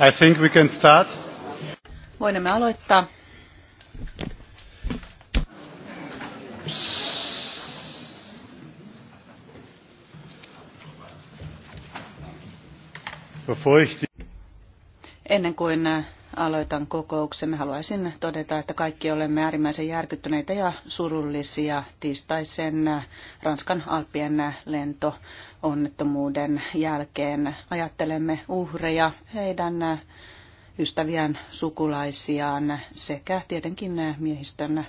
I think we can start. Voimme aloittaa. Ennen kuin äh, aloitan kokouksemme. Haluaisin todeta, että kaikki olemme äärimmäisen järkyttyneitä ja surullisia tiistaisen Ranskan Alpien lentoonnettomuuden jälkeen. Ajattelemme uhreja, heidän ystäviään, sukulaisiaan sekä tietenkin miehistön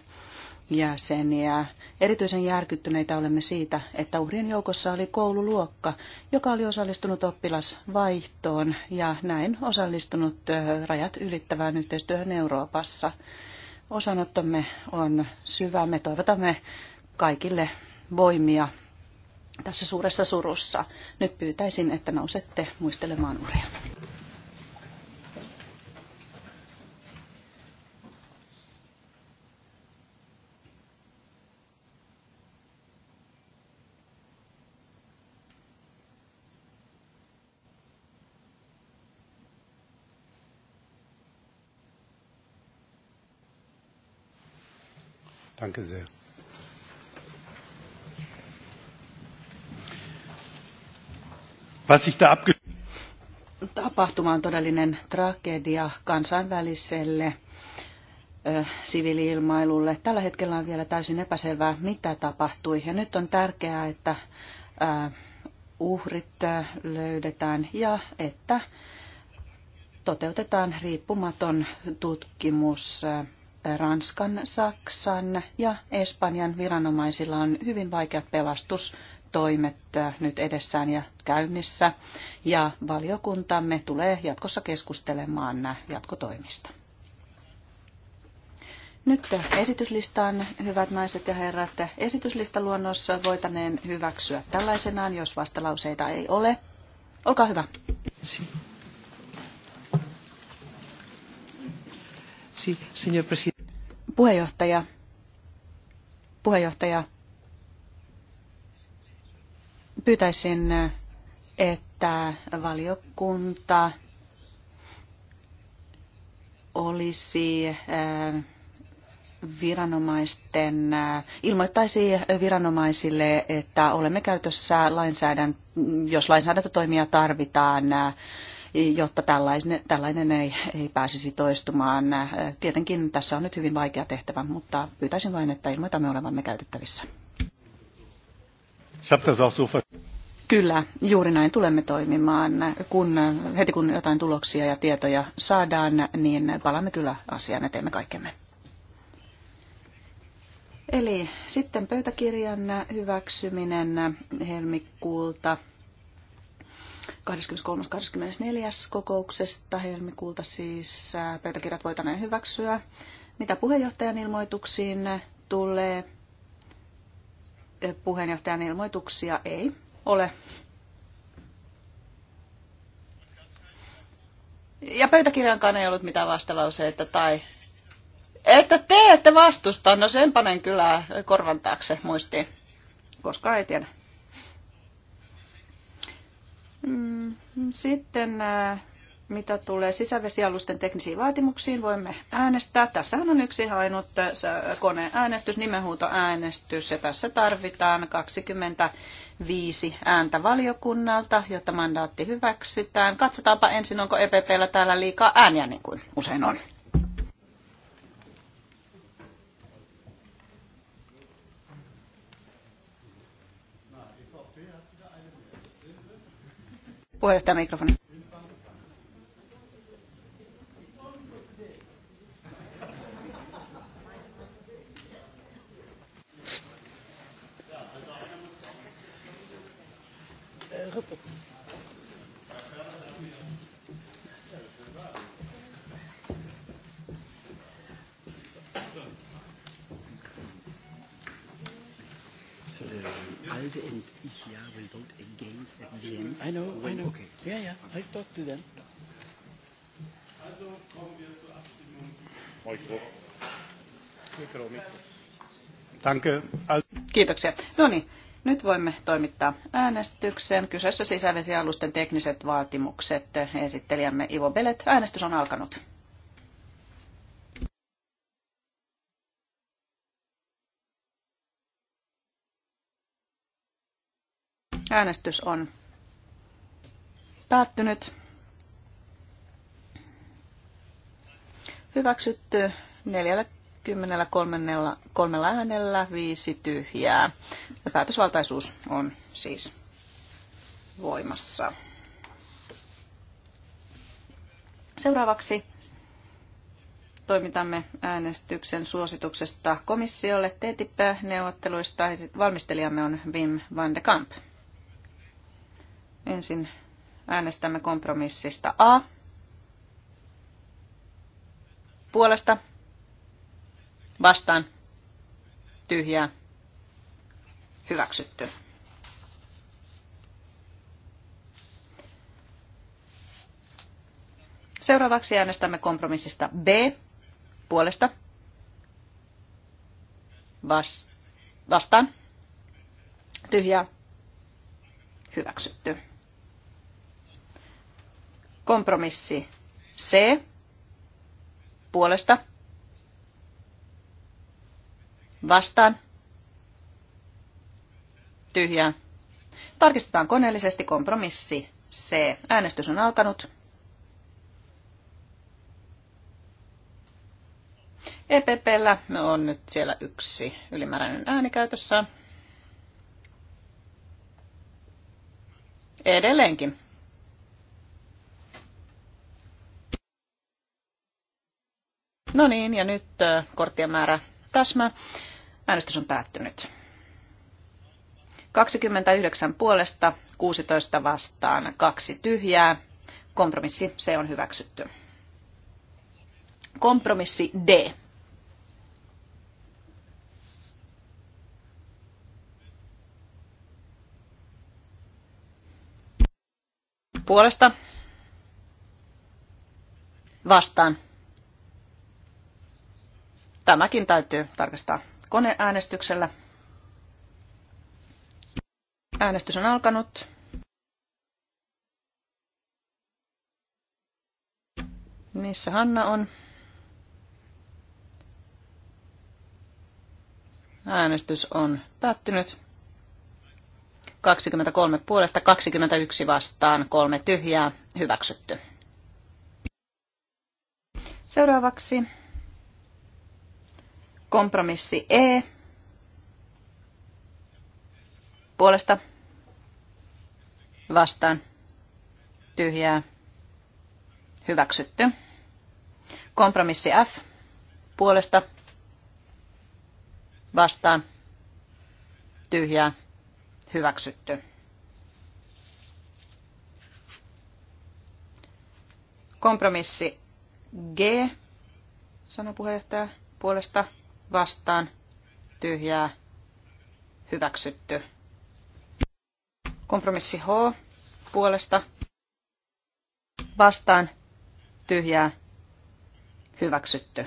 jäseniä. Erityisen järkyttyneitä olemme siitä, että uhrien joukossa oli koululuokka, joka oli osallistunut oppilasvaihtoon ja näin osallistunut rajat ylittävään yhteistyöhön Euroopassa. Osanottomme on syvä. Me toivotamme kaikille voimia tässä suuressa surussa. Nyt pyytäisin, että nousette muistelemaan uria. Danke sehr. Was ich da abge Tapahtuma on todellinen tragedia kansainväliselle siviiliilmailulle. Tällä hetkellä on vielä täysin epäselvää, mitä tapahtui. Ja nyt on tärkeää, että uhrit löydetään ja että toteutetaan riippumaton tutkimus Ranskan, Saksan ja Espanjan viranomaisilla on hyvin vaikeat pelastustoimet äh, nyt edessään ja käynnissä, ja valiokuntamme tulee jatkossa keskustelemaan äh, jatkotoimista. Nyt esityslistaan, hyvät naiset ja herrat, luonnossa voitaneen hyväksyä tällaisenaan, jos vastalauseita ei ole. Olkaa hyvä. Sí, señor presidente. Puheenjohtaja, puheenjohtaja, pyytäisin, että valiokunta olisi äh, viranomaisten, äh, ilmoittaisi viranomaisille, että olemme käytössä lainsäädäntö, jos lainsäädäntötoimia tarvitaan äh, jotta tällainen, tällainen ei, ei pääsisi toistumaan. Tietenkin tässä on nyt hyvin vaikea tehtävä, mutta pyytäisin vain, että ilmoitamme olevamme käytettävissä. Kyllä, juuri näin tulemme toimimaan. Kun, heti kun jotain tuloksia ja tietoja saadaan, niin palaamme kyllä asiaan ja teemme kaikkemme. Eli sitten pöytäkirjan hyväksyminen helmikuulta 23.24. kokouksesta helmikuulta siis äh, pöytäkirjat voitaneen hyväksyä. Mitä puheenjohtajan ilmoituksiin tulee? Äh, puheenjohtajan ilmoituksia ei ole. Ja pöytäkirjankaan ei ollut mitään vastalauseita tai... Että te ette vastusta, no sen panen kyllä korvan taakse muistiin, koska ei tiedä. Mm, sitten äh, mitä tulee sisävesialusten teknisiin vaatimuksiin, voimme äänestää. Tässä on yksi ainut äh, koneäänestys, nimenhuutoäänestys, ja tässä tarvitaan 25 ääntä valiokunnalta, jotta mandaatti hyväksytään. Katsotaanpa ensin, onko EPPllä täällä liikaa ääniä, niin kuin usein on. Puheenjohtaja mikrofoni. Rupert. ALDE and ECR will vote against at the end. I know, when, I know. Okay. Yeah, yeah, I talked to them. Also kommen wir zur Abstimmung. Mikro. Mikro, Mikro. Danke. Kiitoksia. No niin, nyt voimme toimittaa äänestyksen. Kyseessä sisävesialusten tekniset vaatimukset. Esittelijämme Ivo Belet. Äänestys on alkanut. Äänestys on päättynyt. Hyväksytty 43 äänellä, viisi tyhjää. Ja päätösvaltaisuus on siis voimassa. Seuraavaksi toimitamme äänestyksen suosituksesta komissiolle TTIP-neuvotteluista. Valmistelijamme on Wim van de Kamp. Ensin äänestämme kompromissista A. Puolesta. Vastaan. Tyhjää. Hyväksytty. Seuraavaksi äänestämme kompromissista B. Puolesta. Vas- vastaan. Tyhjää. Hyväksytty. Kompromissi C puolesta vastaan tyhjää. Tarkistetaan koneellisesti kompromissi C. Äänestys on alkanut. EPPllä on nyt siellä yksi ylimääräinen ääni käytössä. Edelleenkin. No niin, ja nyt korttien määrä täsmä. Äänestys on päättynyt. 29 puolesta, 16 vastaan, kaksi tyhjää. Kompromissi, se on hyväksytty. Kompromissi D. Puolesta. Vastaan. Tämäkin täytyy tarkistaa koneäänestyksellä. Äänestys on alkanut. Missä Hanna on? Äänestys on päättynyt. 23 puolesta 21 vastaan, kolme tyhjää, hyväksytty. Seuraavaksi Kompromissi E puolesta vastaan tyhjää hyväksytty. Kompromissi F puolesta vastaan tyhjää hyväksytty. Kompromissi G, sanapuheenjohtaja puolesta vastaan tyhjää hyväksytty. Kompromissi H puolesta vastaan tyhjää hyväksytty.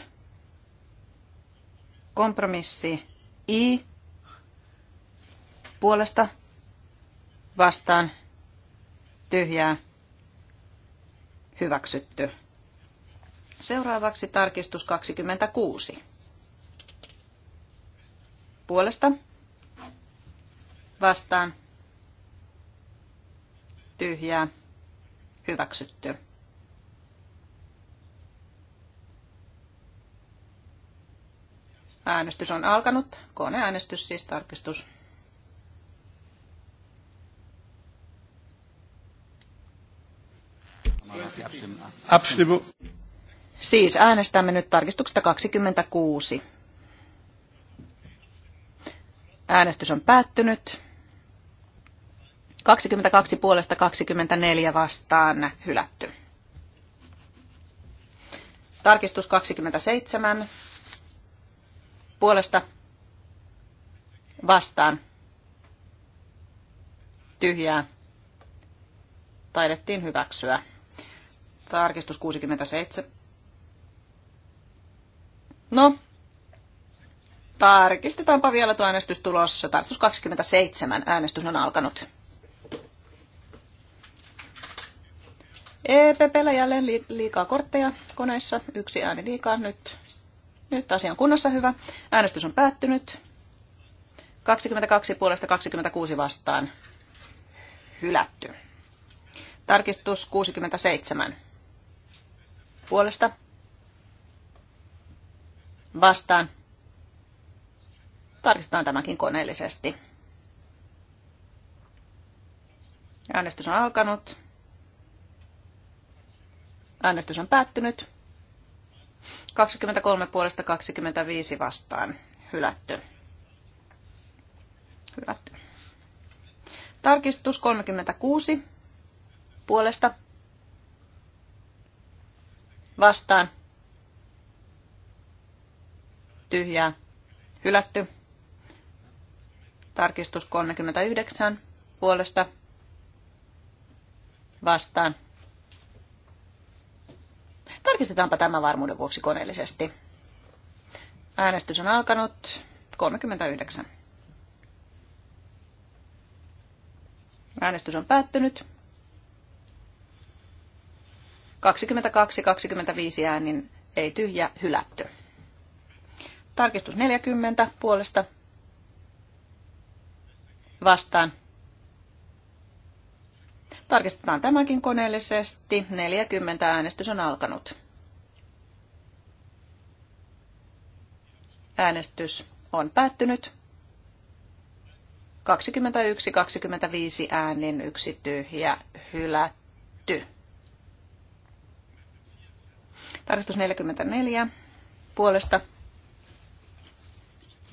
Kompromissi I puolesta vastaan tyhjää hyväksytty. Seuraavaksi tarkistus 26 puolesta vastaan tyhjää hyväksytty. Äänestys on alkanut. Koneäänestys siis tarkistus. Siis äänestämme nyt tarkistuksesta 26. Äänestys on päättynyt. 22 puolesta 24 vastaan hylätty. Tarkistus 27 puolesta vastaan tyhjää. Taidettiin hyväksyä. Tarkistus 67. No, Tarkistetaanpa vielä tuo äänestys tulossa. Tarkistus 27. Äänestys on alkanut. EPPllä jälleen li- liikaa kortteja koneessa. Yksi ääni liikaa nyt. Nyt asia on kunnossa hyvä. Äänestys on päättynyt. 22 puolesta 26 vastaan. Hylätty. Tarkistus 67. Puolesta. Vastaan. Tarkistetaan tämäkin koneellisesti. Äänestys on alkanut. Äänestys on päättynyt. 23 puolesta 25 vastaan. Hylätty. Hylätty. Tarkistus 36 puolesta vastaan. Tyhjää. Hylätty. Tarkistus 39 puolesta vastaan. Tarkistetaanpa tämä varmuuden vuoksi koneellisesti. Äänestys on alkanut 39. Äänestys on päättynyt. 22-25 äänin ei tyhjä hylätty. Tarkistus 40 puolesta vastaan. Tarkistetaan tämäkin koneellisesti. 40 äänestys on alkanut. Äänestys on päättynyt. 21-25 äänin yksi tyhjä hylätty. Tarkistus 44 puolesta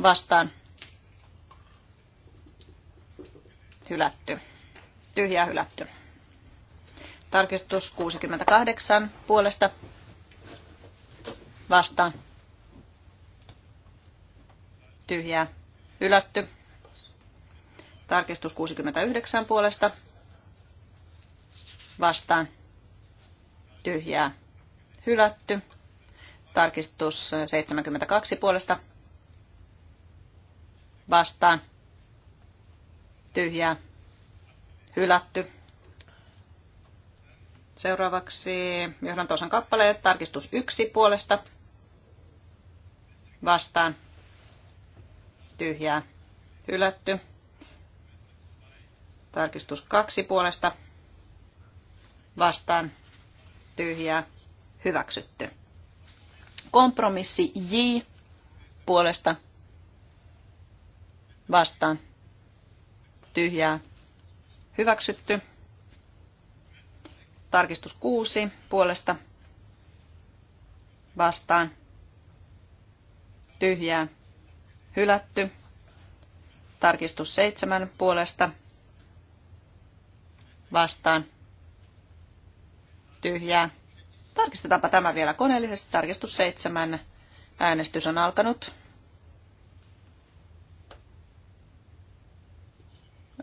vastaan hylätty. Tyhjä hylätty. Tarkistus 68 puolesta vastaan. Tyhjää hylätty. Tarkistus 69 puolesta vastaan. Tyhjää hylätty. Tarkistus 72 puolesta vastaan tyhjää, hylätty. Seuraavaksi johdantosan kappaleen tarkistus yksi puolesta, vastaan, tyhjää, hylätty. Tarkistus kaksi puolesta, vastaan, tyhjää, hyväksytty. Kompromissi J puolesta, vastaan, tyhjää hyväksytty. Tarkistus 6 puolesta vastaan tyhjää hylätty. Tarkistus 7 puolesta vastaan tyhjää. Tarkistetaanpa tämä vielä koneellisesti. Tarkistus 7. Äänestys on alkanut.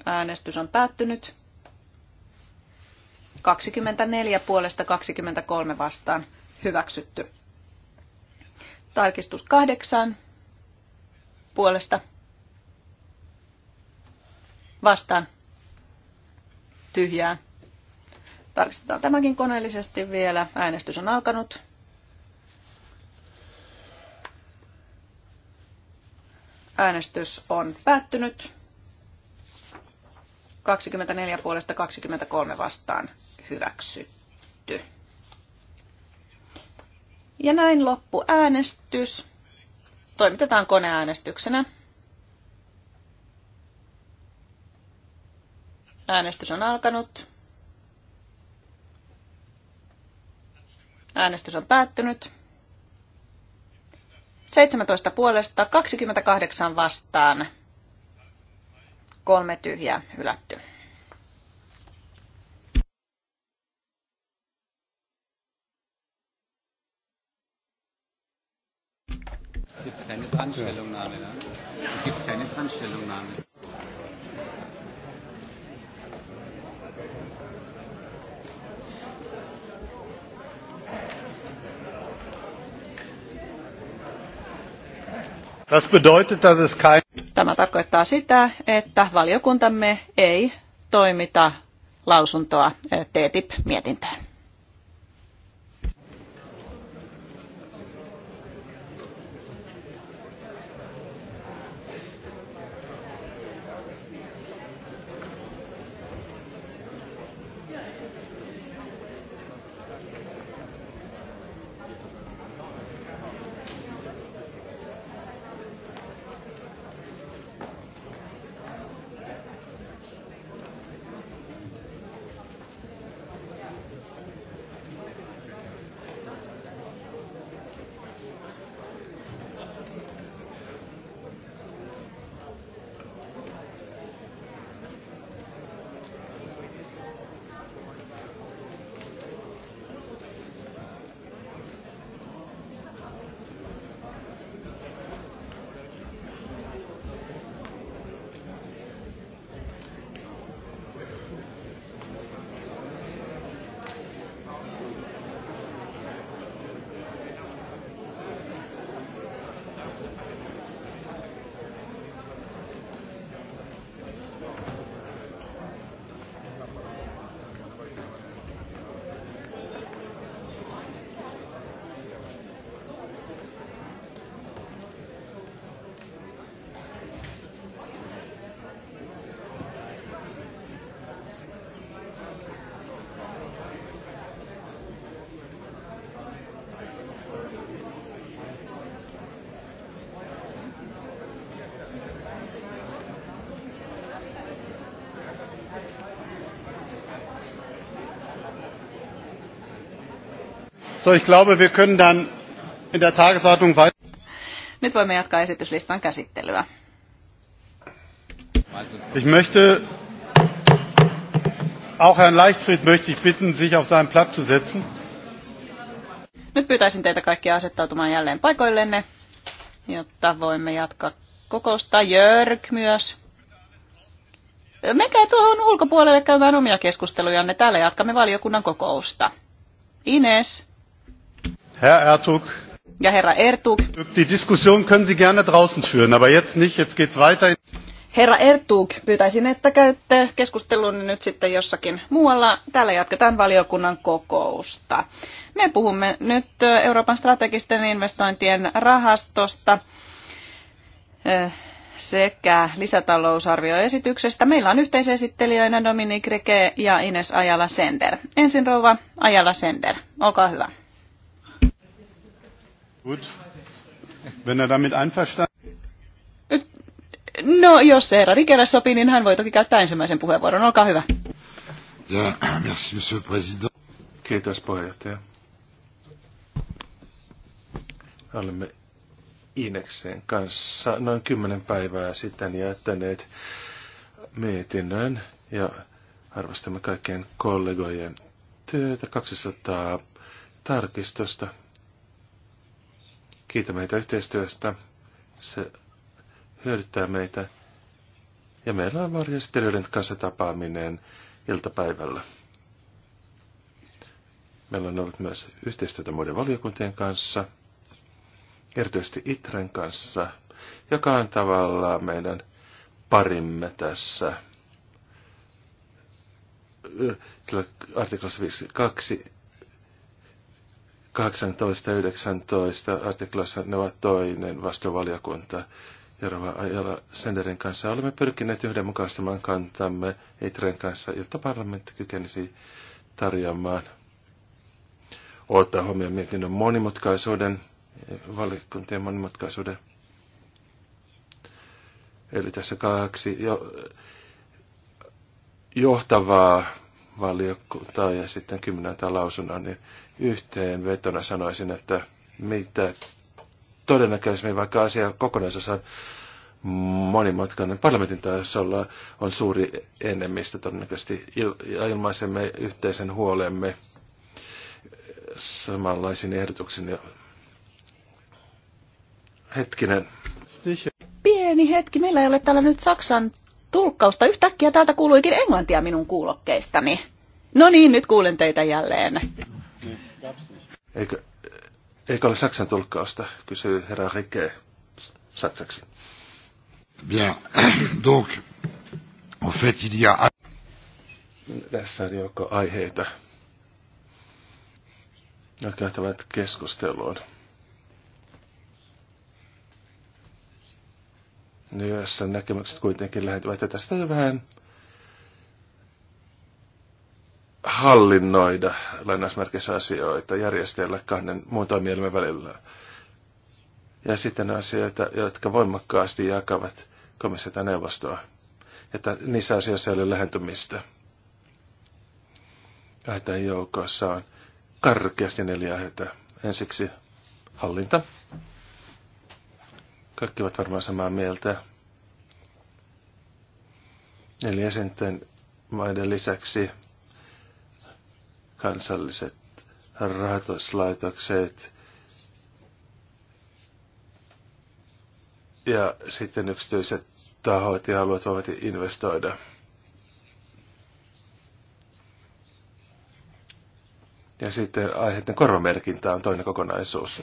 Äänestys on päättynyt. 24 puolesta 23 vastaan hyväksytty. Tarkistus 8 puolesta vastaan tyhjää. Tarkistetaan tämäkin koneellisesti vielä. Äänestys on alkanut. Äänestys on päättynyt. 24 puolesta 23 vastaan hyväksytty. Ja näin loppu äänestys. Toimitetaan koneäänestyksenä. Äänestys on alkanut. Äänestys on päättynyt. 17 puolesta 28 vastaan kolme tyhjää hylätty. Gibt es keine Brandstellungnahme? Ne? Gibt es keine Brandstellungnahme? Das bedeutet, dass es kein Tämä tarkoittaa sitä, että valiokuntamme ei toimita lausuntoa TTIP-mietintöön. So, ich glaube, wir können dann in der Tagesordnung weiter. Nyt voimme jatkaa esityslistan käsittelyä. Ich möchte auch Herrn Leichtfried möchte ich bitten, sich auf seinen Platz zu setzen. Nyt pyytäisin teitä kaikkia asettautumaan jälleen paikoillenne, jotta voimme jatkaa kokousta. Jörg myös. Menkää tuohon ulkopuolelle käymään omia keskustelujanne. Täällä jatkamme valiokunnan kokousta. Ines. Herr Ertug. Ja, Herr Ertug. Die Diskussion können Sie gerne draußen führen, aber jetzt nicht, jetzt geht's weiter. Herra Ertug, pyytäisin, että käytte keskustelun nyt sitten jossakin muualla. Täällä jatketaan valiokunnan kokousta. Me puhumme nyt Euroopan strategisten investointien rahastosta sekä lisätalousarvioesityksestä. Meillä on yhteisesittelijöinä Dominique Reke ja Ines Ajala-Sender. Ensin rouva Ajala-Sender, olkaa hyvä. Gut. Wenn er damit einverstanden... No, jos Herra Rikelle sopii, niin hän voi toki käyttää ensimmäisen puheenvuoron. Olkaa hyvä. Ja, merci, monsieur président. Kiitos, puheenjohtaja. Olemme Ineksen kanssa noin kymmenen päivää sitten jättäneet mietinnön ja arvostamme kaikkien kollegojen työtä 200 tarkistusta Kiitä meitä yhteistyöstä. Se hyödyttää meitä. Ja meillä on varjastelijoiden kanssa tapaaminen iltapäivällä. Meillä on ollut myös yhteistyötä muiden valiokuntien kanssa, erityisesti Itren kanssa, joka on tavallaan meidän parimme tässä. artiklassa 52 18 ja 19 artiklassa ne ovat toinen vastuvaliokunta. Jarva Ajala Senderin kanssa olemme pyrkineet yhdenmukaistamaan kantamme Itren kanssa, jotta parlamentti kykenisi tarjoamaan ottaa huomioon mietinnön monimutkaisuuden, valiokuntien monimutkaisuuden. Eli tässä kaksi jo, johtavaa valiokuntaa ja sitten kymmeneltä lausunnon, niin yhteenvetona sanoisin, että mitä todennäköisesti vaikka asia kokonaisuus on monimutkainen parlamentin tasolla, on suuri enemmistö todennäköisesti. Ilmaisemme yhteisen huolemme samanlaisiin ehdotuksiin. Hetkinen. Pieni hetki, meillä ei ole täällä nyt Saksan tulkkausta. Yhtäkkiä täältä kuuluikin englantia minun kuulokkeistani. No niin, nyt kuulen teitä jälleen. Eikö, eikö ole saksan tulkkausta, kysyy herra Rike saksaksi. Bien. Donc, en fait, il y a... Tässä on joukko aiheita, jotka lähtevät keskusteluun. joissa näkemykset kuitenkin lähentyvät. että tästä jo vähän hallinnoida lainausmerkissä asioita järjestellä kahden muun toimielimen välillä. Ja sitten asioita, jotka voimakkaasti jakavat komissiota neuvostoa. Että niissä asioissa ei ole lähentymistä. Aiheiden joukossa on karkeasti neljä aiheita. Ensiksi hallinta. Kaikki ovat varmaan samaa mieltä. Eli jäsenten maiden lisäksi kansalliset rahoituslaitokset ja sitten yksityiset tahot ja haluat voivat investoida. Ja sitten aiheiden korvamerkintä on toinen kokonaisuus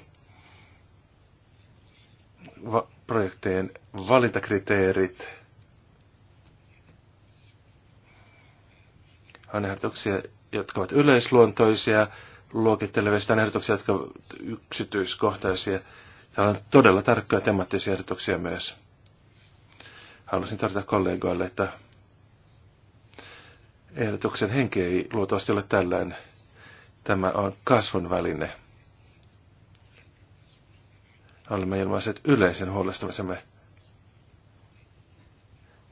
va- projektejen valintakriteerit. On ehdotuksia, jotka ovat yleisluontoisia, luokittelevista on ehdotuksia, jotka ovat yksityiskohtaisia. Täällä on todella tarkkoja temaattisia ehdotuksia myös. Haluaisin tarjota kollegoille, että ehdotuksen henki ei luultavasti ole tällainen. Tämä on kasvun väline – olemme ilmaiset yleisen huolestumisemme.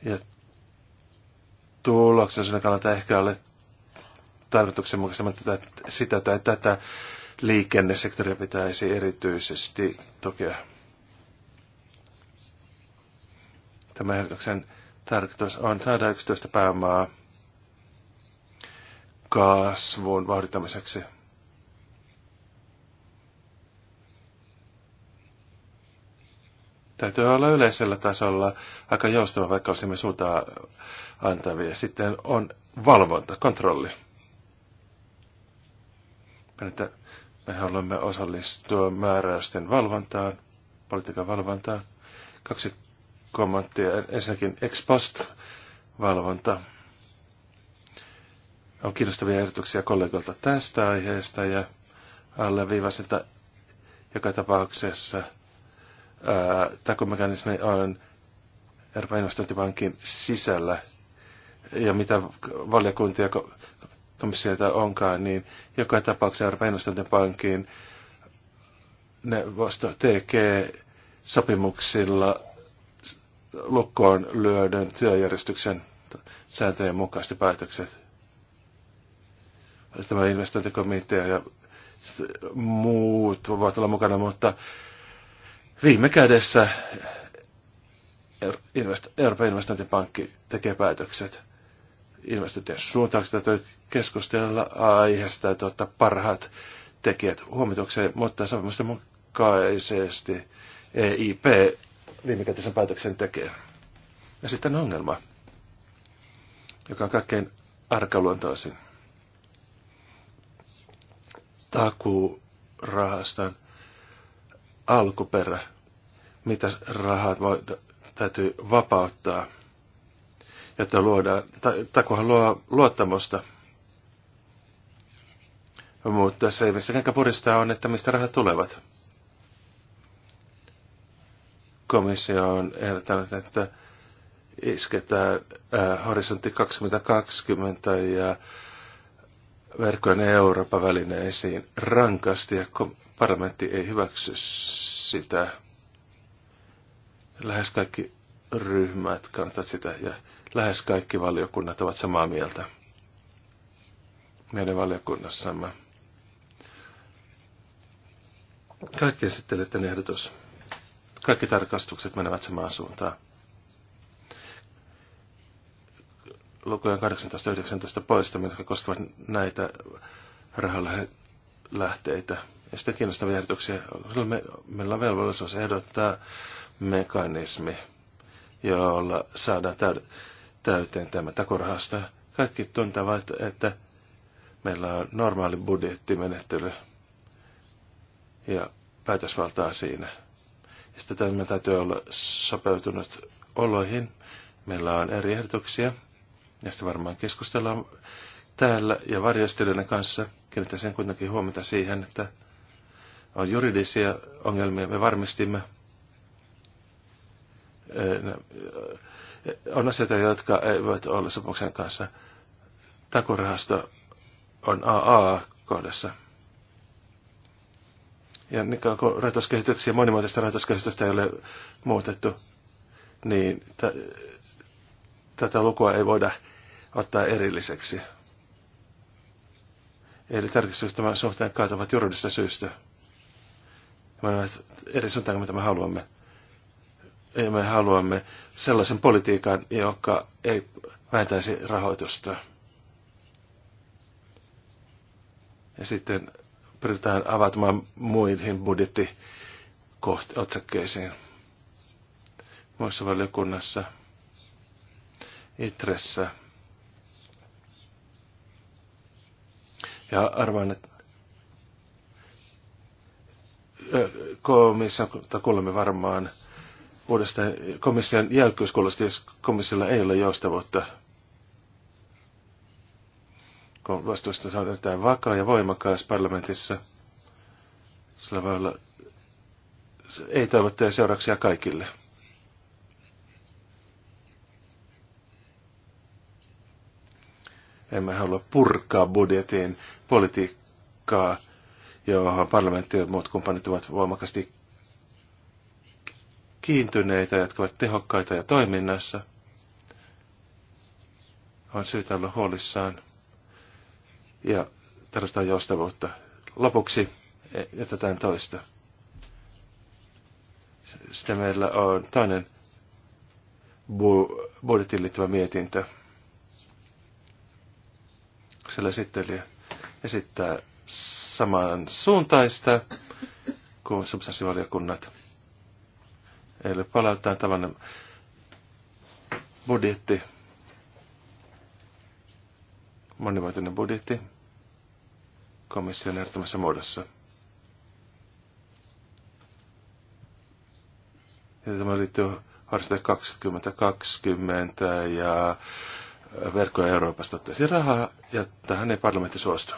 Ja tuloksen kannalta ehkä ole tarkoituksenmukaista, mutta sitä tai tätä liikennesektoria pitäisi erityisesti tukea. Tämän ehdotuksen tarkoitus on saada yksityistä pääomaa kasvun vauhdittamiseksi. täytyy olla yleisellä tasolla aika joustava, vaikka olisimme suuntaa antavia. Sitten on valvonta, kontrolli. me haluamme osallistua määräysten valvontaan, politiikan valvontaan. Kaksi kommenttia. Ensinnäkin ex post valvonta. On kiinnostavia ehdotuksia kollegoilta tästä aiheesta ja alle viivasilta joka tapauksessa – takomekanismi on Euroopan investointivankin sisällä ja mitä valiokuntia komissioita onkaan, niin joka tapauksessa Euroopan investointipankin vasta tekee sopimuksilla lukkoon lyödyn työjärjestyksen sääntöjen mukaisesti päätökset. Tämä investointikomitea ja muut voivat olla mukana, mutta Viime kädessä Euroopan investointipankki tekee päätökset investointien suuntauksesta. Täytyy keskustella aiheesta, täytyy ottaa parhaat tekijät huomitukseen, mutta sopimusten mukaisesti EIP kädessä päätöksen tekee. Ja sitten ongelma, joka on kaikkein arkaluontoisin. Takuu rahastan alkuperä, mitä rahat voi, täytyy vapauttaa, jotta luodaan, tai, kunhan luo luottamusta. Mutta se ei kenkä puristaa on, että mistä rahat tulevat. Komissio on ehdottanut, että isketään ää, äh, horisontti 2020 ja verkkojen Euroopan välineisiin rankasti ja parlamentti ei hyväksy sitä. Lähes kaikki ryhmät kannattavat sitä ja lähes kaikki valiokunnat ovat samaa mieltä meidän valiokunnassamme. Kaikki esittelijöiden ehdotus. Kaikki tarkastukset menevät samaan suuntaan. lukujen 18 19 poistaminen, jotka koskevat näitä rahalähteitä. Ja sitten kiinnostavia ehdotuksia. Me, meillä on velvollisuus ehdottaa mekanismi, jolla saadaan täyteen tämä takurahasta. Kaikki tuntavat, että meillä on normaali budjettimenettely ja päätösvaltaa siinä. Ja sitten tämä täytyy olla sopeutunut oloihin. Meillä on eri ehdotuksia josta varmaan keskustellaan täällä ja varjostelijoiden kanssa. Kiinnittäisin kuitenkin huomata siihen, että on juridisia ongelmia. Me varmistimme, eh, on asioita, jotka eivät ole sopuksen kanssa. Takurahasto on AA-kohdassa. Ja niin kauan kun rahoituskehityksiä, monimuotoista rahoituskehitystä ei ole muutettu, niin tätä lukua ei voida ottaa erilliseksi. Eli tarkistustavan suhteen kaatuvat juridista syystä. Me olemme eri suuntaan kuin mitä me haluamme. Ja me haluamme sellaisen politiikan, joka ei vähentäisi rahoitusta. Ja sitten pyritään avautumaan muihin budjettiotsakkeisiin muissa valiokunnassa. Itressä Ja arvaan, että tai kuulemme varmaan uudestaan komission jäykkyyskuulosta, jos komissiolla ei ole joustavuutta. Kun vastuusta saadaan vakaa ja voimakas parlamentissa, sillä voi olla ei toivottuja seurauksia kaikille. Emme halua purkaa budjetin politiikkaa, johon parlamentti ja muut kumppanit ovat voimakkaasti kiintyneitä, jotka ovat tehokkaita ja toiminnassa. On syytä olla huolissaan ja tarvitaan joustavuutta. Lopuksi jätetään toista. Sitten meillä on toinen budjetin liittyvä mietintö tarkistuksella esittelijä esittää saman suuntaista kuin substanssivaliokunnat. Eli palauttaa tavan budjetti, monivuotinen budjetti komission ehdottomassa muodossa. Ja tämä liittyy harjoittaa 2020 ja verkkoja Euroopasta ottaisi rahaa, ja tähän ei parlamentti suostu.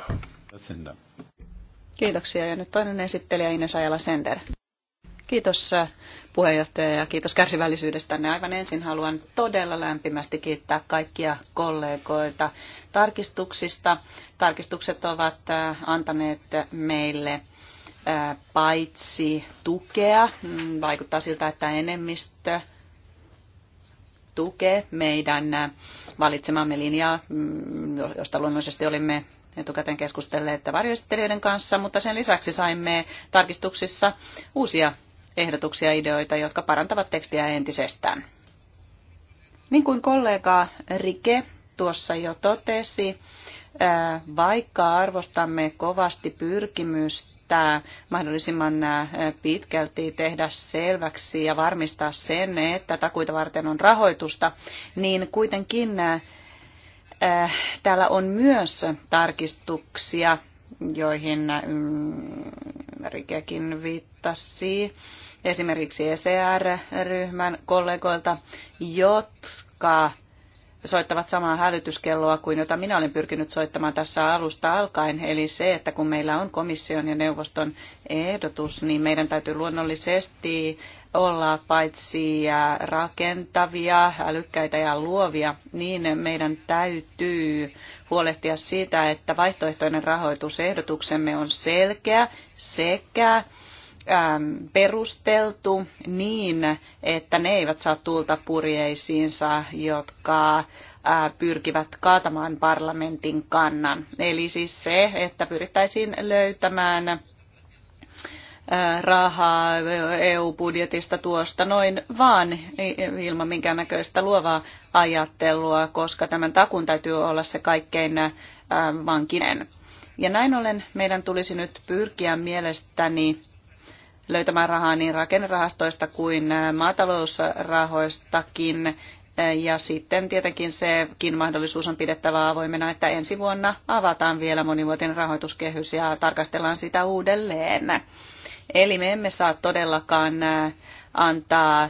Kiitoksia. Ja nyt toinen esittelijä Ines Ajala Sender. Kiitos äh, puheenjohtaja ja kiitos kärsivällisyydestänne. Aivan ensin haluan todella lämpimästi kiittää kaikkia kollegoita tarkistuksista. Tarkistukset ovat äh, antaneet meille äh, paitsi tukea, mm, vaikuttaa siltä, että enemmistö tukee meidän valitsemamme linjaa, mm, josta luonnollisesti olimme etukäteen keskustelleet varjoesittelijöiden kanssa, mutta sen lisäksi saimme tarkistuksissa uusia ehdotuksia ja ideoita, jotka parantavat tekstiä entisestään. Niin kuin kollega Rike tuossa jo totesi, vaikka arvostamme kovasti pyrkimystä, yrittää mahdollisimman pitkälti tehdä selväksi ja varmistaa sen, että takuita varten on rahoitusta, niin kuitenkin täällä on myös tarkistuksia, joihin mm, Rikekin viittasi, esimerkiksi ECR-ryhmän kollegoilta, jotka soittavat samaa hälytyskelloa kuin jota minä olen pyrkinyt soittamaan tässä alusta alkaen. Eli se, että kun meillä on komission ja neuvoston ehdotus, niin meidän täytyy luonnollisesti olla paitsi rakentavia, älykkäitä ja luovia, niin meidän täytyy huolehtia siitä, että vaihtoehtoinen rahoitusehdotuksemme on selkeä sekä Ähm, perusteltu niin, että ne eivät saa tulta purjeisiinsa, jotka äh, pyrkivät kaatamaan parlamentin kannan. Eli siis se, että pyrittäisiin löytämään äh, rahaa EU-budjetista tuosta noin vaan ilman minkäännäköistä luovaa ajattelua, koska tämän takun täytyy olla se kaikkein äh, vankinen. Ja näin ollen meidän tulisi nyt pyrkiä mielestäni löytämään rahaa niin rakennerahastoista kuin äh, maatalousrahoistakin. Äh, ja sitten tietenkin sekin mahdollisuus on pidettävä avoimena, että ensi vuonna avataan vielä monivuotinen rahoituskehys ja tarkastellaan sitä uudelleen. Eli me emme saa todellakaan äh, antaa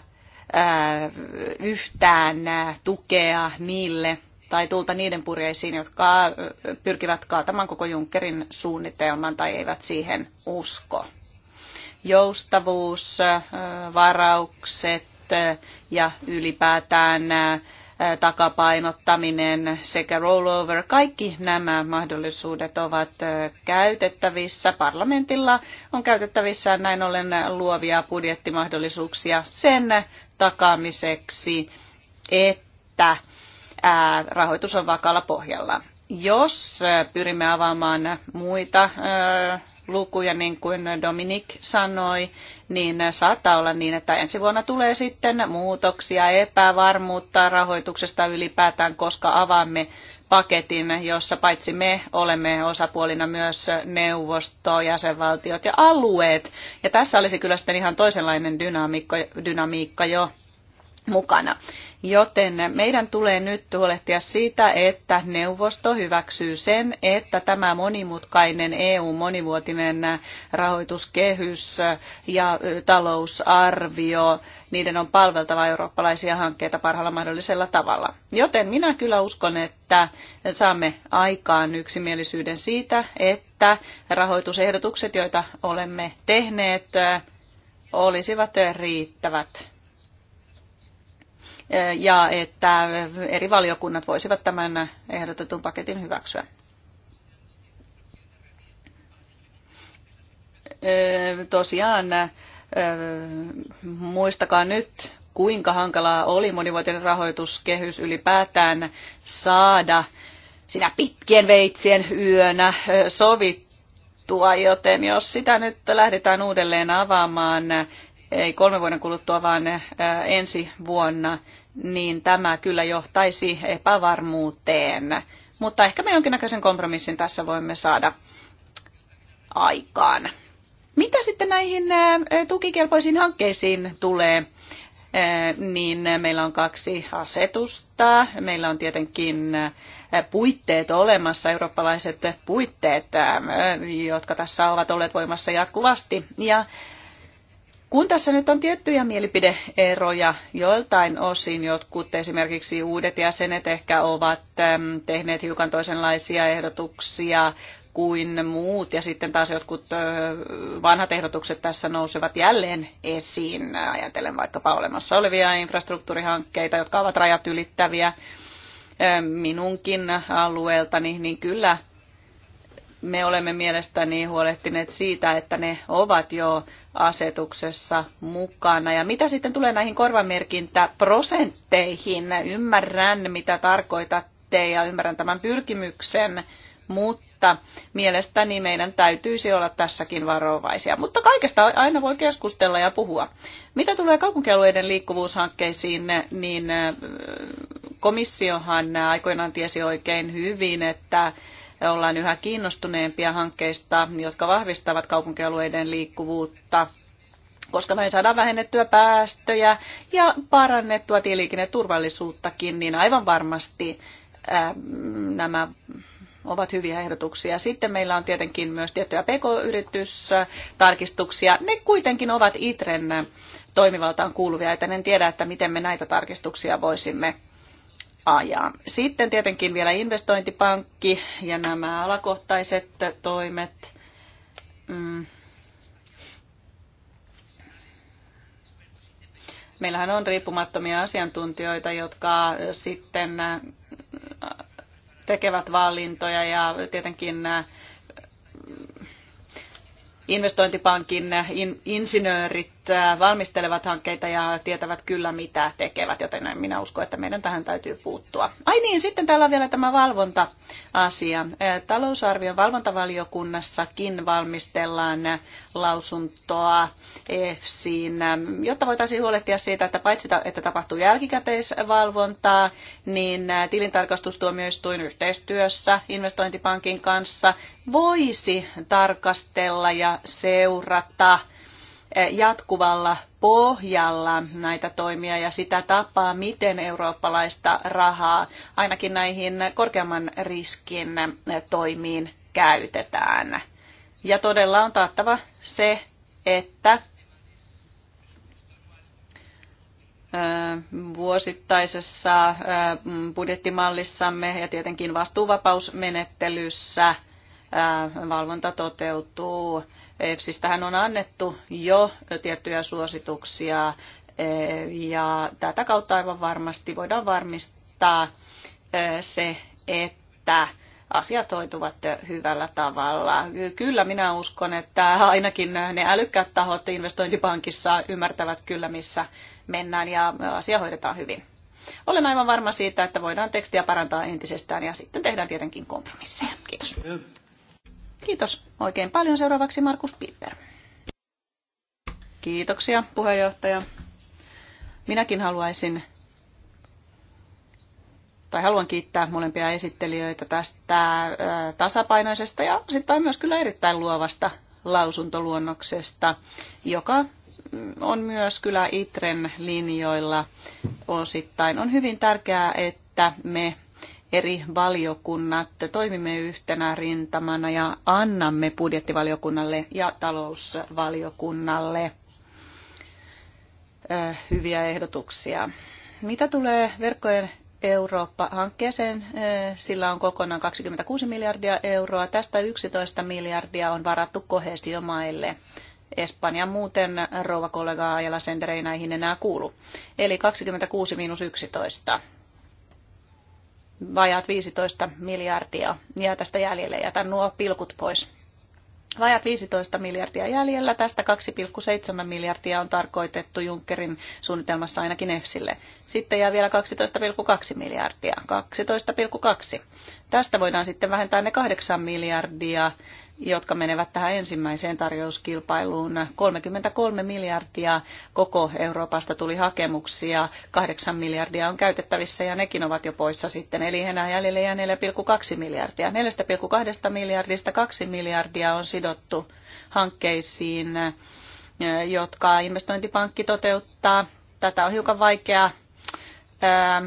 yhtään tukea niille tai tulta niiden purjeisiin, jotka pyrkivät kaatamaan koko Junckerin suunnitelman tai eivät siihen usko joustavuus, varaukset ja ylipäätään takapainottaminen sekä rollover, kaikki nämä mahdollisuudet ovat käytettävissä. Parlamentilla on käytettävissä näin ollen luovia budjettimahdollisuuksia sen takaamiseksi, että rahoitus on vakalla pohjalla. Jos äh, pyrimme avaamaan muita äh, lukuja, niin kuin Dominik sanoi, niin saattaa olla niin, että ensi vuonna tulee sitten muutoksia, epävarmuutta rahoituksesta ylipäätään, koska avaamme paketin, jossa paitsi me olemme osapuolina myös neuvosto, jäsenvaltiot ja alueet. Ja tässä olisi kyllä sitten ihan toisenlainen dynamiikka, dynamiikka jo mukana. Joten meidän tulee nyt huolehtia siitä, että neuvosto hyväksyy sen, että tämä monimutkainen EU-monivuotinen rahoituskehys ja talousarvio, niiden on palveltava eurooppalaisia hankkeita parhaalla mahdollisella tavalla. Joten minä kyllä uskon, että saamme aikaan yksimielisyyden siitä, että rahoitusehdotukset, joita olemme tehneet, olisivat riittävät ja että eri valiokunnat voisivat tämän ehdotetun paketin hyväksyä. Tosiaan muistakaa nyt, kuinka hankalaa oli monivuotinen rahoituskehys ylipäätään saada sinä pitkien veitsien yönä sovittua, joten jos sitä nyt lähdetään uudelleen avaamaan, ei kolme vuoden kuluttua, vaan ensi vuonna, niin tämä kyllä johtaisi epävarmuuteen. Mutta ehkä me jonkinnäköisen kompromissin tässä voimme saada aikaan. Mitä sitten näihin tukikelpoisiin hankkeisiin tulee? niin meillä on kaksi asetusta. Meillä on tietenkin puitteet olemassa, eurooppalaiset puitteet, jotka tässä ovat olleet voimassa jatkuvasti. Ja kun tässä nyt on tiettyjä mielipideeroja joiltain osin, jotkut esimerkiksi uudet jäsenet ehkä ovat tehneet hiukan toisenlaisia ehdotuksia kuin muut, ja sitten taas jotkut vanhat ehdotukset tässä nousevat jälleen esiin, ajatellen vaikkapa olemassa olevia infrastruktuurihankkeita, jotka ovat rajat ylittäviä minunkin alueeltani, niin kyllä me olemme mielestäni huolehtineet siitä, että ne ovat jo asetuksessa mukana. Ja mitä sitten tulee näihin korvamerkintäprosentteihin, ymmärrän mitä tarkoitatte ja ymmärrän tämän pyrkimyksen, mutta mielestäni meidän täytyisi olla tässäkin varovaisia. Mutta kaikesta aina voi keskustella ja puhua. Mitä tulee kaupunkialueiden liikkuvuushankkeisiin, niin komissiohan aikoinaan tiesi oikein hyvin, että ollaan yhä kiinnostuneempia hankkeista, jotka vahvistavat kaupunkialueiden liikkuvuutta koska näin saadaan vähennettyä päästöjä ja parannettua tieliikenneturvallisuuttakin, niin aivan varmasti ää, ähm, nämä ovat hyviä ehdotuksia. Sitten meillä on tietenkin myös tiettyjä pk-yritystarkistuksia. Ne kuitenkin ovat ITREN toimivaltaan kuuluvia, että en tiedä, että miten me näitä tarkistuksia voisimme ajan. Sitten tietenkin vielä investointipankki ja nämä alakohtaiset toimet. Mm. Meillähän on riippumattomia asiantuntijoita, jotka sitten äh, tekevät valintoja ja tietenkin äh, investointipankin insinöörit Äh, valmistelevat hankkeita ja tietävät kyllä mitä tekevät, joten en minä usko, että meidän tähän täytyy puuttua. Ai niin, sitten täällä on vielä tämä valvonta-asia. Äh, talousarvion valvontavaliokunnassakin valmistellaan lausuntoa EFSiin, ähm, jotta voitaisiin huolehtia siitä, että paitsi että tapahtuu jälkikäteisvalvontaa, niin äh, tilintarkastustuomioistuin yhteistyössä investointipankin kanssa voisi tarkastella ja seurata – jatkuvalla pohjalla näitä toimia ja sitä tapaa, miten eurooppalaista rahaa ainakin näihin korkeamman riskin toimiin käytetään. Ja todella on taattava se, että vuosittaisessa budjettimallissamme ja tietenkin vastuuvapausmenettelyssä valvonta toteutuu EPSistähän on annettu jo tiettyjä suosituksia eh, ja tätä kautta aivan varmasti voidaan varmistaa eh, se, että asiat hoituvat hyvällä tavalla. Kyllä minä uskon, että ainakin ne älykkäät tahot investointipankissa ymmärtävät kyllä, missä mennään ja asia hoidetaan hyvin. Olen aivan varma siitä, että voidaan tekstiä parantaa entisestään ja sitten tehdään tietenkin kompromisseja. Kiitos. Kiitos oikein paljon. Seuraavaksi Markus Piper. Kiitoksia puheenjohtaja. Minäkin haluaisin tai haluan kiittää molempia esittelijöitä tästä tasapainoisesta ja sitten myös kyllä erittäin luovasta lausuntoluonnoksesta, joka mm, on myös kyllä ITREN linjoilla osittain. On hyvin tärkeää, että me eri valiokunnat toimimme yhtenä rintamana ja annamme budjettivaliokunnalle ja talousvaliokunnalle hyviä ehdotuksia. Mitä tulee verkkojen Eurooppa-hankkeeseen, sillä on kokonaan 26 miljardia euroa. Tästä 11 miljardia on varattu kohesiomaille. Espanja muuten rouva kollega Ajala Sender ei näihin enää kuulu. Eli 26 miinus 11 vajaat 15 miljardia jää tästä jäljelle. Jätän nuo pilkut pois. Vajat 15 miljardia jäljellä, tästä 2,7 miljardia on tarkoitettu Junckerin suunnitelmassa ainakin EFSille. Sitten jää vielä 12,2 miljardia, 12,2. Tästä voidaan sitten vähentää ne 8 miljardia, jotka menevät tähän ensimmäiseen tarjouskilpailuun. 33 miljardia koko Euroopasta tuli hakemuksia, 8 miljardia on käytettävissä ja nekin ovat jo poissa sitten. Eli enää jäljellä jää 4,2 miljardia. 4,2 miljardista 2 miljardia on sidottu hankkeisiin, jotka investointipankki toteuttaa. Tätä on hiukan vaikea ää,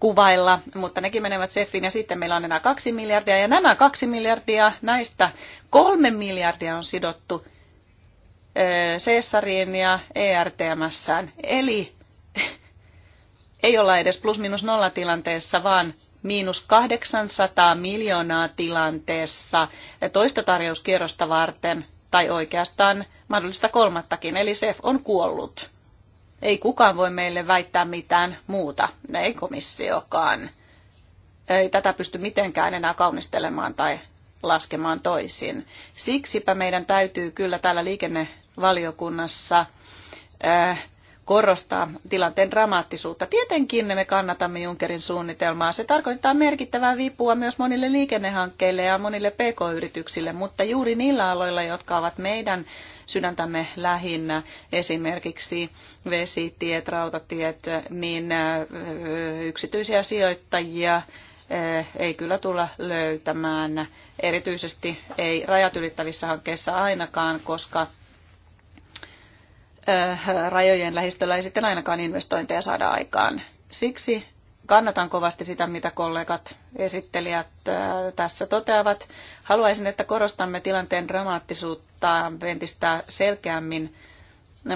kuvailla, mutta nekin menevät SEFin ja sitten meillä on enää kaksi miljardia ja nämä kaksi miljardia näistä kolme miljardia on sidottu Cesariin ja ERTMSään. Eli ei olla edes plus minus nolla tilanteessa, vaan miinus 800 miljoonaa tilanteessa toista tarjouskierrosta varten, tai oikeastaan mahdollista kolmattakin, eli SEF on kuollut. Ei kukaan voi meille väittää mitään muuta, ei komissiokaan. Ei tätä pysty mitenkään enää kaunistelemaan tai laskemaan toisin. Siksipä meidän täytyy kyllä täällä liikennevaliokunnassa äh, korostaa tilanteen dramaattisuutta. Tietenkin me kannatamme Junckerin suunnitelmaa. Se tarkoittaa merkittävää vipua myös monille liikennehankkeille ja monille pk-yrityksille, mutta juuri niillä aloilla, jotka ovat meidän sydäntämme lähinnä, esimerkiksi vesitiet, rautatiet, niin yksityisiä sijoittajia ei kyllä tulla löytämään, erityisesti ei rajat ylittävissä hankkeissa ainakaan, koska rajojen lähistöllä ei sitten ainakaan investointeja saada aikaan. Siksi Kannatan kovasti sitä, mitä kollegat esittelijät tässä toteavat. Haluaisin, että korostamme tilanteen dramaattisuutta entistä selkeämmin,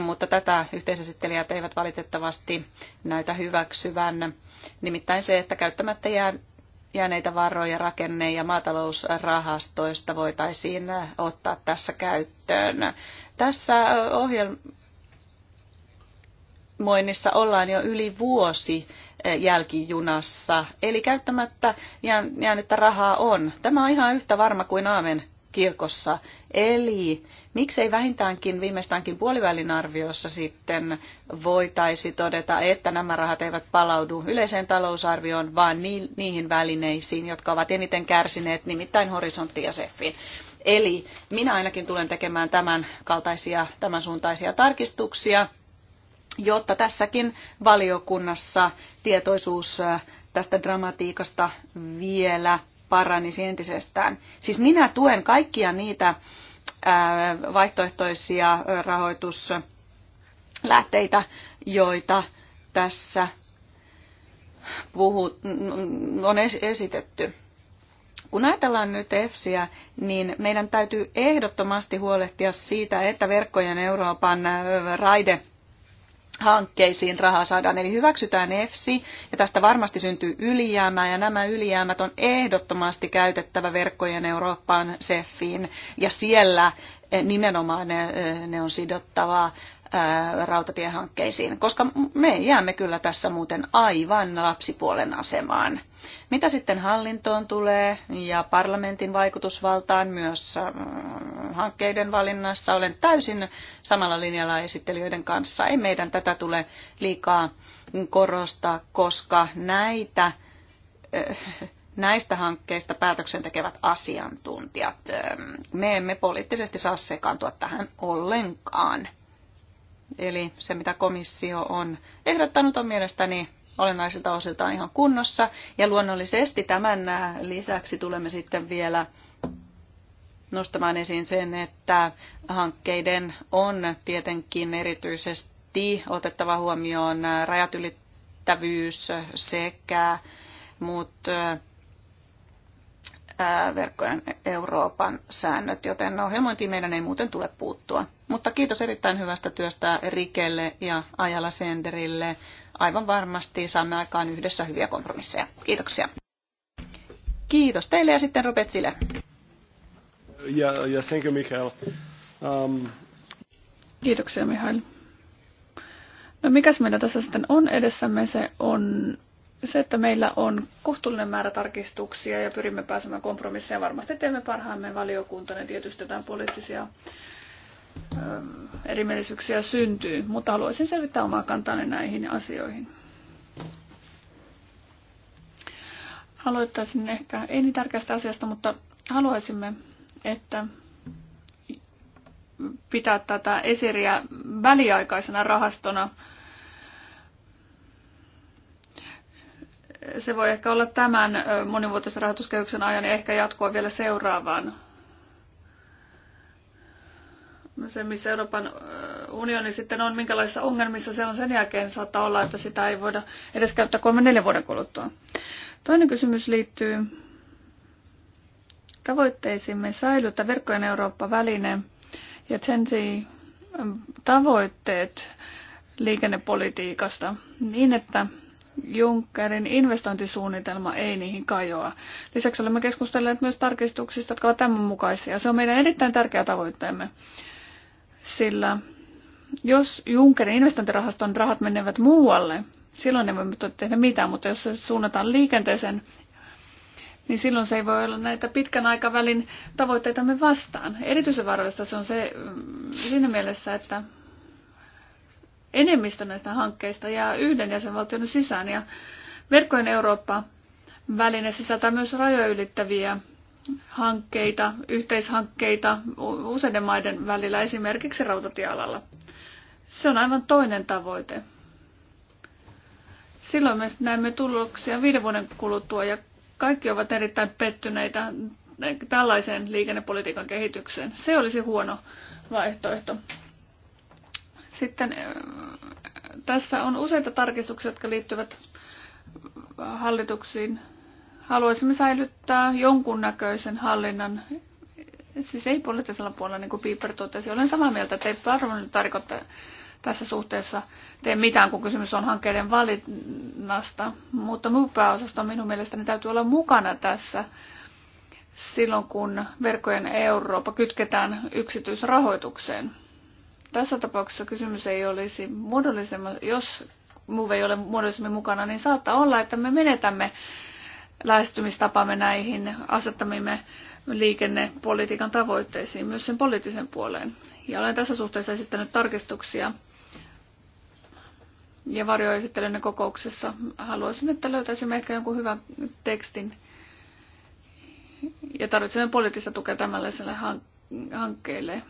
mutta tätä yhteisesittelijät eivät valitettavasti näitä hyväksyvän. Nimittäin se, että käyttämättä jää jääneitä varoja rakenne- ja maatalousrahastoista voitaisiin ottaa tässä käyttöön. Tässä ohjelmassa moinnissa ollaan jo yli vuosi eh, jälkijunassa, eli käyttämättä jäänyttä rahaa on. Tämä on ihan yhtä varma kuin aamen kirkossa. Eli miksei vähintäänkin viimeistäänkin puolivälin arviossa sitten voitaisi todeta, että nämä rahat eivät palaudu yleiseen talousarvioon, vaan niihin välineisiin, jotka ovat eniten kärsineet, nimittäin horisontti ja sefiin. Eli minä ainakin tulen tekemään tämän kaltaisia, tämän suuntaisia tarkistuksia jotta tässäkin valiokunnassa tietoisuus tästä dramatiikasta vielä paranisi entisestään. Siis minä tuen kaikkia niitä vaihtoehtoisia rahoituslähteitä, joita tässä puhut, on esitetty. Kun ajatellaan nyt EFSiä, niin meidän täytyy ehdottomasti huolehtia siitä, että verkkojen Euroopan raide hankkeisiin rahaa saadaan. Eli hyväksytään EFSI ja tästä varmasti syntyy ylijäämää ja nämä ylijäämät on ehdottomasti käytettävä verkkojen Eurooppaan SEFiin ja siellä eh, nimenomaan ne, eh, ne on sidottava rautatiehankkeisiin, koska me jäämme kyllä tässä muuten aivan lapsipuolen asemaan. Mitä sitten hallintoon tulee ja parlamentin vaikutusvaltaan myös äh, hankkeiden valinnassa, olen täysin samalla linjalla esittelijöiden kanssa. Ei meidän tätä tule liikaa korostaa, koska näitä, äh, näistä hankkeista päätöksen tekevät asiantuntijat. Ähm, me emme poliittisesti saa sekaantua tähän ollenkaan. Eli se, mitä komissio on ehdottanut, on mielestäni olennaisilta osiltaan ihan kunnossa. Ja luonnollisesti tämän lisäksi tulemme sitten vielä nostamaan esiin sen, että hankkeiden on tietenkin erityisesti otettava huomioon rajat ylittävyys sekä muut verkkojen Euroopan säännöt, joten ohjelmointiin meidän ei muuten tule puuttua. Mutta kiitos erittäin hyvästä työstä Rikelle ja Ajala Senderille. Aivan varmasti saamme aikaan yhdessä hyviä kompromisseja. Kiitoksia. Kiitos teille ja sitten Rupetsille. Ja, ja thank you, Michael. Um... Kiitoksia, Mihail. No mikäs meillä tässä sitten on edessämme? Se on se, että meillä on kohtuullinen määrä tarkistuksia ja pyrimme pääsemään kompromisseja. Varmasti teemme parhaamme valiokuntana tietysti jotain poliittisia Ähm, erimielisyyksiä syntyy, mutta haluaisin selvittää omaa kantani näihin asioihin. Haluaisin ehkä ei niin tärkeästä asiasta, mutta haluaisimme, että pitää tätä esiriä väliaikaisena rahastona. Se voi ehkä olla tämän monivuotisen rahoituskehyksen ajan ja ehkä jatkoa vielä seuraavaan se, missä Euroopan unioni sitten on, minkälaisissa ongelmissa se on sen jälkeen, saattaa olla, että sitä ei voida edes käyttää kolmen neljän vuoden kuluttua. Toinen kysymys liittyy tavoitteisiimme säilyttää verkkojen Eurooppa-väline ja sen tavoitteet liikennepolitiikasta niin, että Junckerin investointisuunnitelma ei niihin kajoa. Lisäksi olemme keskustelleet myös tarkistuksista, jotka ovat tämän mukaisia. Se on meidän erittäin tärkeä tavoitteemme. Sillä jos Junckerin investointirahaston rahat menevät muualle, silloin ne voivat tehdä mitään, mutta jos se suunnataan liikenteeseen, niin silloin se ei voi olla näitä pitkän aikavälin tavoitteitamme vastaan. Erityisen varoista se on se mm, siinä mielessä, että enemmistö näistä hankkeista jää yhden jäsenvaltion sisään ja verkkojen Eurooppa väline sisältää myös rajoja ylittäviä hankkeita, yhteishankkeita useiden maiden välillä, esimerkiksi rautatiealalla. Se on aivan toinen tavoite. Silloin me näemme tuloksia viiden vuoden kuluttua ja kaikki ovat erittäin pettyneitä tällaiseen liikennepolitiikan kehitykseen. Se olisi huono vaihtoehto. Sitten tässä on useita tarkistuksia, jotka liittyvät hallituksiin haluaisimme säilyttää jonkunnäköisen hallinnan, siis ei poliittisella puolella, niin kuin Piper totesi. Olen samaa mieltä, että ei varmaan tarkoita tässä suhteessa tee mitään, kun kysymys on hankkeiden valinnasta, mutta muu pääosasta minun mielestäni täytyy olla mukana tässä silloin, kun verkkojen Eurooppa kytketään yksityisrahoitukseen. Tässä tapauksessa kysymys ei olisi muodollisemmin, jos muu ei ole muodollisemmin mukana, niin saattaa olla, että me menetämme lähestymistapamme näihin asettamimme liikennepolitiikan tavoitteisiin, myös sen poliittisen puoleen. Ja olen tässä suhteessa esittänyt tarkistuksia ja varjoesittelyn kokouksessa haluaisin, että löytäisimme ehkä jonkun hyvän tekstin ja tarvitsemme poliittista tukea tämänlaiselle hankkeelle.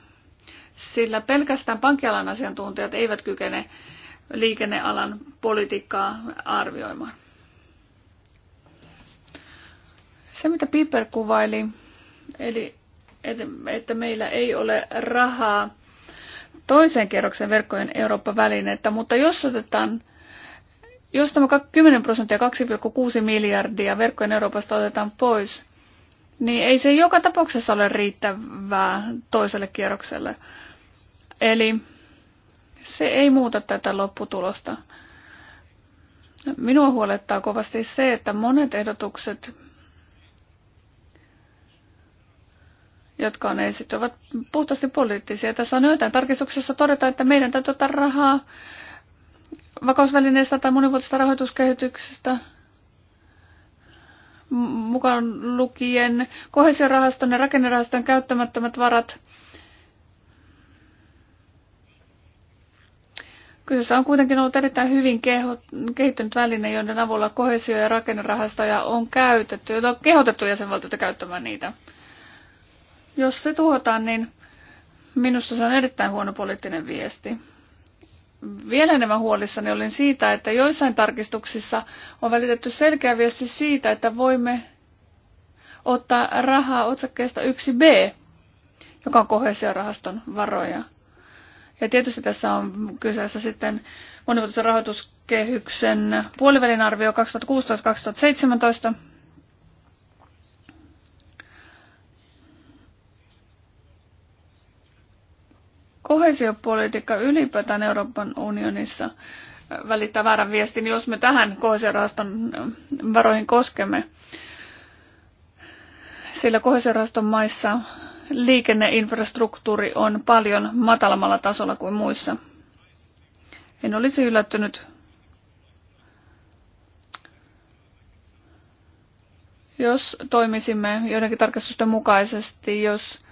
Sillä pelkästään pankkialan asiantuntijat eivät kykene liikennealan politiikkaa arvioimaan. Se, mitä Piper kuvaili, eli että meillä ei ole rahaa toisen kerroksen verkkojen Eurooppa-välinettä, mutta jos otetaan jos tämä 10 prosenttia 2,6 miljardia verkkojen Euroopasta otetaan pois, niin ei se joka tapauksessa ole riittävää toiselle kierrokselle. Eli se ei muuta tätä lopputulosta. Minua huolettaa kovasti se, että monet ehdotukset, jotka on esitetty, ovat puhtaasti poliittisia. Tässä on joitain tarkistuksessa todeta, että meidän täytyy ottaa rahaa vakausvälineestä tai monivuotisesta rahoituskehityksestä mukaan lukien kohesiorahaston ja rakennerahaston käyttämättömät varat. Kyseessä on kuitenkin ollut erittäin hyvin kehittynyt väline, joiden avulla kohesio- ja rakennerahastoja on käytetty, joita on kehotettu jäsenvaltioita käyttämään niitä. Jos se tuhotaan, niin minusta se on erittäin huono poliittinen viesti. Vielä enemmän huolissani olin siitä, että joissain tarkistuksissa on välitetty selkeä viesti siitä, että voimme ottaa rahaa otsakkeesta 1b, joka on kohesiorahaston varoja. Ja tietysti tässä on kyseessä sitten monivuotisen rahoituskehyksen puolivälin arvio 2016-2017. kohesiopolitiikka ylipäätään Euroopan unionissa äh, välittää väärän viestin, jos me tähän kohesiorahaston äh, varoihin koskemme. Sillä kohesiorahaston maissa liikenneinfrastruktuuri on paljon matalammalla tasolla kuin muissa. En olisi yllättynyt, jos toimisimme joidenkin tarkastusten mukaisesti, jos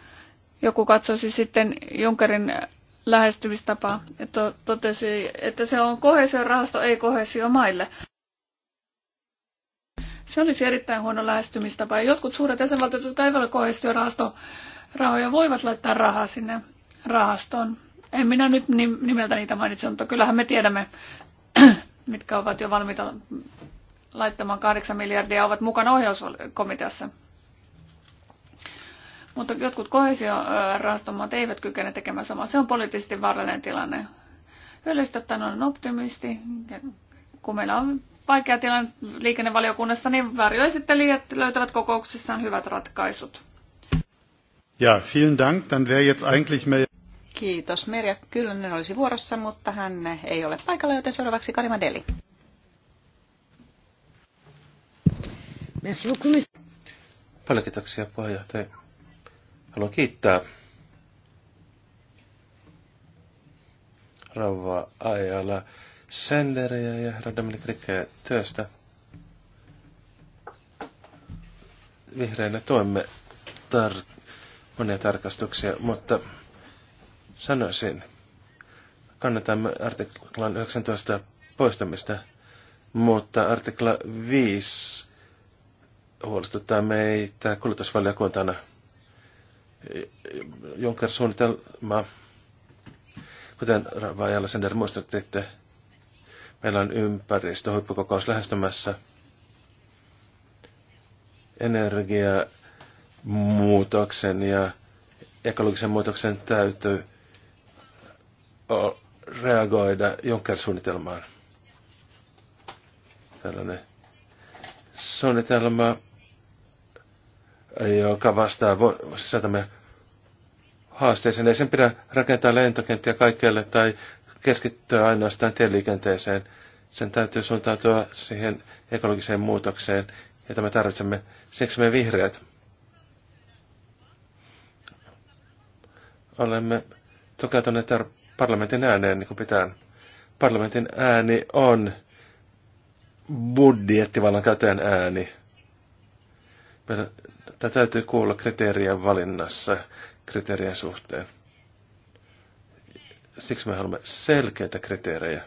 joku katsoisi sitten Junkerin lähestymistapaa ja to- totesi, että se on rahasto, ei kohesio maille. Se olisi erittäin huono lähestymistapa. Ja jotkut suuret jäsenvaltiot, jotka eivät ole kohesiorahasto, rahoja voivat laittaa rahaa sinne rahastoon. En minä nyt nimeltä niitä mainitse, mutta kyllähän me tiedämme, mitkä ovat jo valmiita laittamaan 8 miljardia, ovat mukana ohjauskomiteassa mutta jotkut kohesiorahastomaat eivät kykene tekemään samaa. Se on poliittisesti vaarallinen tilanne. Yleisesti on optimisti. Kun meillä on vaikea tilanne liikennevaliokunnassa, niin varjoesittelijät löytävät kokouksissaan hyvät ratkaisut. Ja, vielen dank. Dann wäre jetzt eigentlich mehr... Kiitos. Merja Kyllönen olisi vuorossa, mutta hän ei ole paikalla, joten seuraavaksi Karima Deli. Paljon kiitoksia puheenjohtaja. Haluan kiittää Rauva Ajala Selleriä ja Radamil Krikkeä työstä. Vihreinä tuemme tar- monia tarkastuksia, mutta sanoisin, kannatamme artiklan 19 poistamista, mutta artikla 5 huolestuttaa meitä kulutusvaliokuntana – Juncker suunnitelma, kuten Vajalla Sender muistutti, että meillä on ympäristöhuippukokous lähestymässä. Energiamuutoksen ja ekologisen muutoksen täytyy reagoida Junker-suunnitelmaan. Tällainen suunnitelma joka vastaa sisältämme haasteeseen. Ei sen pidä rakentaa lentokenttiä kaikkeelle tai keskittyä ainoastaan tieliikenteeseen. Sen täytyy suuntautua siihen ekologiseen muutokseen, jota me tarvitsemme. Siksi me vihreät olemme tukeutuneet parlamentin ääneen niin kuin pitää. Parlamentin ääni on budjettivallan käteen ääni. Meillä Tätä täytyy kuulla kriteerien valinnassa kriteerien suhteen. Siksi me haluamme selkeitä kriteerejä.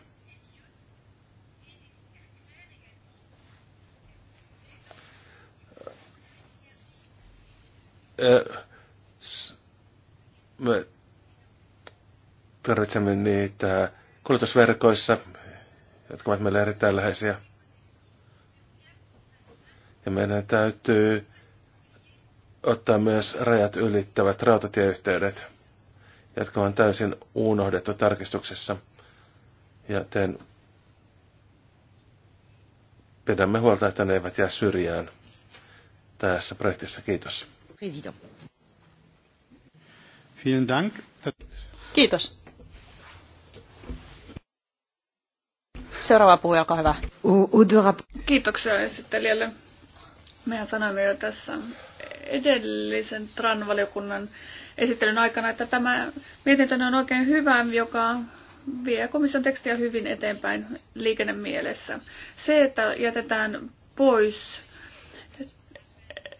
Me tarvitsemme niitä kuljetusverkoissa, jotka ovat meille erittäin läheisiä. Ja meidän täytyy ottaa myös rajat ylittävät rautatieyhteydet, jotka on täysin unohdettu tarkistuksessa. Ja teen, pidämme huolta, että ne eivät jää syrjään tässä projektissa. Kiitos. Vielen Dank. Kiitos. Seuraava puhuja, olkaa hyvä. Kiitoksia esittelijälle. meidän sanoimme jo tässä edellisen TRAN-valiokunnan esittelyn aikana, että tämä mietintö on oikein hyvä, joka vie komission tekstiä hyvin eteenpäin liikennemielessä. Se, että jätetään pois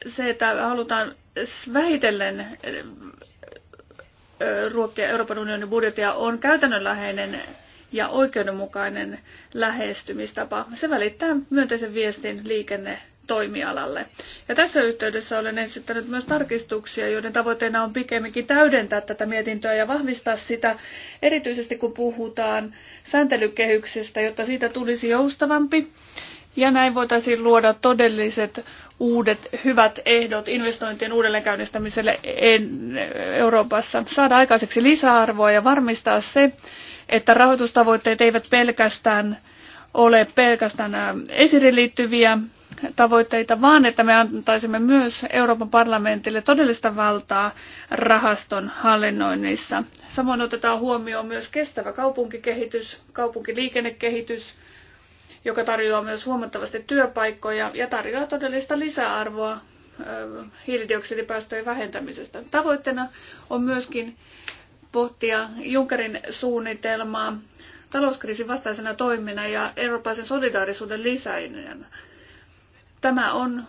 se, että halutaan vähitellen ruokkia Euroopan unionin budjettia, on käytännönläheinen ja oikeudenmukainen lähestymistapa. Se välittää myönteisen viestin liikenne toimialalle. Ja tässä yhteydessä olen esittänyt myös tarkistuksia, joiden tavoitteena on pikemminkin täydentää tätä mietintöä ja vahvistaa sitä, erityisesti kun puhutaan sääntelykehyksestä, jotta siitä tulisi joustavampi. Ja näin voitaisiin luoda todelliset uudet hyvät ehdot investointien uudelleenkäynnistämiselle Euroopassa, saada aikaiseksi lisäarvoa ja varmistaa se, että rahoitustavoitteet eivät pelkästään ole pelkästään esiriin liittyviä tavoitteita, vaan että me antaisimme myös Euroopan parlamentille todellista valtaa rahaston hallinnoinnissa. Samoin otetaan huomioon myös kestävä kaupunkikehitys, kaupunkiliikennekehitys, joka tarjoaa myös huomattavasti työpaikkoja ja tarjoaa todellista lisäarvoa hiilidioksidipäästöjen vähentämisestä. Tavoitteena on myöskin pohtia Junckerin suunnitelmaa talouskriisin vastaisena toimina ja eurooppalaisen solidaarisuuden lisäinen Tämä on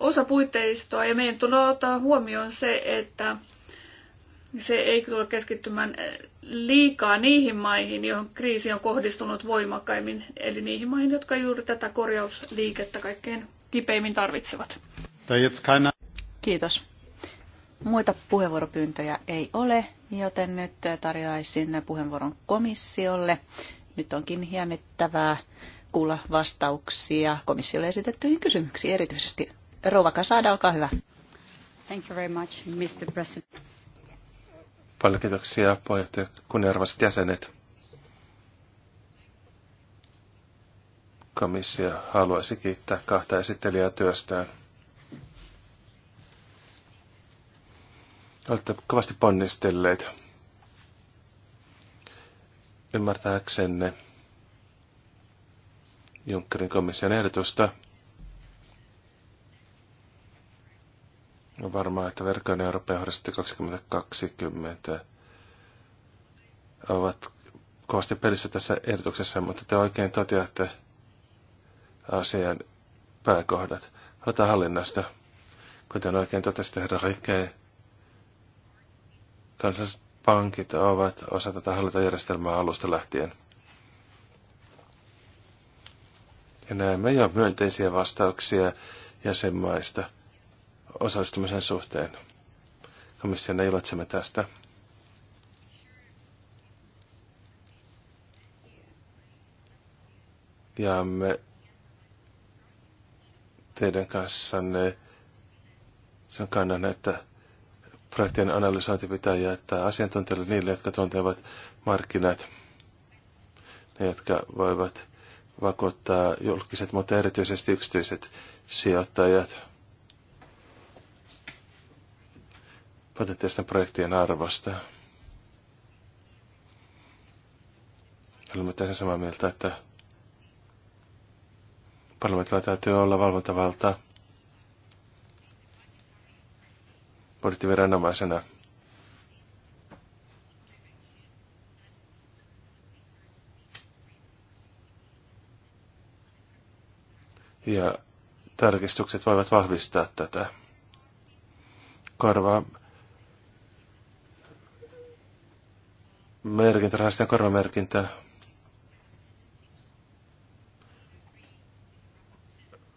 osa puitteistoa ja meidän tulee ottaa huomioon se, että se ei tule keskittymään liikaa niihin maihin, joihin kriisi on kohdistunut voimakkaimmin, eli niihin maihin, jotka juuri tätä korjausliikettä kaikkein kipeimmin tarvitsevat. Kiitos. Muita puheenvuoropyyntöjä ei ole, joten nyt tarjoaisin puheenvuoron komissiolle. Nyt onkin hienettävää kuulla vastauksia komissiolle esitettyihin kysymyksiin, erityisesti Rouva Kasada, olkaa hyvä. Thank you very much, Mr. President. Paljon kiitoksia, puheenjohtaja, kunnianarvoiset jäsenet. Komissio haluaisi kiittää kahta esittelijää työstään. Olette kovasti ponnistelleet ymmärtääksenne Junckerin komission ehdotusta. On varmaa, että verkkojen Euroopan Horisontti 2020 ovat kovasti pelissä tässä ehdotuksessa, mutta te oikein toteatte asian pääkohdat. Aloitetaan hallinnasta. Kuten oikein totesi herra Rikkeen, kansalliset pankit ovat osa tätä hallintajärjestelmää alusta lähtien. Ja näemme jo myönteisiä vastauksia jäsenmaista osallistumisen suhteen. Komissiona iloitsemme tästä. me teidän kanssanne sen kannan, että projektien analysointi pitää jättää asiantuntijoille niille, jotka tuntevat markkinat, ne, jotka voivat vakuuttaa julkiset, mutta erityisesti yksityiset sijoittajat potentiaalisten projektien arvosta. Olemme täysin samaa mieltä, että parlamentilla täytyy olla valvontavalta budjettiviranomaisena ja tarkistukset voivat vahvistaa tätä. Korva merkintä, rahastajan korvamerkintä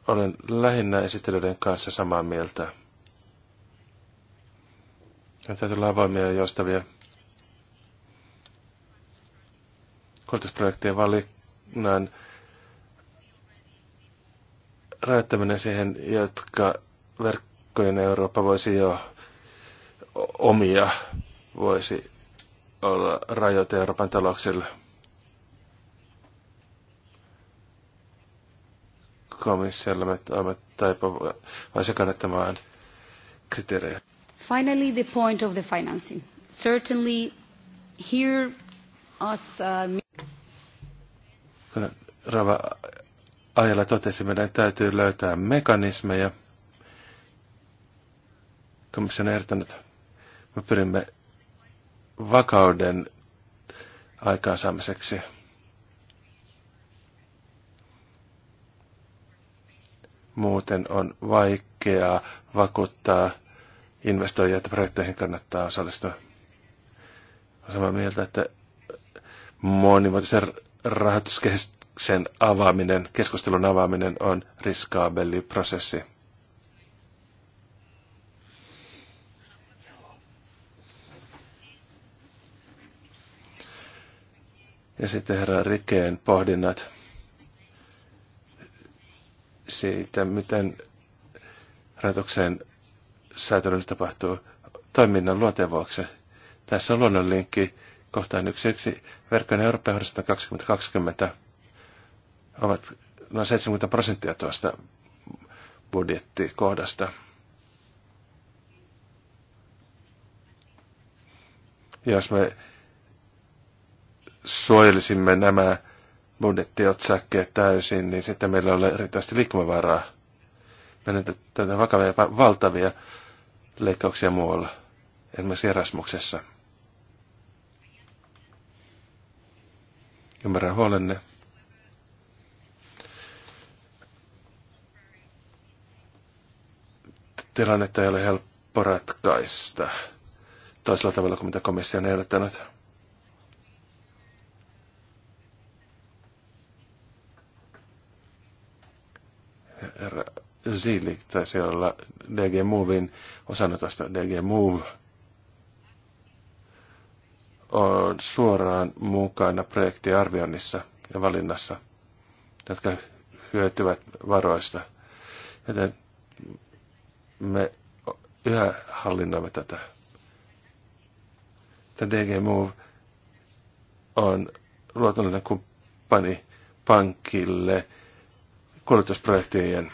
olen lähinnä esittelyiden kanssa samaa mieltä. täytyy olla avoimia ja joustavia koulutusprojektien valinnan rajoittaminen siihen, jotka verkkojen Eurooppa voisi jo omia, voisi olla rajoite Euroopan talouksille. Komissiolla me olemme taipuvaisia kannattamaan kriteerejä. Finally, the point of the financing. Certainly, here us... Uh... Rava ajalla totesi, meidän täytyy löytää mekanismeja. Komission ehdottanut, me pyrimme vakauden aikaansaamiseksi. Muuten on vaikeaa vakuuttaa investoijia, että projekteihin kannattaa osallistua. Olen samaa mieltä, että monimuotoisen rahoituskehys sen avaaminen, keskustelun avaaminen on riskaabeli prosessi. Ja sitten herra Rikeen pohdinnat siitä, miten rajoitukseen säätelyllä tapahtuu toiminnan luotevuoksi. Tässä on luonnon linkki kohtaan yksi yksi verkkojen Euroopan 2020 ovat noin 70 prosenttia tuosta budjettikohdasta. Jos me suojelisimme nämä budjettiotsakkeet täysin, niin sitten meillä ei ole erittäin liikkumavaraa. Meidän tätä vakavia valtavia leikkauksia muualla, esimerkiksi Erasmuksessa. Ymmärrän huolenne. tilannetta ei ole helppo ratkaista toisella tavalla kuin mitä komissio on ehdottanut. Herra Zili taisi olla DG Movein osanotosta DG Move on suoraan mukana projektiarvioinnissa ja valinnassa, jotka hyötyvät varoista. Joten me yhä hallinnoimme tätä. Tämä DG Move on luotollinen kumppani pankille kuljetusprojektien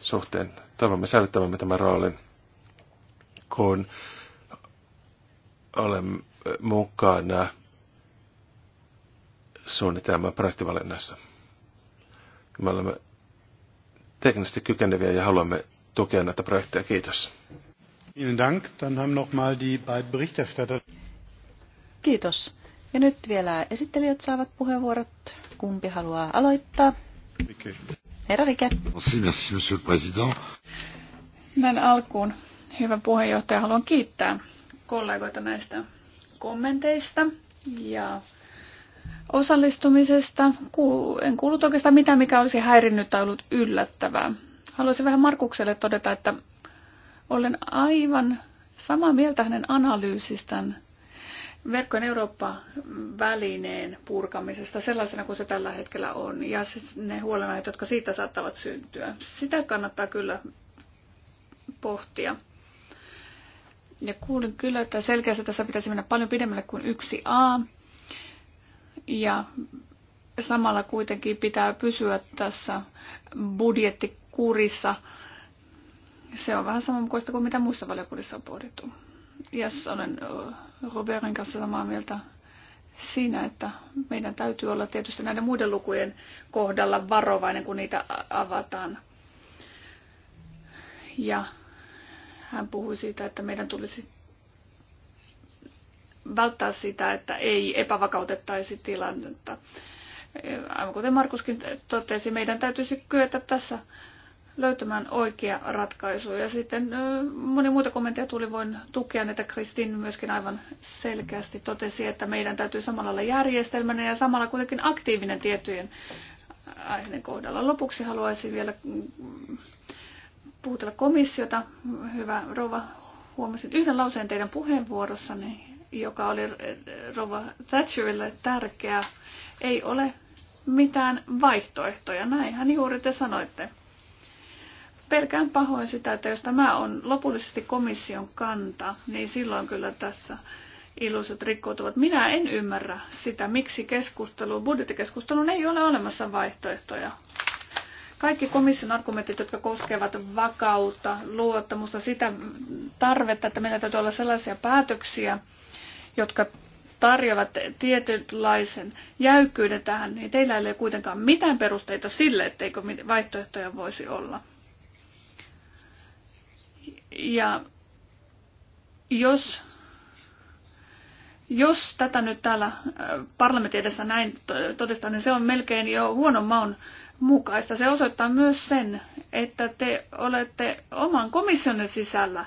suhteen. Toivomme säilyttävämme tämän roolin, kun olemme mukana suunnitelman projektivalinnassa. Me olemme teknisesti kykeneviä ja haluamme tukea näitä projekteja. Kiitos. Kiitos. Ja nyt vielä esittelijät saavat puheenvuorot. Kumpi haluaa aloittaa? Herra Rike. Merci, merci, monsieur le président. Näin alkuun, hyvä puheenjohtaja, haluan kiittää kollegoita näistä kommenteista ja osallistumisesta. En kuullut oikeastaan mitään, mikä olisi häirinnyt tai ollut yllättävää. Haluaisin vähän Markukselle todeta, että olen aivan samaa mieltä hänen analyysistään verkkojen Eurooppa-välineen purkamisesta sellaisena kuin se tällä hetkellä on ja siis ne huolenaiheet, jotka siitä saattavat syntyä. Sitä kannattaa kyllä pohtia. Ja kuulin kyllä, että selkeästi tässä pitäisi mennä paljon pidemmälle kuin yksi a Ja samalla kuitenkin pitää pysyä tässä budjetti kurissa. Se on vähän samanmukaista kuin mitä muissa valiokunnissa on pohdittu. Ja yes, olen Robertin kanssa samaa mieltä siinä, että meidän täytyy olla tietysti näiden muiden lukujen kohdalla varovainen, kun niitä avataan. Ja hän puhui siitä, että meidän tulisi välttää sitä, että ei epävakautettaisi tilannetta. Aivan kuten Markuskin totesi, meidän täytyisi kyetä tässä löytämään oikea ratkaisu. Ja sitten moni muuta kommenttia tuli, voin tukea näitä. Kristin myöskin aivan selkeästi totesi, että meidän täytyy samalla olla järjestelmänä ja samalla kuitenkin aktiivinen tiettyjen aiheiden kohdalla. Lopuksi haluaisin vielä mm, puhutella komissiota. Hyvä Rova, huomasin yhden lauseen teidän puheenvuorossanne, joka oli Rova Thatcherille tärkeä. Ei ole mitään vaihtoehtoja, näinhän juuri te sanoitte. Pelkään pahoin sitä, että jos tämä on lopullisesti komission kanta, niin silloin kyllä tässä illuusiot rikkoutuvat. Minä en ymmärrä sitä, miksi keskustelu, budjettikeskustelun ei ole olemassa vaihtoehtoja. Kaikki komission argumentit, jotka koskevat vakautta, luottamusta, sitä tarvetta, että meillä täytyy olla sellaisia päätöksiä, jotka tarjoavat tietynlaisen jäykkyyden tähän, niin teillä ei ole kuitenkaan mitään perusteita sille, etteikö vaihtoehtoja voisi olla. Ja jos, jos tätä nyt täällä äh, parlamentin edessä näin todistaa, niin se on melkein jo huonon maun mukaista. Se osoittaa myös sen, että te olette oman komissionne sisällä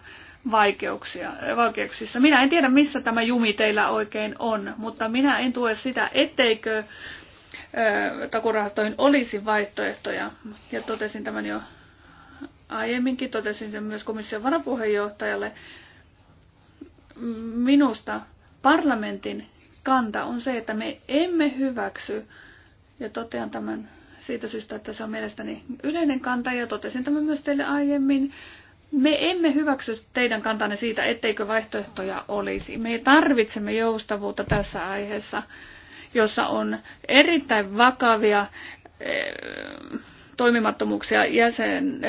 vaikeuksia, äh, vaikeuksissa. Minä en tiedä, missä tämä jumi teillä oikein on, mutta minä en tue sitä, etteikö äh, takurahastoihin olisi vaihtoehtoja. Ja totesin tämän jo Aiemminkin totesin sen myös komission varapuheenjohtajalle. Minusta parlamentin kanta on se, että me emme hyväksy, ja totean tämän siitä syystä, että se on mielestäni yleinen kanta, ja totesin tämän myös teille aiemmin, me emme hyväksy teidän kantanne siitä, etteikö vaihtoehtoja olisi. Me tarvitsemme joustavuutta tässä aiheessa, jossa on erittäin vakavia eh, toimimattomuuksia jäsen,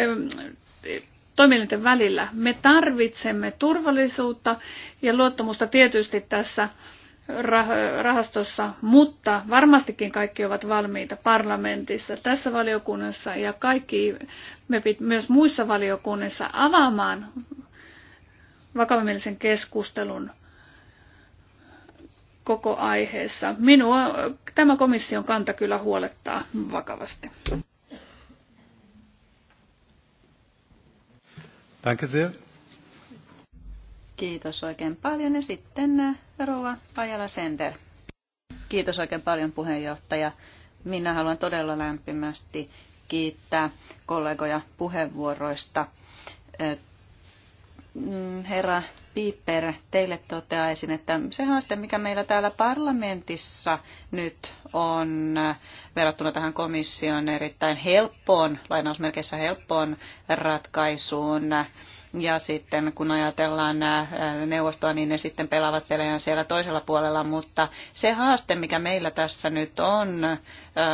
toimielinten välillä. Me tarvitsemme turvallisuutta ja luottamusta tietysti tässä rahastossa, mutta varmastikin kaikki ovat valmiita parlamentissa, tässä valiokunnassa ja kaikki mepit myös muissa valiokunnissa avaamaan vakavamielisen keskustelun koko aiheessa. Minua tämä komission kanta kyllä huolettaa vakavasti. Danke sehr. Kiitos oikein paljon. Ja sitten äh, Rova Pajala Sender. Kiitos oikein paljon puheenjohtaja. Minä haluan todella lämpimästi kiittää kollegoja puheenvuoroista. Äh, mm, herra Piper, teille toteaisin, että se haaste, mikä meillä täällä parlamentissa nyt on äh, verrattuna tähän komission erittäin helppoon, lainausmerkeissä helppoon ratkaisuun, äh, ja sitten kun ajatellaan neuvostoa, niin ne sitten pelaavat pelejä siellä toisella puolella. Mutta se haaste, mikä meillä tässä nyt on,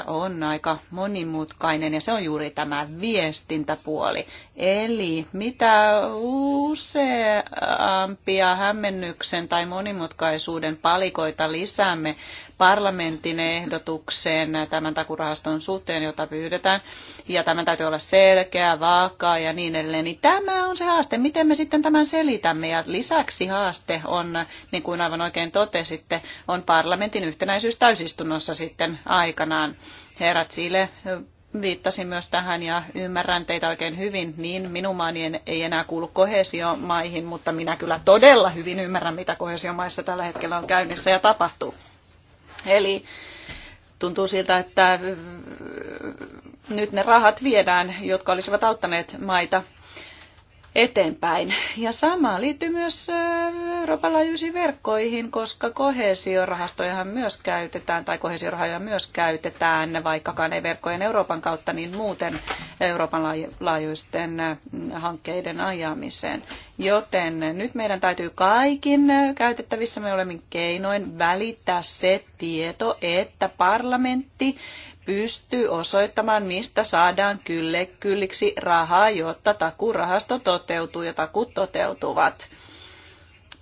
on aika monimutkainen ja se on juuri tämä viestintäpuoli. Eli mitä useampia hämmennyksen tai monimutkaisuuden palikoita lisäämme parlamentin ehdotukseen tämän takurahaston suhteen, jota pyydetään, ja tämän täytyy olla selkeä, vaakaa ja niin edelleen, niin tämä on se haaste, miten me sitten tämän selitämme, ja lisäksi haaste on, niin kuin aivan oikein totesitte, on parlamentin yhtenäisyys täysistunnossa sitten aikanaan. Herrat Sile, viittasin myös tähän ja ymmärrän teitä oikein hyvin, niin minun maani ei enää kuulu kohesiomaihin, mutta minä kyllä todella hyvin ymmärrän, mitä kohesiomaissa tällä hetkellä on käynnissä ja tapahtuu. Eli tuntuu siltä, että nyt ne rahat viedään, jotka olisivat auttaneet maita eteenpäin. Ja sama liittyy myös Euroopan laajuisiin verkkoihin, koska kohesiorahastojahan myös käytetään, tai kohesiorahoja myös käytetään, vaikkakaan ei verkkojen Euroopan kautta, niin muuten Euroopan laajuisten hankkeiden ajamiseen. Joten nyt meidän täytyy kaikin käytettävissä me olemme keinoin välittää se tieto, että parlamentti pystyy osoittamaan, mistä saadaan kylle kylliksi rahaa, jotta takurahasto toteutuu ja takut toteutuvat.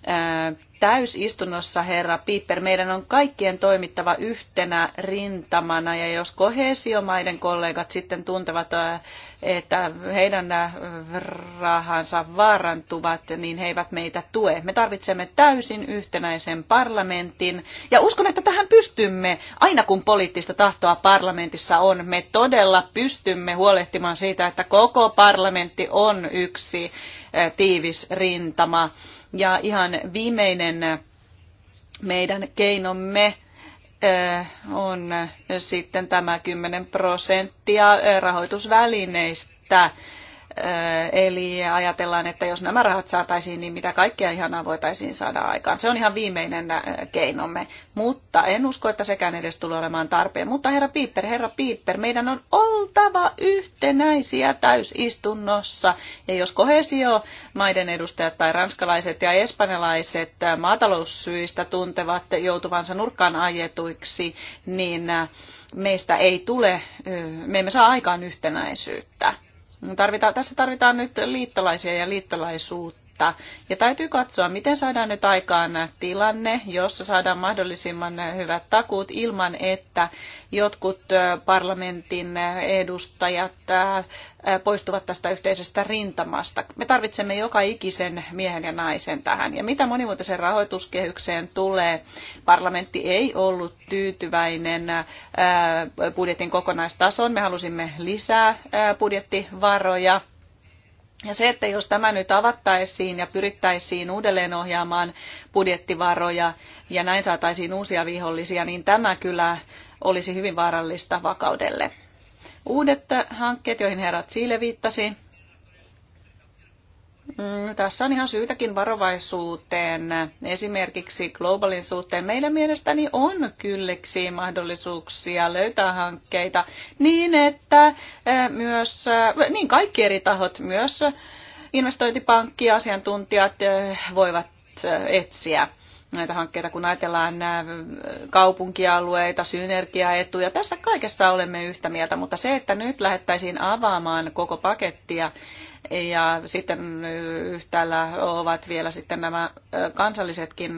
Ää, täysistunnossa, herra Piper, meidän on kaikkien toimittava yhtenä rintamana, ja jos kohesiomaiden kollegat sitten tuntevat että heidän rahansa vaarantuvat, niin he eivät meitä tue. Me tarvitsemme täysin yhtenäisen parlamentin ja uskon, että tähän pystymme. Aina kun poliittista tahtoa parlamentissa on, me todella pystymme huolehtimaan siitä, että koko parlamentti on yksi tiivis rintama. Ja ihan viimeinen meidän keinomme on sitten tämä 10 prosenttia rahoitusvälineistä Eli ajatellaan, että jos nämä rahat saataisiin, niin mitä kaikkea ihanaa voitaisiin saada aikaan. Se on ihan viimeinen keinomme, mutta en usko, että sekään edes tulee olemaan tarpeen. Mutta herra Piipper, herra Piipper, meidän on oltava yhtenäisiä täysistunnossa. Ja jos kohesio maiden edustajat tai ranskalaiset ja espanjalaiset maataloussyistä tuntevat joutuvansa nurkkaan ajetuiksi, niin meistä ei tule, me emme saa aikaan yhtenäisyyttä Tarvitaan, tässä tarvitaan nyt liittolaisia ja liittolaisuutta tilannetta. Ja täytyy katsoa, miten saadaan nyt aikaan tilanne, jossa saadaan mahdollisimman hyvät takuut ilman, että jotkut parlamentin edustajat poistuvat tästä yhteisestä rintamasta. Me tarvitsemme joka ikisen miehen ja naisen tähän. Ja mitä monivuotisen rahoituskehykseen tulee, parlamentti ei ollut tyytyväinen budjetin kokonaistasoon. Me halusimme lisää budjettivaroja ja se, että jos tämä nyt avattaisiin ja pyrittäisiin uudelleen ohjaamaan budjettivaroja ja näin saataisiin uusia vihollisia, niin tämä kyllä olisi hyvin vaarallista vakaudelle. Uudet hankkeet, joihin herrat Siile viittasi, Mm, tässä on ihan syytäkin varovaisuuteen, esimerkiksi globaalin suhteen. Meidän mielestäni on kylliksi mahdollisuuksia löytää hankkeita niin, että eh, myös eh, niin kaikki eri tahot, myös investointipankki, asiantuntijat eh, voivat etsiä näitä hankkeita, kun ajatellaan nämä kaupunkialueita, synergiaetuja. Tässä kaikessa olemme yhtä mieltä, mutta se, että nyt lähettäisiin avaamaan koko pakettia, ja sitten yhtäällä ovat vielä sitten nämä kansallisetkin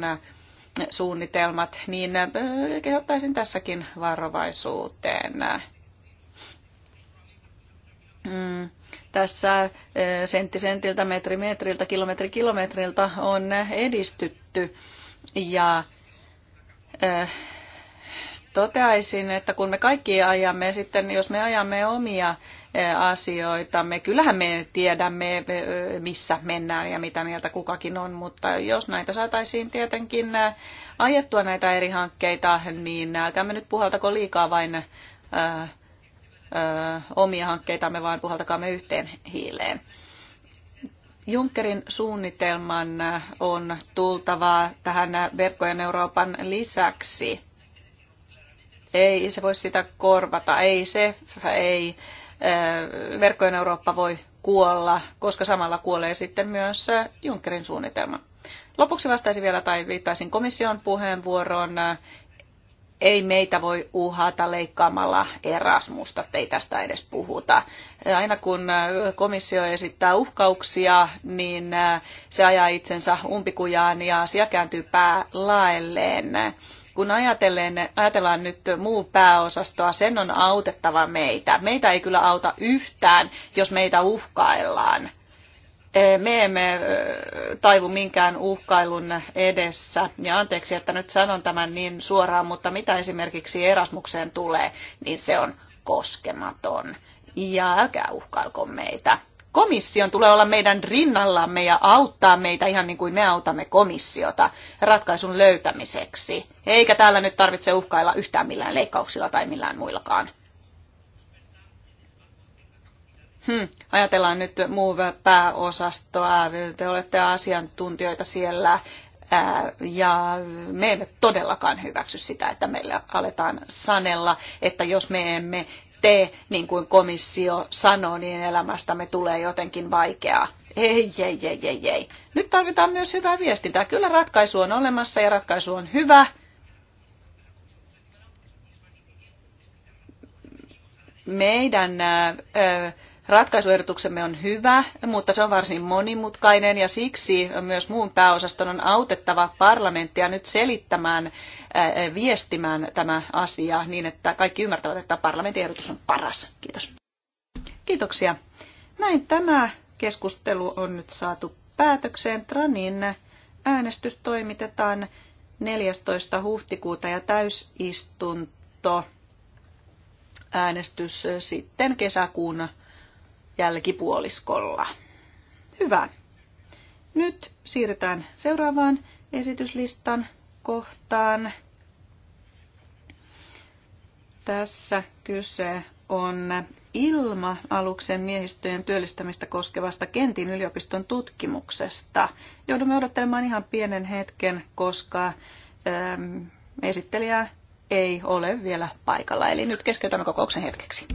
suunnitelmat, niin kehottaisin tässäkin varovaisuuteen. Mm tässä sentti sentiltä, metri metriltä, kilometri kilometriltä on edistytty ja toteaisin, että kun me kaikki ajamme, sitten jos me ajamme omia e, asioita, me kyllähän me tiedämme, e, missä mennään ja mitä mieltä kukakin on, mutta jos näitä saataisiin tietenkin e, ajettua näitä eri hankkeita, niin älkäämme nyt puhaltako liikaa vain ää, ää, omia hankkeitamme, vaan puhaltakaamme yhteen hiileen. Junckerin suunnitelman on tultava tähän verkkojen Euroopan lisäksi ei se voi sitä korvata, ei se, ei verkkojen Eurooppa voi kuolla, koska samalla kuolee sitten myös Junckerin suunnitelma. Lopuksi vastaisin vielä tai viittaisin komission puheenvuoroon. Ei meitä voi uhata leikkaamalla Erasmusta, ei tästä edes puhuta. Aina kun komissio esittää uhkauksia, niin se ajaa itsensä umpikujaan ja asia kääntyy päälaelleen kun ajatellaan nyt muu pääosastoa, sen on autettava meitä. Meitä ei kyllä auta yhtään, jos meitä uhkaillaan. Me emme taivu minkään uhkailun edessä. Ja anteeksi, että nyt sanon tämän niin suoraan, mutta mitä esimerkiksi Erasmukseen tulee, niin se on koskematon. Ja älkää uhkailko meitä. Komission tulee olla meidän rinnallamme ja auttaa meitä ihan niin kuin me autamme komissiota ratkaisun löytämiseksi. Eikä täällä nyt tarvitse uhkailla yhtään millään leikkauksilla tai millään muillakaan. Hmm. Ajatellaan nyt Move-pääosastoa. Te olette asiantuntijoita siellä ja me emme todellakaan hyväksy sitä, että meillä aletaan sanella, että jos me emme tee niin kuin komissio sanoo, niin elämästämme tulee jotenkin vaikeaa. Ei, ei, ei, ei, ei. Nyt tarvitaan myös hyvää viestintää. Kyllä ratkaisu on olemassa ja ratkaisu on hyvä. Meidän äh, äh Ratkaisuehdotuksemme on hyvä, mutta se on varsin monimutkainen ja siksi myös muun pääosaston on autettava parlamenttia nyt selittämään, äh, viestimään tämä asia niin, että kaikki ymmärtävät, että parlamentin ehdotus on paras. Kiitos. Kiitoksia. Näin tämä keskustelu on nyt saatu päätökseen. Tranin äänestys toimitetaan 14. huhtikuuta ja täysistunto äänestys sitten kesäkuun jälkipuoliskolla. Hyvä. Nyt siirrytään seuraavaan esityslistan kohtaan. Tässä kyse on ilma-aluksen miehistöjen työllistämistä koskevasta Kentin yliopiston tutkimuksesta. Joudumme odottelemaan ihan pienen hetken, koska ähm, esittelijä ei ole vielä paikalla. Eli nyt keskeytämme kokouksen hetkeksi.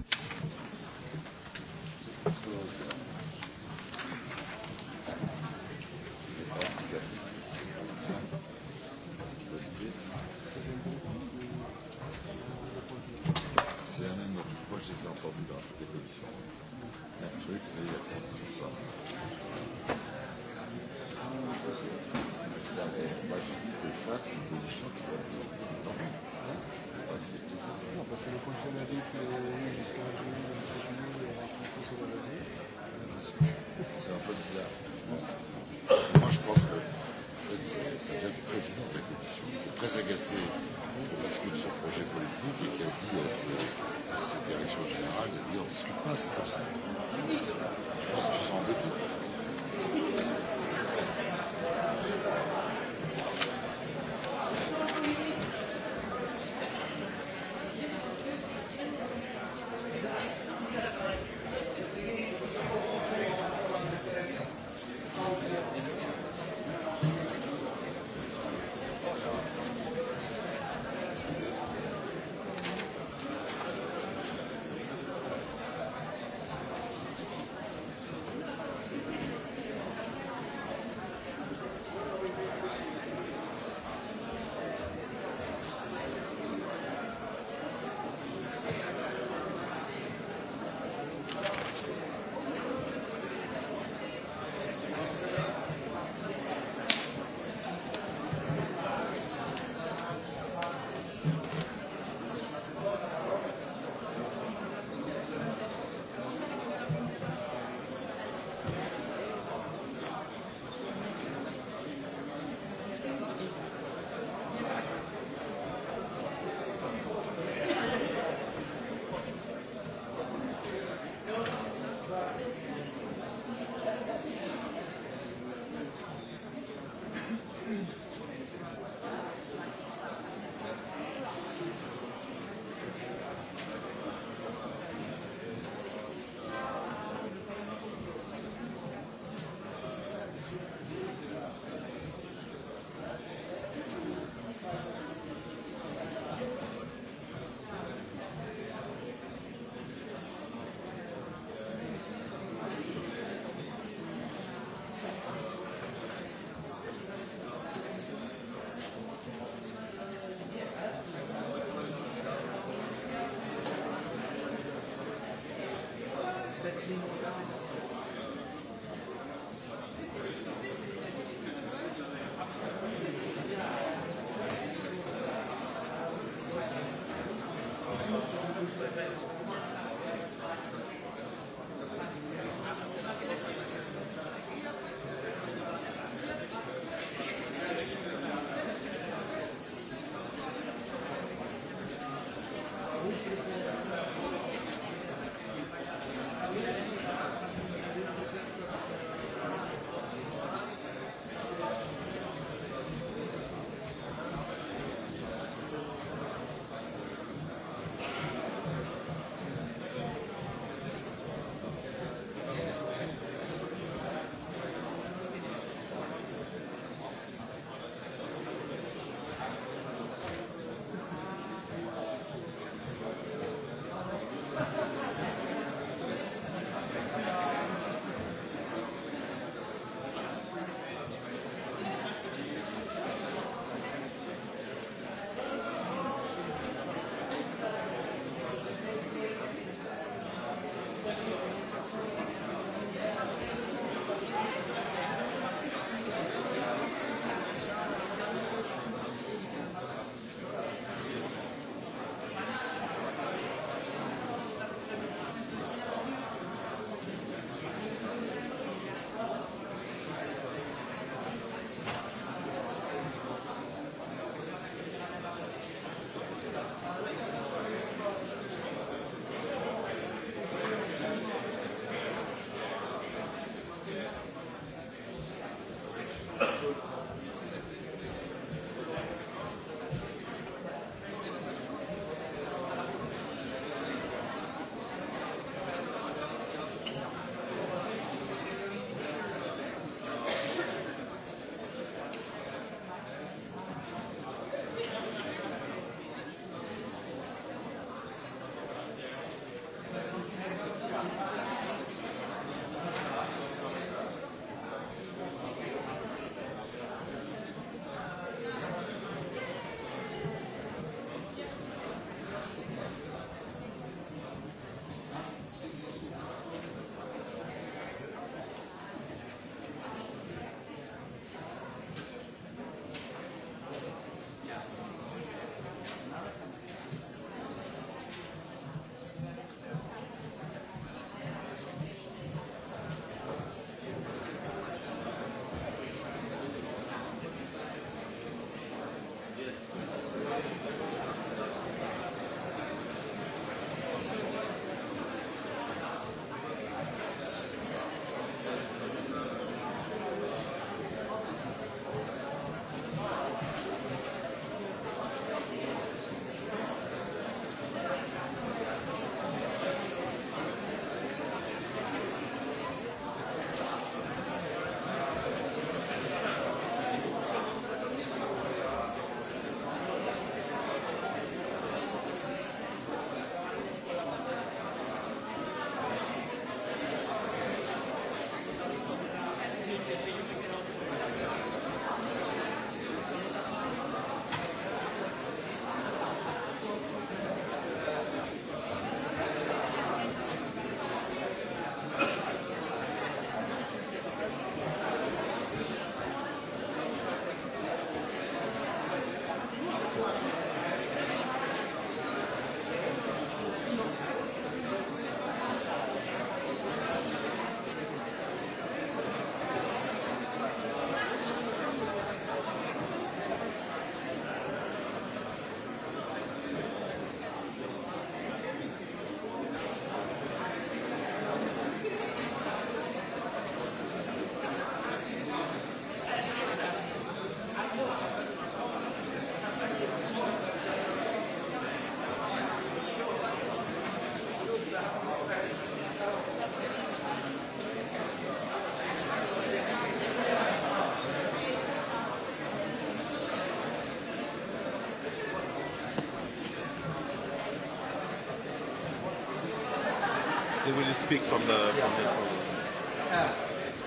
speak from the yeah.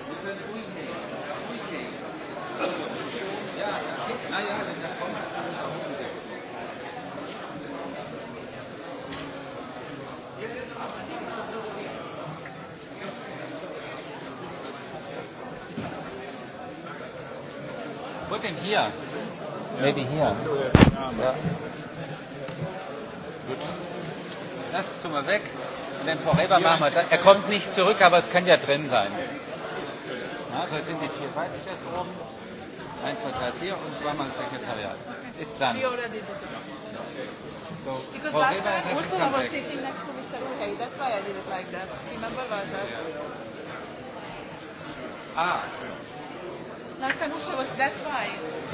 from the. Put him here. Maybe here. Yeah. Gut. Lass es schon mal weg denn forever machen wir. Er kommt nicht zurück, aber es kann ja drin sein. Also es sind die vier Weibliches oben. Eins, zwei, drei, vier und mal Sekretariat. It's done. So, Because last time Ursula was sitting next to Mr. Okay, that's why I did it like that. Remember what yeah. Ah. Last time Ursula was, that's why.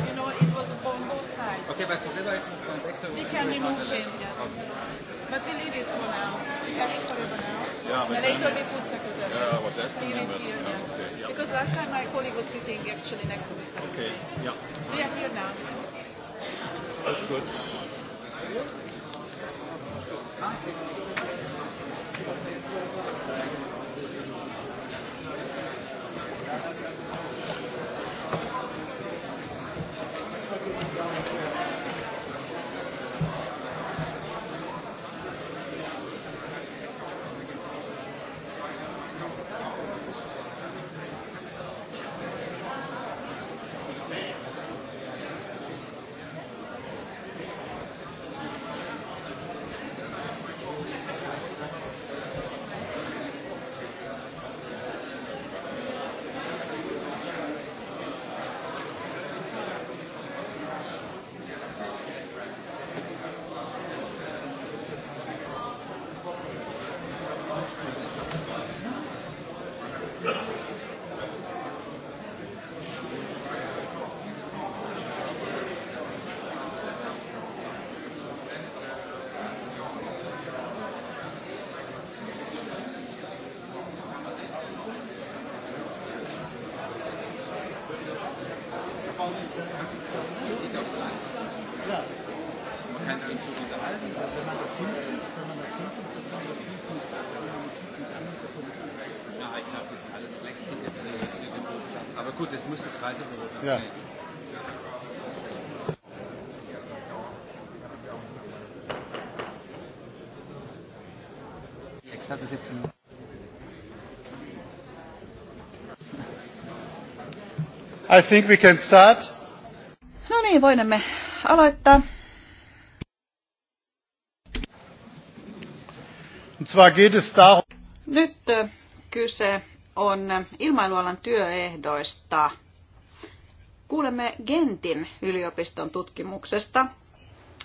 You know, it was on both sides. Okay, but Forever is from Dexter. We can remove him, yes. Okay. But we leave it for now. We have it forever now. Yeah, but and later then, we put secretary. Yeah, what else? Leave it here yeah, now. Okay, yeah. Because last time my colleague was sitting actually next to Mr. Okay, yeah. We are here now. That's good. Thank you. unterhalten. Wenn man das wenn man das man das Ja, ich das alles Aber gut, muss das Reisebüro dann. Ja. Die Experten sitzen. I think we can start. No niin, voimme aloittaa. Nyt kyse on ilmailualan työehdoista. Kuulemme Gentin yliopiston tutkimuksesta,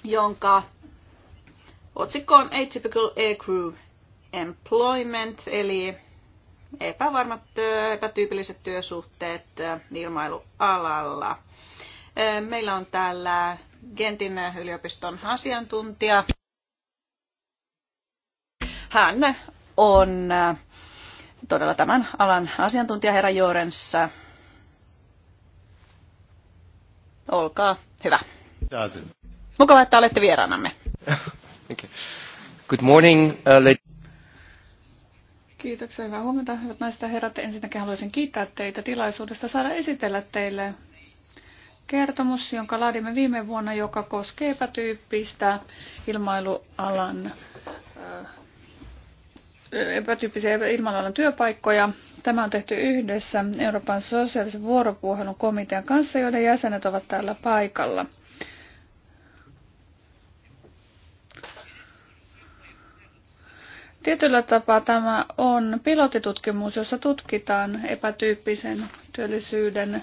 jonka otsikko on Atypical Aircrew Employment, eli epävarmat, epätyypilliset työsuhteet ilmailualalla. Meillä on täällä Gentin yliopiston asiantuntija hän on äh, todella tämän alan asiantuntija herra Jorenssa. Olkaa hyvä. Mukava, että olette vieraanamme. Good morning, uh, Kiitoksia, hyvää huomenta, hyvät naiset ja herrat. Ensinnäkin haluaisin kiittää teitä tilaisuudesta saada esitellä teille kertomus, jonka laadimme viime vuonna, joka koskee epätyyppistä ilmailualan äh, epätyyppisiä ilmanalan työpaikkoja. Tämä on tehty yhdessä Euroopan sosiaalisen vuoropuhelun komitean kanssa, joiden jäsenet ovat täällä paikalla. Tietyllä tapaa tämä on pilotitutkimus, jossa tutkitaan epätyyppisen työllisyyden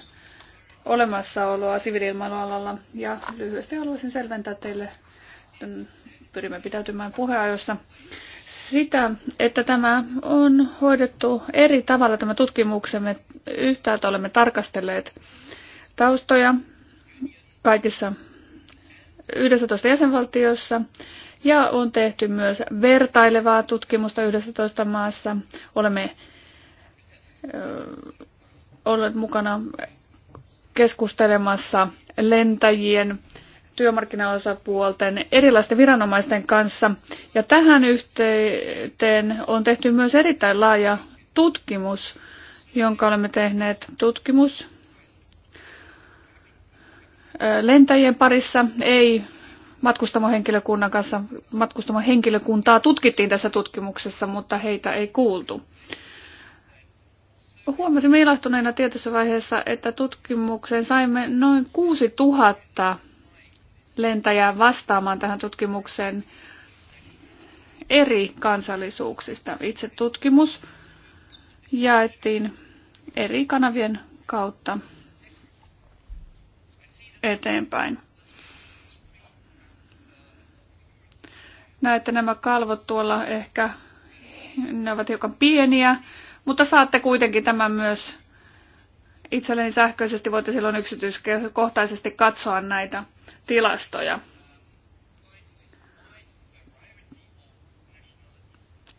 olemassaoloa siviiliilmailualalla. Ja lyhyesti haluaisin selventää teille, pyrimme pitäytymään puheajossa sitä, että tämä on hoidettu eri tavalla tämä tutkimuksemme. Yhtäältä olemme tarkastelleet taustoja kaikissa 11 jäsenvaltiossa ja on tehty myös vertailevaa tutkimusta 11 maassa. Olemme olleet mukana keskustelemassa lentäjien työmarkkinaosapuolten erilaisten viranomaisten kanssa. Ja tähän yhteyteen on tehty myös erittäin laaja tutkimus, jonka olemme tehneet tutkimus lentäjien parissa, ei matkustamohenkilökunnan kanssa. Matkustamohenkilökuntaa tutkittiin tässä tutkimuksessa, mutta heitä ei kuultu. Huomasimme ilahtuneena tietyssä vaiheessa, että tutkimukseen saimme noin 6000 lentäjää vastaamaan tähän tutkimukseen eri kansallisuuksista. Itse tutkimus jaettiin eri kanavien kautta eteenpäin. Näette nämä kalvot tuolla ehkä, ne ovat hiukan pieniä, mutta saatte kuitenkin tämän myös itselleni sähköisesti, voitte silloin yksityiskohtaisesti katsoa näitä tilastoja.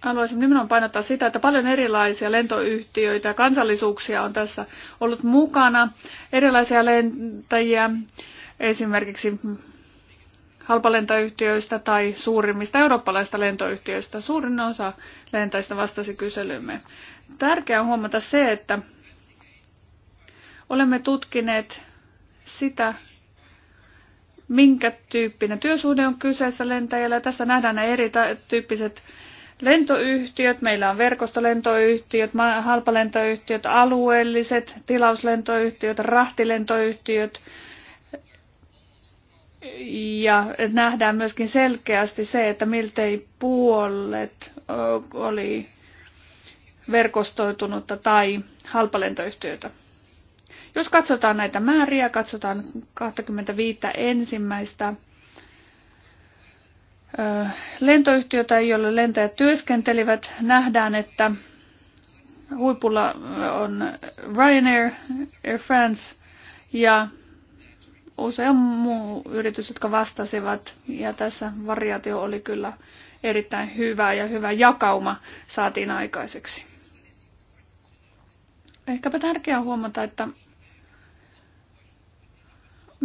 Haluaisin nimenomaan painottaa sitä, että paljon erilaisia lentoyhtiöitä ja kansallisuuksia on tässä ollut mukana. Erilaisia lentäjiä esimerkiksi halpalentoyhtiöistä tai suurimmista eurooppalaista lentoyhtiöistä. Suurin osa lentäjistä vastasi kyselymme. Tärkeää on huomata se, että olemme tutkineet sitä, minkä tyyppinen työsuhde on kyseessä lentäjällä. Tässä nähdään ne eri tyyppiset lentoyhtiöt. Meillä on verkostolentoyhtiöt, halpalentoyhtiöt, alueelliset tilauslentoyhtiöt, rahtilentoyhtiöt. Ja nähdään myöskin selkeästi se, että miltei puolet oli verkostoitunutta tai halpalentoyhtiötä. Jos katsotaan näitä määriä, katsotaan 25 ensimmäistä lentoyhtiötä, jolle lentäjät työskentelivät, nähdään, että huipulla on Ryanair, Air France ja usea muu yritys, jotka vastasivat. Ja tässä variaatio oli kyllä erittäin hyvä ja hyvä jakauma saatiin aikaiseksi. Ehkäpä tärkeää huomata, että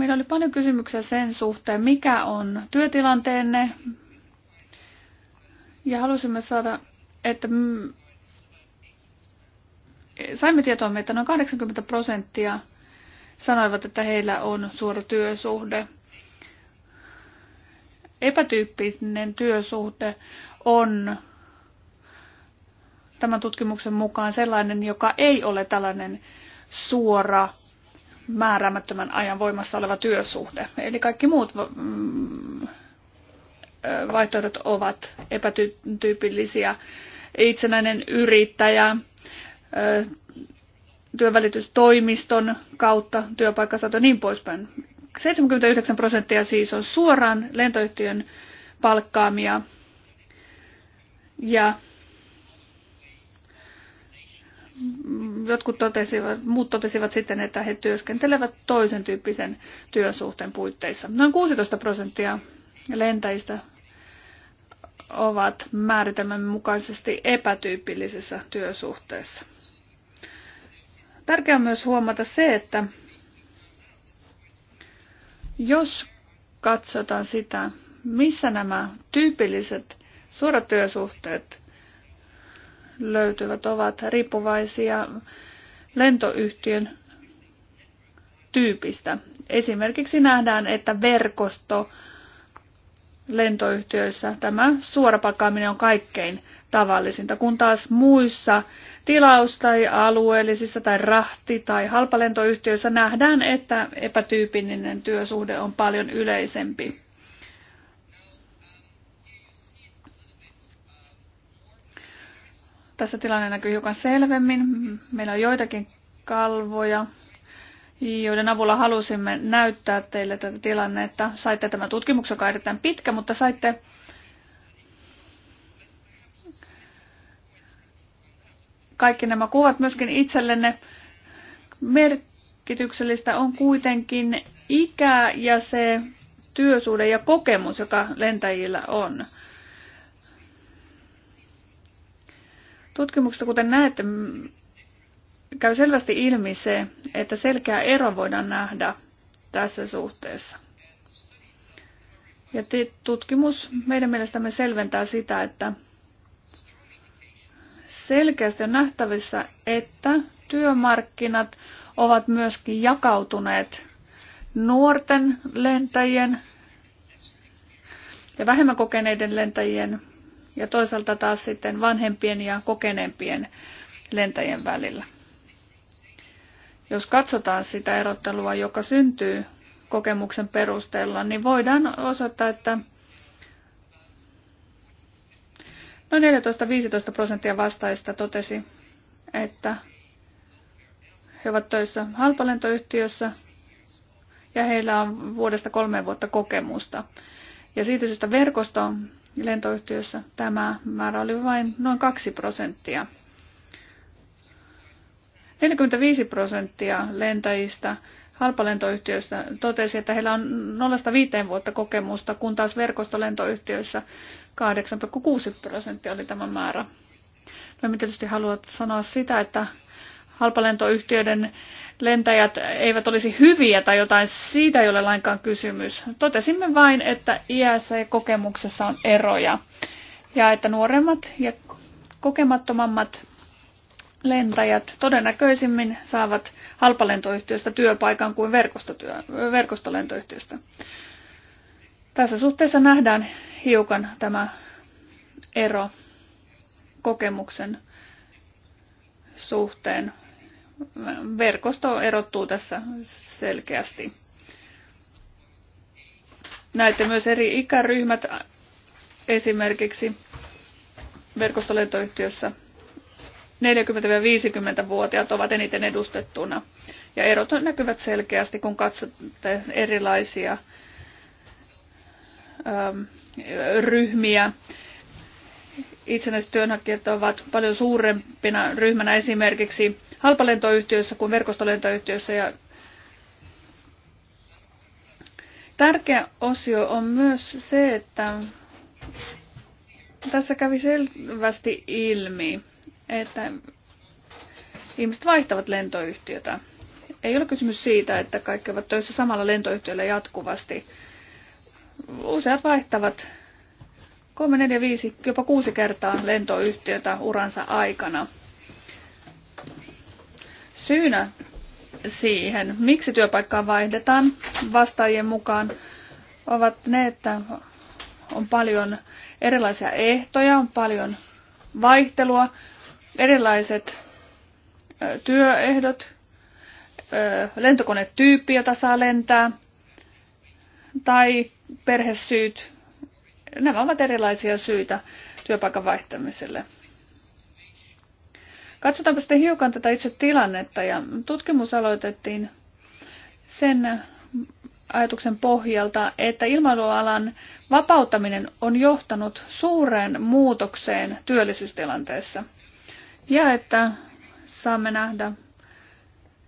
Meillä oli paljon kysymyksiä sen suhteen, mikä on työtilanteenne. Ja halusimme saada, että saimme tietoa, että noin 80 prosenttia sanoivat, että heillä on suora työsuhde. Epätyyppinen työsuhde on tämän tutkimuksen mukaan sellainen, joka ei ole tällainen suora määräämättömän ajan voimassa oleva työsuhde. Eli kaikki muut mm, vaihtoehdot ovat epätyypillisiä. Itsenäinen yrittäjä, työvälitystoimiston kautta työpaikka ja niin poispäin. 79 prosenttia siis on suoraan lentoyhtiön palkkaamia ja jotkut totesivat, muut totesivat sitten, että he työskentelevät toisen tyyppisen työsuhteen puitteissa. Noin 16 prosenttia lentäjistä ovat määritelmän mukaisesti epätyypillisessä työsuhteessa. Tärkeää on myös huomata se, että jos katsotaan sitä, missä nämä tyypilliset suoratyösuhteet löytyvät ovat riippuvaisia lentoyhtiön tyypistä. Esimerkiksi nähdään, että verkosto lentoyhtiöissä tämä suorapakaaminen on kaikkein tavallisinta, kun taas muissa tilaus- tai alueellisissa tai rahti- tai halpalentoyhtiöissä nähdään, että epätyypillinen työsuhde on paljon yleisempi. Tässä tilanne näkyy hiukan selvemmin. Meillä on joitakin kalvoja, joiden avulla halusimme näyttää teille tätä tilannetta. Saitte tämän tutkimuksen, joka on erittäin pitkä, mutta saitte kaikki nämä kuvat myöskin itsellenne. Merkityksellistä on kuitenkin ikä ja se työsuhde ja kokemus, joka lentäjillä on. Tutkimuksesta, kuten näette, käy selvästi ilmi se, että selkeä ero voidaan nähdä tässä suhteessa. Ja tutkimus meidän mielestämme selventää sitä, että selkeästi on nähtävissä, että työmarkkinat ovat myöskin jakautuneet nuorten lentäjien ja vähemmän kokeneiden lentäjien ja toisaalta taas sitten vanhempien ja kokeneempien lentäjien välillä. Jos katsotaan sitä erottelua, joka syntyy kokemuksen perusteella, niin voidaan osoittaa, että noin 14-15 prosenttia vastaajista totesi, että he ovat töissä halpalentoyhtiössä ja heillä on vuodesta kolmeen vuotta kokemusta. Ja siitä syystä verkosto lentoyhtiössä tämä määrä oli vain noin 2 prosenttia. 45 prosenttia lentäjistä halpalentoyhtiöistä totesi, että heillä on 0-5 vuotta kokemusta, kun taas verkostolentoyhtiöissä 8,6 prosenttia oli tämä määrä. No, mä tietysti haluat sanoa sitä, että halpalentoyhtiöiden lentäjät eivät olisi hyviä tai jotain, siitä ei ole lainkaan kysymys. Totesimme vain, että iässä ja kokemuksessa on eroja ja että nuoremmat ja kokemattomammat lentäjät todennäköisimmin saavat halpalentoyhtiöstä työpaikan kuin verkostotyö, verkostolentoyhtiöstä. Tässä suhteessa nähdään hiukan tämä ero kokemuksen suhteen verkosto erottuu tässä selkeästi. Näette myös eri ikäryhmät esimerkiksi verkostolentoyhtiössä 40-50-vuotiaat ovat eniten edustettuna. Ja erot näkyvät selkeästi, kun katsotte erilaisia ryhmiä itsenäiset työnhakijat ovat paljon suurempina ryhmänä esimerkiksi halpalentoyhtiöissä kuin verkostolentoyhtiöissä. Ja tärkeä osio on myös se, että tässä kävi selvästi ilmi, että ihmiset vaihtavat lentoyhtiötä. Ei ole kysymys siitä, että kaikki ovat töissä samalla lentoyhtiöllä jatkuvasti. Useat vaihtavat kolme, neljä, viisi jopa kuusi kertaa lentoyhtiötä uransa aikana. Syynä siihen, miksi työpaikkaa vaihdetaan vastaajien mukaan, ovat ne, että on paljon erilaisia ehtoja, on paljon vaihtelua, erilaiset työehdot, lentokonetyyppi, jota saa lentää, tai perhesyyt, Nämä ovat erilaisia syitä työpaikan vaihtamiselle. Katsotaanpa sitten hiukan tätä itse tilannetta ja tutkimus aloitettiin sen ajatuksen pohjalta, että ilmailualan vapauttaminen on johtanut suureen muutokseen työllisyystilanteessa. Ja että saamme nähdä,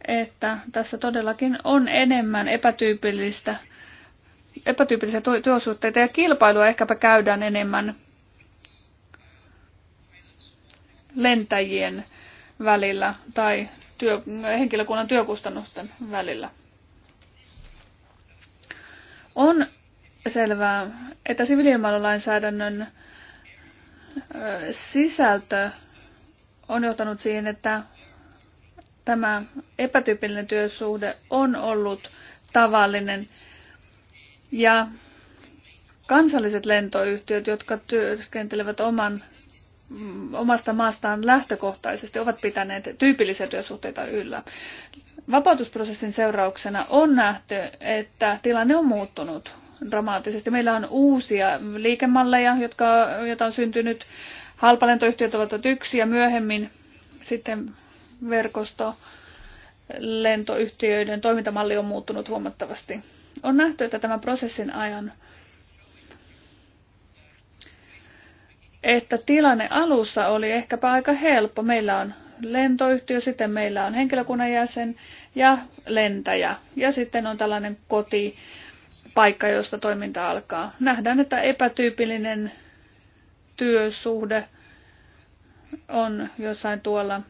että tässä todellakin on enemmän epätyypillistä epätyypillisiä työsuhteita ja kilpailua ehkäpä käydään enemmän lentäjien välillä tai työ, henkilökunnan työkustannusten välillä. On selvää, että siviiliilmailulainsäädännön sisältö on johtanut siihen, että tämä epätyypillinen työsuhde on ollut tavallinen ja kansalliset lentoyhtiöt, jotka työskentelevät oman, omasta maastaan lähtökohtaisesti, ovat pitäneet tyypillisiä työsuhteita yllä. Vapautusprosessin seurauksena on nähty, että tilanne on muuttunut dramaattisesti. Meillä on uusia liikemalleja, jotka, joita on syntynyt. Halpalentoyhtiöt ovat yksi ja myöhemmin sitten verkosto lentoyhtiöiden toimintamalli on muuttunut huomattavasti. On nähty, että tämän prosessin ajan että tilanne alussa oli ehkäpä aika helppo. Meillä on lentoyhtiö, sitten meillä on henkilökunnan jäsen ja lentäjä. Ja sitten on tällainen koti, paikka, josta toiminta alkaa. Nähdään, että epätyypillinen työsuhde on jossain tuolla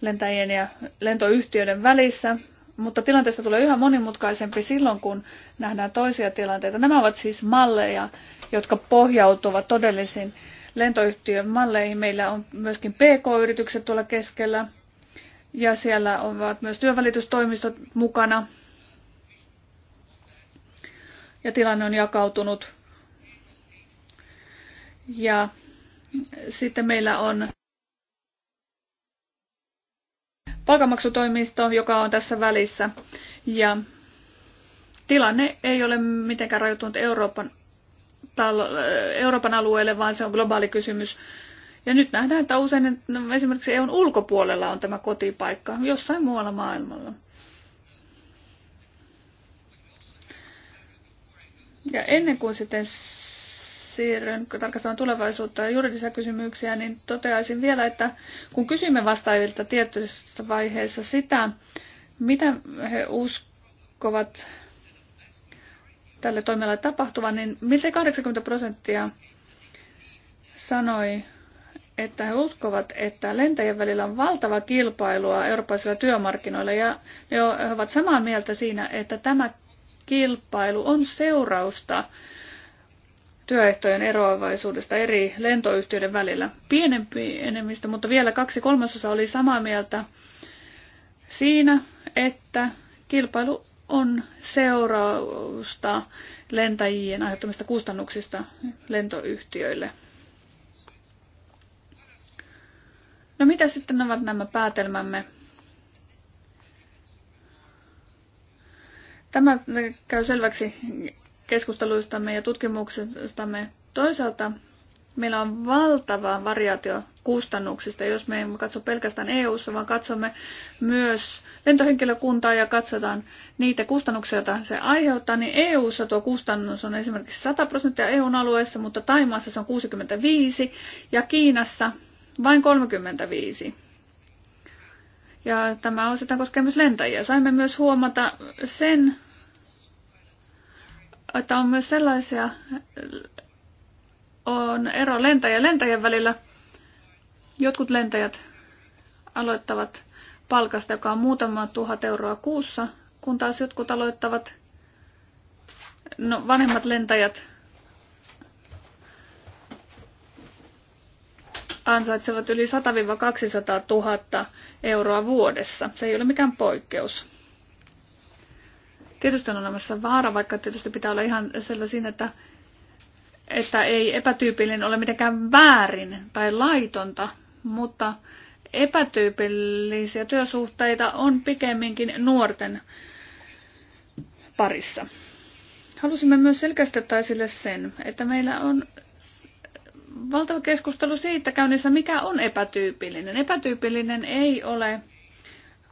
lentäjien ja lentoyhtiöiden välissä. Mutta tilanteesta tulee yhä monimutkaisempi silloin, kun nähdään toisia tilanteita. Nämä ovat siis malleja, jotka pohjautuvat todellisiin lentoyhtiön malleihin. Meillä on myöskin PK-yritykset tuolla keskellä ja siellä ovat myös työnvälitystoimistot mukana. Ja tilanne on jakautunut. Ja sitten meillä on palkamaksutoimisto, joka on tässä välissä. Ja tilanne ei ole mitenkään rajoittunut Euroopan, Euroopan alueelle, vaan se on globaali kysymys. Ja nyt nähdään, että usein no, esimerkiksi EUn ulkopuolella on tämä kotipaikka, jossain muualla maailmalla. Ja ennen kuin sitten siirryn tarkastamaan tulevaisuutta ja juridisia kysymyksiä, niin toteaisin vielä, että kun kysymme vastaajilta tietyissä vaiheessa sitä, mitä he uskovat tälle toimialalle tapahtuvan, niin miltei 80 prosenttia sanoi, että he uskovat, että lentäjien välillä on valtava kilpailua eurooppalaisilla työmarkkinoilla ja he ovat samaa mieltä siinä, että tämä kilpailu on seurausta työehtojen eroavaisuudesta eri lentoyhtiöiden välillä. Pienempi enemmistö, mutta vielä kaksi kolmasosa oli samaa mieltä siinä, että kilpailu on seurausta lentäjien aiheuttamista kustannuksista lentoyhtiöille. No mitä sitten ovat nämä päätelmämme? Tämä käy selväksi keskusteluistamme ja tutkimuksistamme. Toisaalta meillä on valtava variaatio kustannuksista, jos me emme katso pelkästään EU-ssa, vaan katsomme myös lentohenkilökuntaa ja katsotaan niitä kustannuksia, joita se aiheuttaa, niin EU-ssa tuo kustannus on esimerkiksi 100 prosenttia EUn alueessa, mutta Taimaassa se on 65 ja Kiinassa vain 35. Ja tämä osittain koskee myös lentäjiä. Saimme myös huomata sen, että on myös sellaisia, on ero lentäjä lentäjän välillä. Jotkut lentäjät aloittavat palkasta, joka on muutama tuhat euroa kuussa, kun taas jotkut aloittavat, no vanhemmat lentäjät ansaitsevat yli 100-200 000 euroa vuodessa. Se ei ole mikään poikkeus. Tietysti on olemassa vaara, vaikka tietysti pitää olla ihan sellaisiin, että, että ei epätyypillinen ole mitenkään väärin tai laitonta, mutta epätyypillisiä työsuhteita on pikemminkin nuorten parissa. Halusimme myös selkeästi ottaa esille sen, että meillä on valtava keskustelu siitä käynnissä, mikä on epätyypillinen. Epätyypillinen ei ole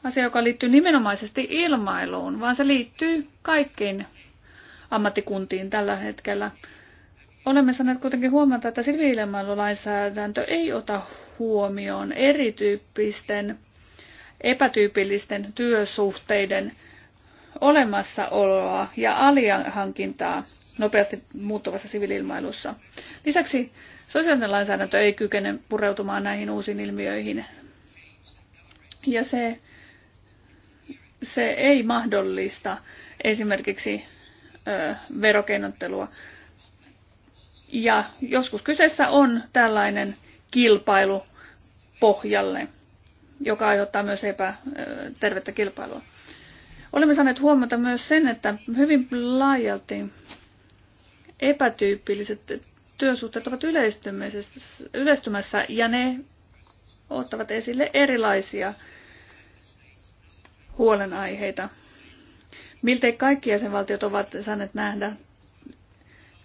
asia, joka liittyy nimenomaisesti ilmailuun, vaan se liittyy kaikkiin ammattikuntiin tällä hetkellä. Olemme saaneet kuitenkin huomata, että siviilimailulainsäädäntö ei ota huomioon erityyppisten epätyypillisten työsuhteiden olemassaoloa ja alihankintaa nopeasti muuttuvassa siviililmailussa. Lisäksi sosiaalinen lainsäädäntö ei kykene pureutumaan näihin uusiin ilmiöihin. Ja se se ei mahdollista esimerkiksi ö, verokeinottelua. Ja joskus kyseessä on tällainen kilpailu pohjalle, joka aiheuttaa myös epätervettä kilpailua. Olemme saaneet huomata myös sen, että hyvin laajalti epätyypilliset työsuhteet ovat yleistymässä ja ne ottavat esille erilaisia huolenaiheita. Miltei kaikki jäsenvaltiot ovat saaneet nähdä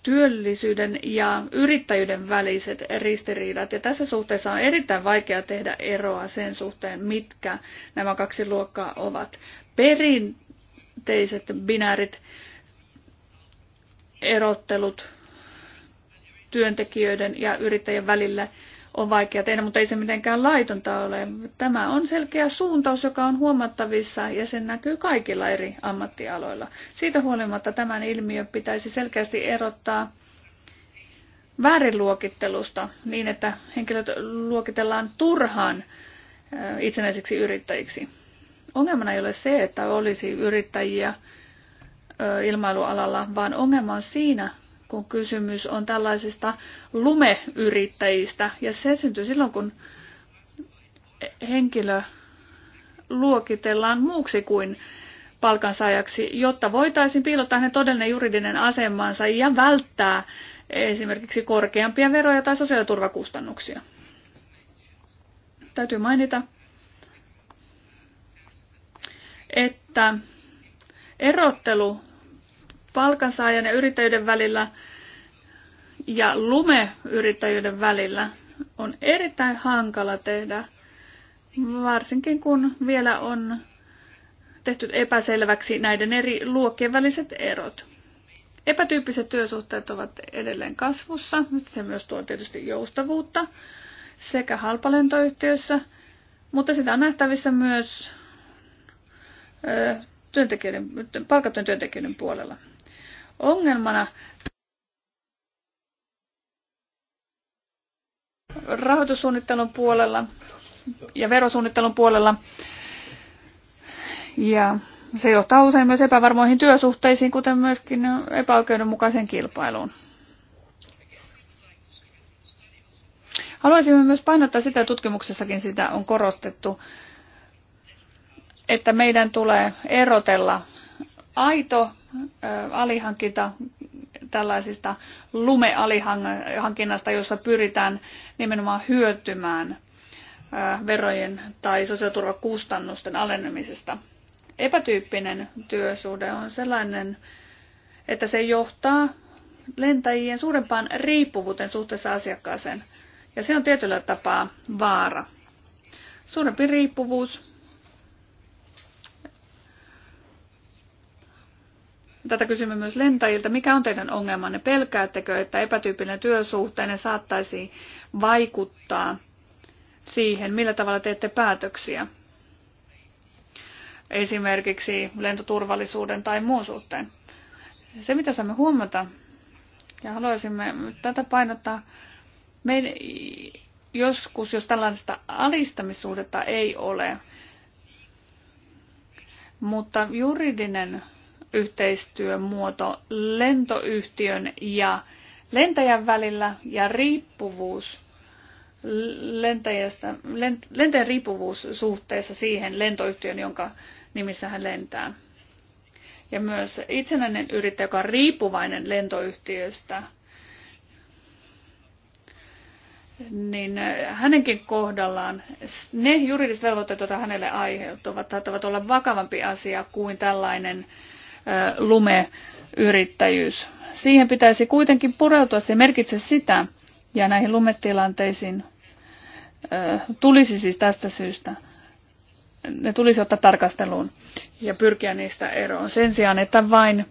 työllisyyden ja yrittäjyyden väliset ristiriidat. Ja tässä suhteessa on erittäin vaikea tehdä eroa sen suhteen, mitkä nämä kaksi luokkaa ovat. Perinteiset binäärit erottelut työntekijöiden ja yrittäjien välillä – on vaikea tehdä, mutta ei se mitenkään laitonta ole. Tämä on selkeä suuntaus, joka on huomattavissa ja sen näkyy kaikilla eri ammattialoilla. Siitä huolimatta tämän ilmiö pitäisi selkeästi erottaa väärinluokittelusta niin, että henkilöt luokitellaan turhaan itsenäisiksi yrittäjiksi. Ongelmana ei ole se, että olisi yrittäjiä ilmailualalla, vaan ongelma on siinä, kun kysymys on tällaisista lumeyrittäjistä. Ja se syntyy silloin, kun henkilö luokitellaan muuksi kuin palkansaajaksi, jotta voitaisiin piilottaa hänen todellinen juridinen asemansa ja välttää esimerkiksi korkeampia veroja tai sosiaaliturvakustannuksia. Täytyy mainita, että erottelu palkansaajan ja yrittäjyyden välillä ja lumeyrittäjyyden välillä on erittäin hankala tehdä, varsinkin kun vielä on tehty epäselväksi näiden eri luokkien väliset erot. Epätyyppiset työsuhteet ovat edelleen kasvussa, se myös tuo tietysti joustavuutta sekä halpalentoyhtiössä, mutta sitä on nähtävissä myös työntekijöiden, palkattujen työntekijöiden puolella ongelmana rahoitussuunnittelun puolella ja verosuunnittelun puolella. Ja se johtaa usein myös epävarmoihin työsuhteisiin, kuten myöskin epäoikeudenmukaiseen kilpailuun. Haluaisimme myös painottaa sitä, tutkimuksessakin sitä on korostettu, että meidän tulee erotella aito alihankinta tällaisista lumealihankinnasta, jossa pyritään nimenomaan hyötymään verojen tai sosiaaliturvakustannusten alenemisesta. Epätyyppinen työsuhde on sellainen, että se johtaa lentäjien suurempaan riippuvuuteen suhteessa asiakkaaseen. Ja se on tietyllä tapaa vaara. Suurempi riippuvuus Tätä kysymme myös lentäjiltä. Mikä on teidän ongelmanne? Pelkäättekö, että epätyypillinen työsuhteenne saattaisi vaikuttaa siihen, millä tavalla teette päätöksiä? Esimerkiksi lentoturvallisuuden tai muun suhteen. Se, mitä saamme huomata, ja haluaisimme tätä painottaa, me joskus, jos tällaista alistamissuhdetta ei ole, mutta juridinen yhteistyön muoto lentoyhtiön ja lentäjän välillä ja riippuvuus lentäjästä, lent, lentäjän riippuvuus suhteessa siihen lentoyhtiön, jonka nimissä hän lentää. Ja myös itsenäinen yrittäjä, joka on riippuvainen lentoyhtiöstä, niin hänenkin kohdallaan ne juridiset velvoitteet, joita hänelle aiheutuvat, saattavat olla vakavampi asia kuin tällainen lumeyrittäjyys. Siihen pitäisi kuitenkin pureutua, se merkitse sitä, ja näihin lumetilanteisiin tulisi siis tästä syystä, ne tulisi ottaa tarkasteluun ja pyrkiä niistä eroon. Sen sijaan, että vain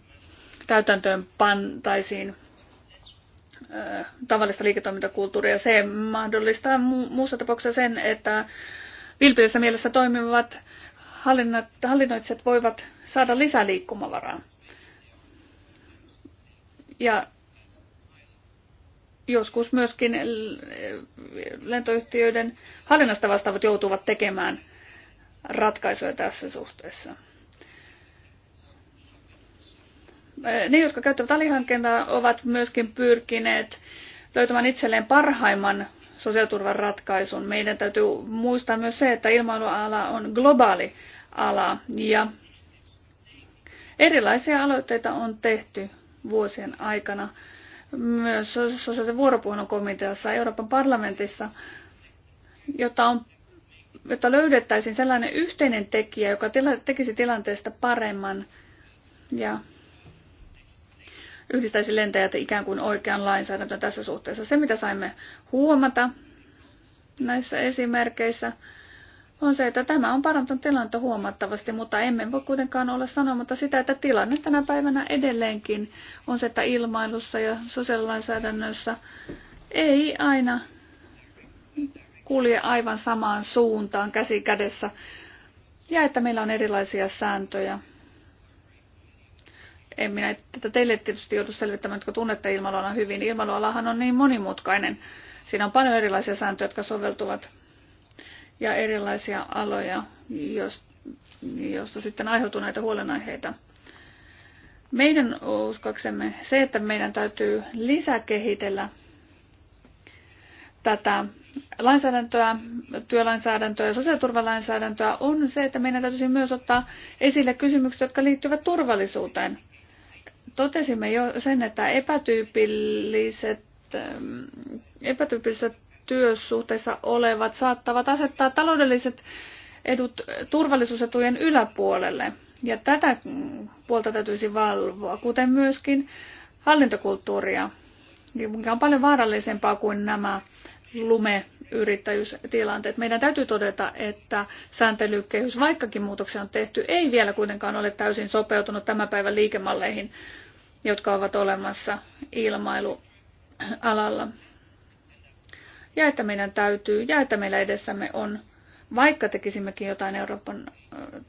täytäntöön pantaisiin tavallista liiketoimintakulttuuria. Se mahdollistaa mu- muussa tapauksessa sen, että vilpillisessä mielessä toimivat hallinnoitset voivat saada lisää liikkumavaraa. Ja joskus myöskin lentoyhtiöiden hallinnasta vastaavat joutuvat tekemään ratkaisuja tässä suhteessa. Ne, jotka käyttävät alihankintaa, ovat myöskin pyrkineet löytämään itselleen parhaimman sosiaaliturvan ratkaisun. Meidän täytyy muistaa myös se, että ilmailuala on globaali ala. Ja erilaisia aloitteita on tehty vuosien aikana myös sosiaalisen vuoropuhelun komiteassa Euroopan parlamentissa, jota on jotta löydettäisiin sellainen yhteinen tekijä, joka tila, tekisi tilanteesta paremman ja yhdistäisi lentäjät ikään kuin oikean lainsäädäntöön tässä suhteessa. Se, mitä saimme huomata näissä esimerkkeissä, on se, että tämä on parantanut tilannetta huomattavasti, mutta emme voi kuitenkaan olla sanomatta sitä, että tilanne tänä päivänä edelleenkin on se, että ilmailussa ja sosiaalilainsäädännössä ei aina kulje aivan samaan suuntaan käsi kädessä ja että meillä on erilaisia sääntöjä. En minä tätä teille tietysti joudu selvittämään, kun tunnette ilmailualan hyvin. Ilmailualahan on niin monimutkainen. Siinä on paljon erilaisia sääntöjä, jotka soveltuvat ja erilaisia aloja, joista sitten aiheutuu näitä huolenaiheita. Meidän uskoksemme se, että meidän täytyy lisäkehitellä tätä lainsäädäntöä, työlainsäädäntöä ja sosiaaliturvalainsäädäntöä, on se, että meidän täytyisi myös ottaa esille kysymykset, jotka liittyvät turvallisuuteen. Totesimme jo sen, että epätyypilliset, ehm, epätyypilliset työsuhteessa olevat saattavat asettaa taloudelliset edut turvallisuusetujen yläpuolelle. Ja tätä puolta täytyisi valvoa, kuten myöskin hallintokulttuuria, mikä on paljon vaarallisempaa kuin nämä lumeyrittäjyystilanteet. Meidän täytyy todeta, että sääntelykehys, vaikkakin muutoksia on tehty, ei vielä kuitenkaan ole täysin sopeutunut tämän päivän liikemalleihin, jotka ovat olemassa ilmailualalla ja että meidän täytyy ja että meillä edessämme on, vaikka tekisimmekin jotain Euroopan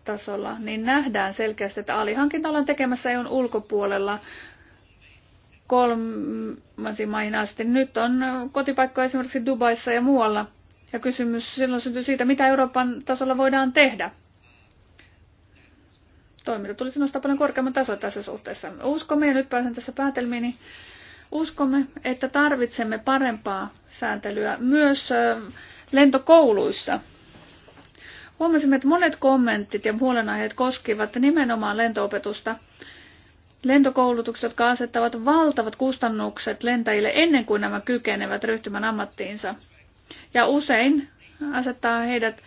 tasolla, niin nähdään selkeästi, että alihankinta ollaan tekemässä EUn ulkopuolella kolmansiin maihin asti. Nyt on kotipaikkoja esimerkiksi Dubaissa ja muualla. Ja kysymys silloin syntyy siitä, mitä Euroopan tasolla voidaan tehdä. Toiminta tulisi nostaa paljon korkeamman tason tässä suhteessa. Uskomme, ja nyt pääsen tässä päätelmiini, niin Uskomme, että tarvitsemme parempaa sääntelyä myös lentokouluissa. Huomasimme, että monet kommentit ja huolenaiheet koskivat nimenomaan lentoopetusta. Lentokoulutukset, jotka asettavat valtavat kustannukset lentäjille ennen kuin nämä kykenevät ryhtymään ammattiinsa. Ja usein asettaa heidät,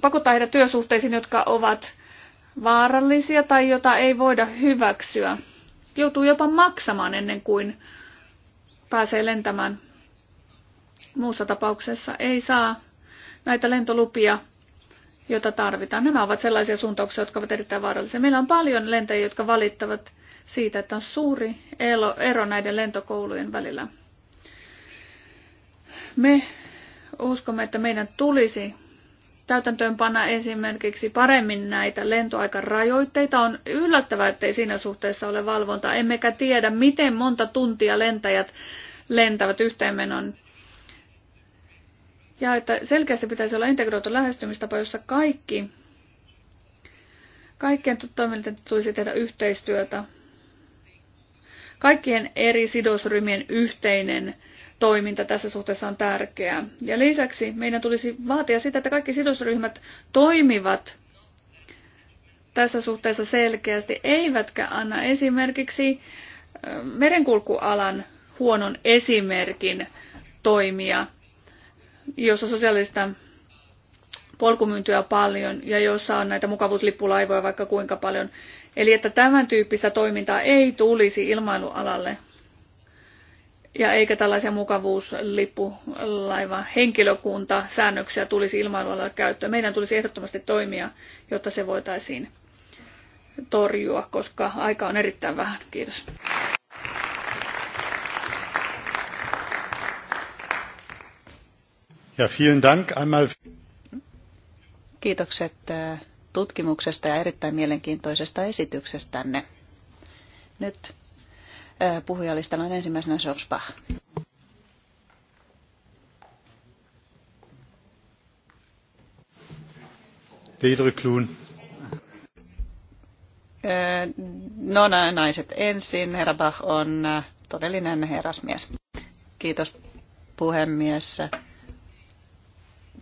pakottaa heidät työsuhteisiin, jotka ovat vaarallisia tai jota ei voida hyväksyä joutuu jopa maksamaan ennen kuin pääsee lentämään. Muussa tapauksessa ei saa näitä lentolupia, joita tarvitaan. Nämä ovat sellaisia suuntauksia, jotka ovat erittäin vaarallisia. Meillä on paljon lentäjiä, jotka valittavat siitä, että on suuri ero näiden lentokoulujen välillä. Me uskomme, että meidän tulisi täytäntöönpanna esimerkiksi paremmin näitä lentoaikarajoitteita. On yllättävää, ettei siinä suhteessa ole valvonta, emmekä tiedä, miten monta tuntia lentäjät lentävät yhteenmenon. Ja että selkeästi pitäisi olla integroitu lähestymistapa, jossa kaikki, kaikkien toimijoiden tulisi tehdä yhteistyötä. Kaikkien eri sidosryhmien yhteinen toiminta tässä suhteessa on tärkeää. Ja lisäksi meidän tulisi vaatia sitä, että kaikki sidosryhmät toimivat tässä suhteessa selkeästi, eivätkä anna esimerkiksi merenkulkualan huonon esimerkin toimia, jossa sosiaalista polkumyyntiä paljon ja jossa on näitä mukavuuslippulaivoja vaikka kuinka paljon. Eli että tämän tyyppistä toimintaa ei tulisi ilmailualalle ja eikä tällaisia mukavuuslippulaiva henkilökunta säännöksiä tulisi ilmailualalla käyttöön. Meidän tulisi ehdottomasti toimia, jotta se voitaisiin torjua, koska aika on erittäin vähän. Kiitos. Ja vielen Dank einmal. Kiitokset äh, tutkimuksesta ja erittäin mielenkiintoisesta esityksestänne. Nyt puhujalistalla on ensimmäisenä George Bach. Pedro Kluun. No naiset ensin. Herra Bach on todellinen herrasmies. Kiitos puhemies.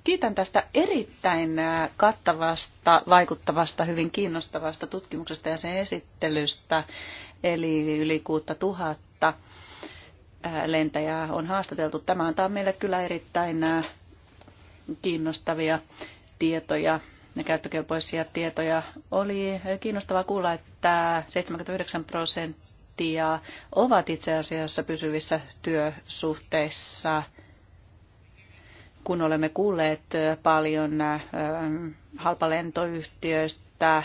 Kiitän tästä erittäin kattavasta, vaikuttavasta, hyvin kiinnostavasta tutkimuksesta ja sen esittelystä. Eli yli kuutta tuhatta lentäjää on haastateltu. Tämä antaa meille kyllä erittäin kiinnostavia tietoja ja käyttökelpoisia tietoja. Oli kiinnostavaa kuulla, että 79 prosenttia ovat itse asiassa pysyvissä työsuhteissa – kun olemme kuulleet paljon halpalentoyhtiöistä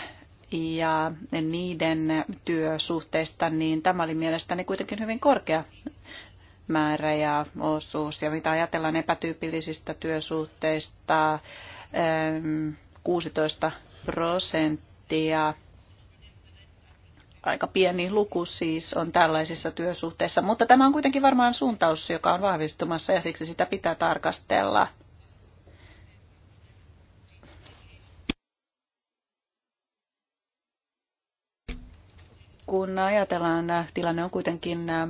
ja niiden työsuhteista, niin tämä oli mielestäni kuitenkin hyvin korkea määrä ja osuus. Ja mitä ajatellaan epätyypillisistä työsuhteista, 16 prosenttia aika pieni luku siis on tällaisissa työsuhteissa, mutta tämä on kuitenkin varmaan suuntaus, joka on vahvistumassa ja siksi sitä pitää tarkastella. Kun ajatellaan, tilanne on kuitenkin äh,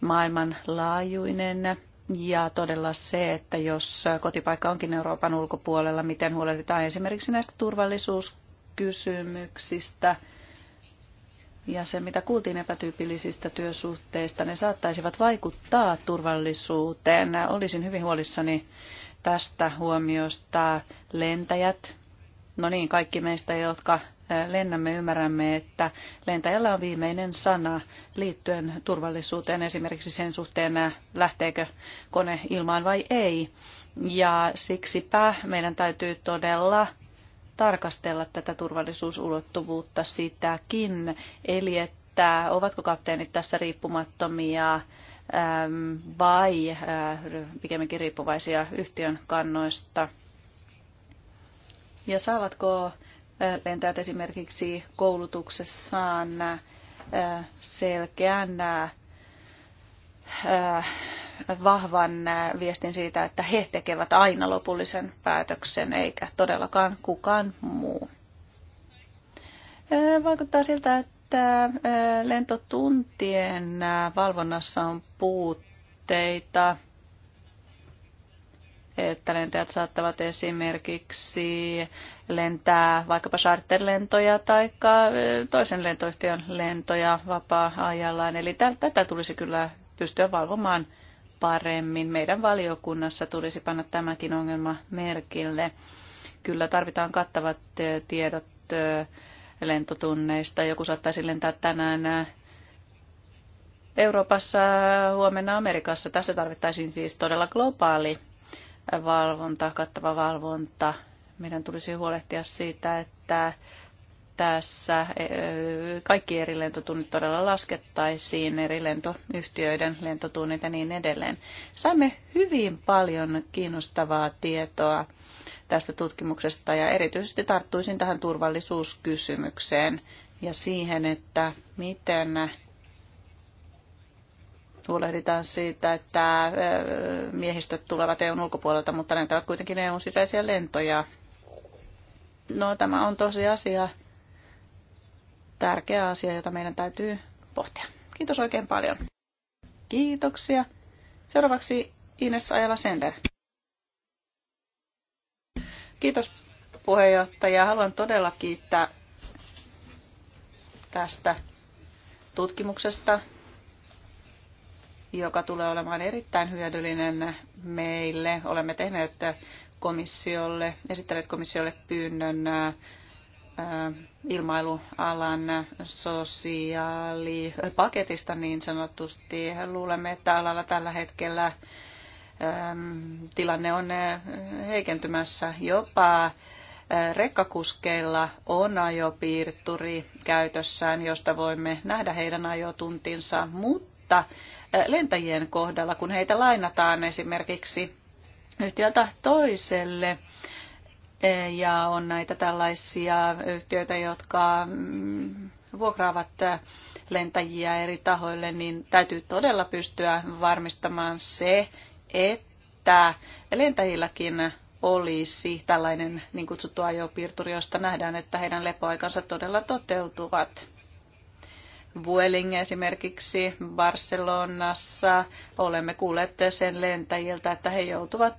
maailmanlaajuinen ja todella se, että jos äh, kotipaikka onkin Euroopan ulkopuolella, miten huolehditaan esimerkiksi näistä turvallisuuskysymyksistä – ja se, mitä kuultiin epätyypillisistä työsuhteista, ne saattaisivat vaikuttaa turvallisuuteen. Olisin hyvin huolissani tästä huomiosta lentäjät. No niin, kaikki meistä, jotka lennämme, ymmärrämme, että lentäjällä on viimeinen sana liittyen turvallisuuteen, esimerkiksi sen suhteen, lähteekö kone ilmaan vai ei. Ja siksipä meidän täytyy todella tarkastella tätä turvallisuusulottuvuutta sitäkin, eli että ovatko kapteenit tässä riippumattomia vai äh, pikemminkin riippuvaisia yhtiön kannoista. Ja saavatko äh, lentäjät esimerkiksi koulutuksessaan äh, selkeän vahvan äh, viestin siitä, että he tekevät aina lopullisen päätöksen, eikä todellakaan kukaan muu. Äh, vaikuttaa siltä, että äh, lentotuntien valvonnassa on puutteita, että lentäjät saattavat esimerkiksi lentää vaikkapa charterlentoja tai toisen lentoyhtiön lentoja vapaa-ajallaan. Eli tätä tulisi kyllä pystyä valvomaan paremmin. Meidän valiokunnassa tulisi panna tämäkin ongelma merkille. Kyllä tarvitaan kattavat tiedot lentotunneista. Joku saattaisi lentää tänään Euroopassa, huomenna Amerikassa. Tässä tarvittaisiin siis todella globaali valvonta, kattava valvonta. Meidän tulisi huolehtia siitä, että tässä kaikki eri lentotunnit todella laskettaisiin, eri lentoyhtiöiden lentotunnit ja niin edelleen. Saimme hyvin paljon kiinnostavaa tietoa tästä tutkimuksesta ja erityisesti tarttuisin tähän turvallisuuskysymykseen ja siihen, että miten huolehditaan siitä, että miehistöt tulevat EUn ulkopuolelta, mutta lentävät kuitenkin EUn sisäisiä lentoja. No tämä on tosiasia. asia tärkeä asia, jota meidän täytyy pohtia. Kiitos oikein paljon. Kiitoksia. Seuraavaksi Ines Ajala-Sender. Kiitos puheenjohtaja. Haluan todella kiittää tästä tutkimuksesta, joka tulee olemaan erittäin hyödyllinen meille. Olemme tehneet komissiolle, esittäneet komissiolle pyynnön ilmailualan sosiaalipaketista niin sanotusti. Luulemme, että alalla tällä hetkellä tilanne on heikentymässä jopa rekkakuskeilla on ajopiirturi käytössään, josta voimme nähdä heidän ajotuntinsa, mutta lentäjien kohdalla, kun heitä lainataan esimerkiksi yhtiöltä toiselle, ja on näitä tällaisia yhtiöitä, jotka mm, vuokraavat lentäjiä eri tahoille, niin täytyy todella pystyä varmistamaan se, että lentäjilläkin olisi tällainen niin kutsuttu ajopiirturi, josta nähdään, että heidän lepoaikansa todella toteutuvat. Vueling esimerkiksi Barcelonassa. Olemme kuulleet sen lentäjiltä, että he joutuvat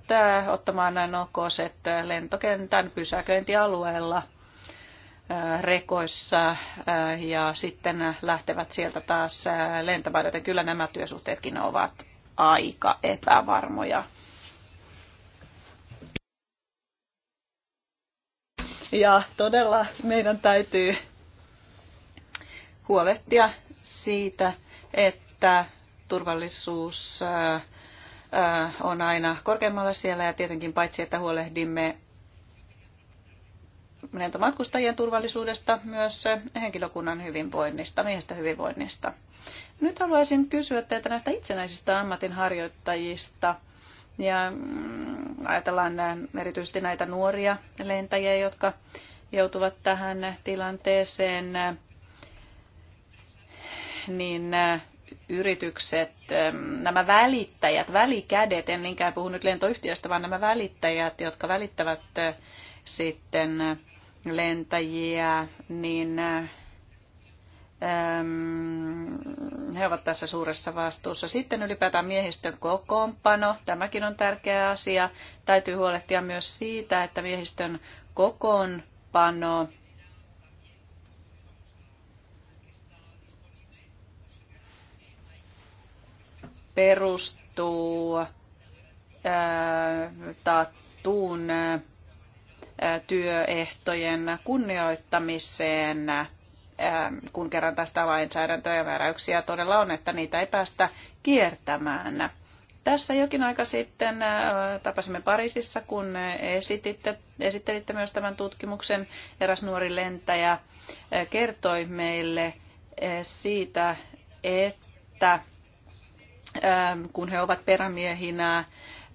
ottamaan nokoset lentokentän pysäköintialueella rekoissa ja sitten lähtevät sieltä taas lentämään, joten kyllä nämä työsuhteetkin ovat aika epävarmoja. Ja todella meidän täytyy huolehtia siitä, että turvallisuus on aina korkeammalla siellä ja tietenkin paitsi, että huolehdimme lentomatkustajien turvallisuudesta, myös henkilökunnan hyvinvoinnista, miehestä hyvinvoinnista. Nyt haluaisin kysyä teiltä näistä itsenäisistä ammatinharjoittajista. Ja mm, ajatellaan erityisesti näitä nuoria lentäjiä, jotka joutuvat tähän tilanteeseen niin äh, yritykset, ähm, nämä välittäjät, välikädet, en niinkään puhu nyt lentoyhtiöstä, vaan nämä välittäjät, jotka välittävät äh, sitten äh, lentäjiä, niin ähm, he ovat tässä suuressa vastuussa. Sitten ylipäätään miehistön kokoonpano, tämäkin on tärkeä asia. Täytyy huolehtia myös siitä, että miehistön kokoonpano perustuu taattuun työehtojen kunnioittamiseen, kun kerran tästä lainsäädäntöä ja määräyksiä todella on, että niitä ei päästä kiertämään. Tässä jokin aika sitten tapasimme Pariisissa, kun esititte, esittelitte myös tämän tutkimuksen. Eräs nuori lentäjä kertoi meille siitä, että Ähm, kun he ovat perämiehinä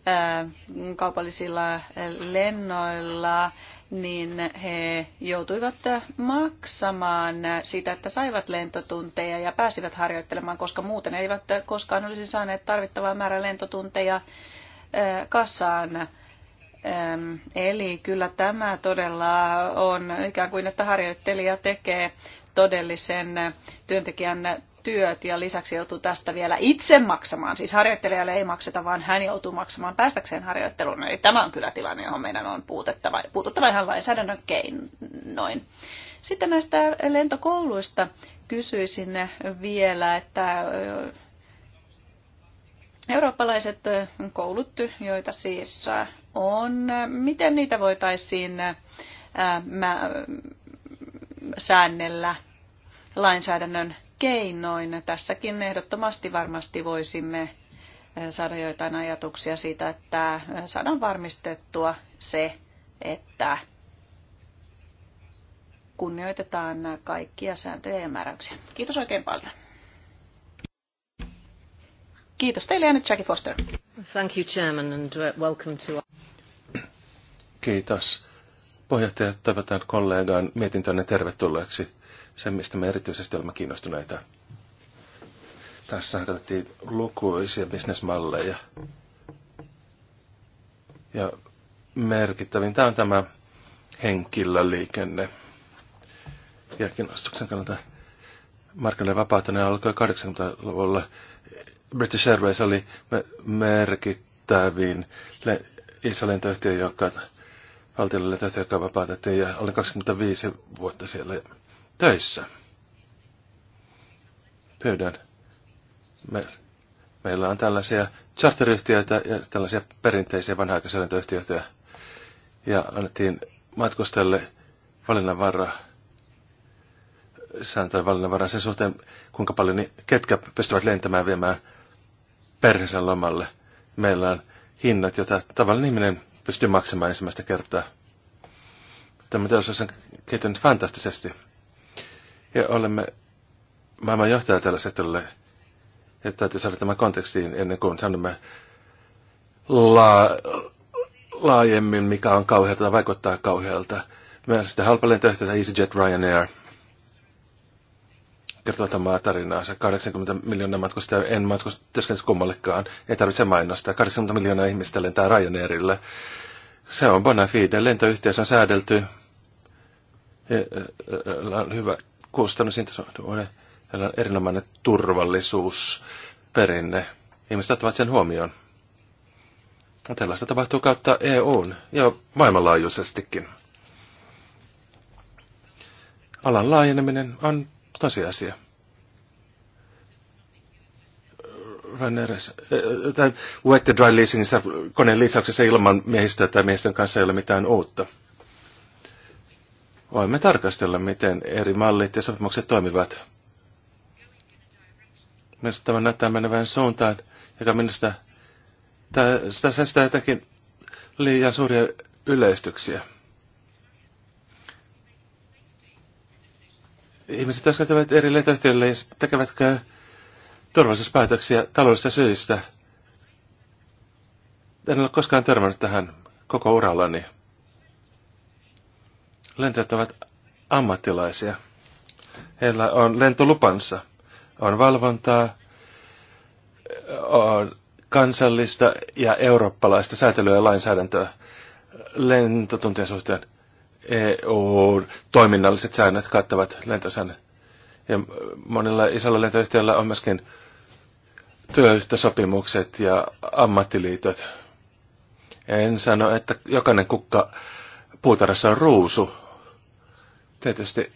ähm, kaupallisilla lennoilla, niin he joutuivat maksamaan sitä, että saivat lentotunteja ja pääsivät harjoittelemaan, koska muuten eivät koskaan olisi saaneet tarvittavaa määrää lentotunteja äh, kasaan. Ähm, eli kyllä tämä todella on ikään kuin, että harjoittelija tekee todellisen työntekijän työt ja lisäksi joutuu tästä vielä itse maksamaan. Siis harjoittelijalle ei makseta, vaan hän joutuu maksamaan päästäkseen harjoitteluun. Eli tämä on kyllä tilanne, johon meidän on puutettava, puututtava ihan lainsäädännön keinoin. Sitten näistä lentokouluista kysyisin vielä, että eurooppalaiset koulut, joita siis on, miten niitä voitaisiin säännellä lainsäädännön keinoin. Tässäkin ehdottomasti varmasti voisimme eh, saada joitain ajatuksia siitä, että eh, saadaan varmistettua se, että kunnioitetaan kaikkia sääntöjä ja määräyksiä. Kiitos oikein paljon. Kiitos teille ja nyt Jackie Foster. Thank you, Chairman, and uh, welcome to... Kiitos. Puheenjohtaja, toivotan kollegaan mietintönne tervetulleeksi se, mistä me erityisesti olemme kiinnostuneita. Tässä katsottiin lukuisia bisnesmalleja. Ja tämä on tämä henkilöliikenne. Ja kiinnostuksen kannalta markkinoille vapauttaminen alkoi 80-luvulla. British Airways oli merkittävin le- iso lentoyhtiö, joka valtiolle lentoyhtiö, joka vapautettiin ja olin 25 vuotta siellä töissä. Pyydän. Me, meillä on tällaisia charteryhtiöitä ja tällaisia perinteisiä vanha-aikaisia lentoyhtiöitä. Ja annettiin valinnanvara. Se antoi valinnanvaraa sen suhteen, kuinka paljon niin ketkä pystyvät lentämään viemään perheensä lomalle. Meillä on hinnat, joita tavallinen ihminen pystyy maksamaan ensimmäistä kertaa. Tämä teos on kehittynyt fantastisesti. Ja olemme maailman johtaja tällä sektorilla. Ja täytyy saada tämän kontekstiin ennen kuin sanomme la- laajemmin, mikä on kauhealta tai vaikuttaa kauhealta. Meillä on sitten halpalentoyhtiöitä EasyJet Ryanair. Kertoo tämän tarinaansa. 80 miljoonaa matkustajaa en matkustaisi kummallekaan. Ei tarvitse mainostaa. 80 miljoonaa ihmistä lentää Ryanairille. Se on bona fide. Lentoyhtiössä on säädelty. on hyvä on erinomainen turvallisuusperinne. Ihmiset ottavat sen huomioon. Tällaista tapahtuu kautta EUn ja maailmanlaajuisestikin. Alan laajeneminen on tosiasia. Runners, äh, eh, wet dry leasingissä koneen lisäyksessä ilman miehistöä tai miehistön kanssa ei ole mitään uutta. Voimme tarkastella, miten eri mallit ja sopimukset toimivat. Minusta tämä näyttää menevän suuntaan, joka minusta tässä sitä, sitä jotakin liian suuria yleistyksiä. Ihmiset työskentelevät eri lentoyhtiöille ja tekevät turvallisuuspäätöksiä taloudellisista syistä. En ole koskaan törmännyt tähän koko urallani lentäjät ovat ammattilaisia. Heillä on lentolupansa, on valvontaa, on kansallista ja eurooppalaista säätelyä ja lainsäädäntöä lentotuntien suhteen. EU-toiminnalliset säännöt kattavat lentosäännöt. Ja monilla isolla lentoyhtiöillä on myöskin työyhtösopimukset ja ammattiliitot. En sano, että jokainen kukka puutarhassa on ruusu, Tietysti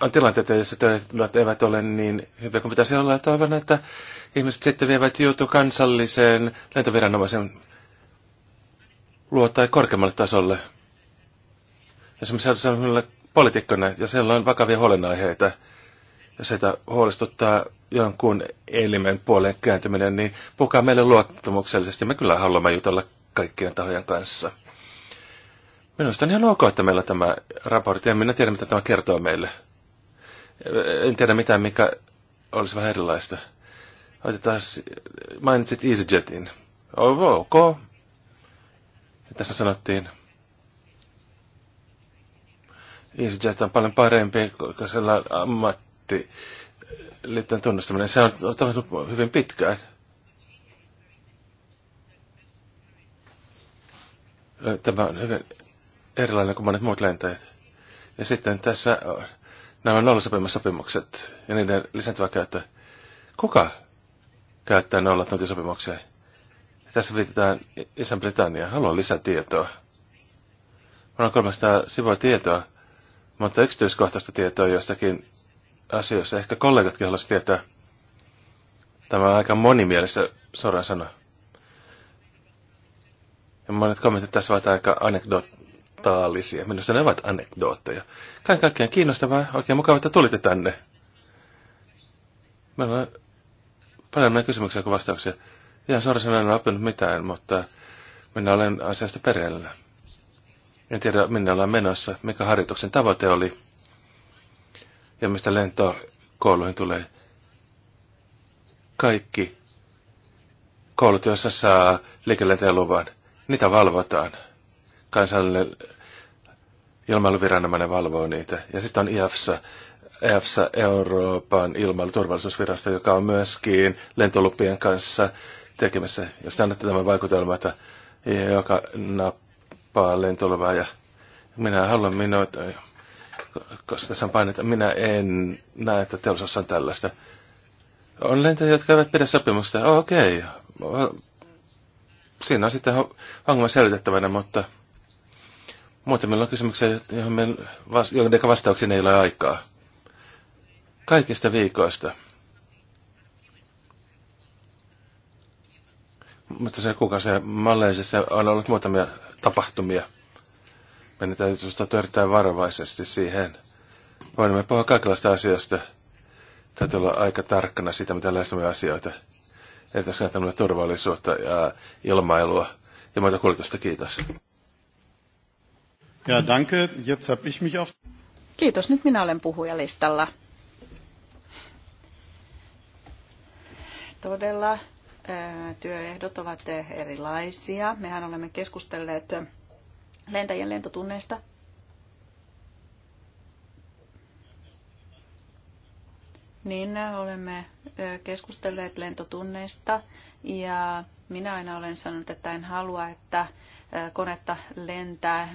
on tilanteita, joissa työehdot eivät ole niin hyviä kuin pitäisi olla. toivon, että ihmiset sitten vievät jutu kansalliseen lentoviranomaisen luo tai korkeammalle tasolle. Jos me poliitikkona, ja siellä on vakavia huolenaiheita, ja sitä huolestuttaa jonkun elimen puoleen kääntyminen, niin puhukaa meille luottamuksellisesti. Me kyllä haluamme jutella kaikkien tahojen kanssa. Minusta on ihan ok, että meillä tämä raportti. En minä tiedä, mitä tämä kertoo meille. En tiedä mitään, mikä olisi vähän erilaista. Otetaan, mainitsit EasyJetin. Oh, ok. Ja tässä sanottiin, EasyJet on paljon parempi, koska sillä on ammatti tunnustaminen. Se on tapahtunut hyvin pitkään. Tämä on hyvin erilainen kuin monet muut lentäjät. Ja sitten tässä nämä nollasopimussopimukset ja niiden lisääntyvä käyttö. Kuka käyttää nollatuntisopimuksia? Ja tässä viitataan Isän-Britanniaan. Haluan lisätietoa. Minulla on 300 sivua tietoa, mutta yksityiskohtaista tietoa jostakin asioissa. Ehkä kollegatkin haluaisivat tietää. Tämä on aika monimielistä, suoraan sanoa. Ja monet kommentit tässä ovat aika anekdoottisia anekdotaalisia. Minusta ne ovat anekdootteja. Kaiken kaikkiaan kiinnostavaa. Oikein mukava, että tulitte tänne. Meillä on paljon näitä kysymyksiä kuin vastauksia. Ihan suoraan en oppinut mitään, mutta minä olen asiasta perellä. En tiedä, minne ollaan menossa, mikä harjoituksen tavoite oli ja mistä lentokouluihin tulee. Kaikki koulut, joissa saa liikelentäjän luvan, niitä valvotaan kansallinen ilmailuviranomainen valvoo niitä. Ja sitten on IAFSA, EFSA, Euroopan ilmailuturvallisuusvirasto, joka on myöskin lentolupien kanssa tekemässä. sitten annatte tämän vaikutelman, että joka nappaa lentoluvaa ja minä haluan minua, koska tässä on painetta, minä en näe, että teollisuus on tällaista. On lentäjiä, jotka eivät pidä sopimusta. Okei. Okay. Siinä on sitten ongelma selitettävänä, mutta Muuten meillä on kysymyksiä, joihin me, joiden vastauksiin ei ole aikaa. Kaikista viikoista. Mutta se kuka se Malleisissa on ollut muutamia tapahtumia. Meidän täytyy suhtautua erittäin varovaisesti siihen. Voimme puhua kaikenlaista asiasta. Täytyy olla aika tarkkana siitä, mitä lähestymme asioita. Erityisesti tämmöinen turvallisuutta ja ilmailua ja muuta kuljetusta. Kiitos. Ja, danke. Jetzt ich mich auf... Kiitos, nyt minä olen puhujalistalla. Todella äh, työehdot ovat äh, erilaisia. Mehän olemme keskustelleet äh, lentäjien lentotunneista. Niin, olemme keskustelleet lentotunneista ja minä aina olen sanonut, että en halua, että konetta lentää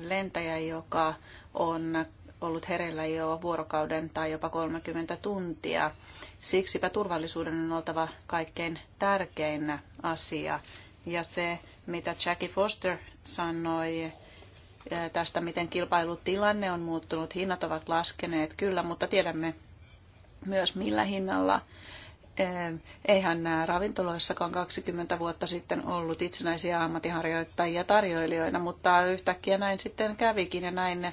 lentäjä, joka on ollut hereillä jo vuorokauden tai jopa 30 tuntia. Siksipä turvallisuuden on oltava kaikkein tärkein asia. Ja se, mitä Jackie Foster sanoi tästä, miten kilpailutilanne on muuttunut, hinnat ovat laskeneet, kyllä, mutta tiedämme myös millä hinnalla eihän nämä ravintoloissakaan 20 vuotta sitten ollut itsenäisiä ammattiharjoittajia tarjoilijoina, mutta yhtäkkiä näin sitten kävikin ja näin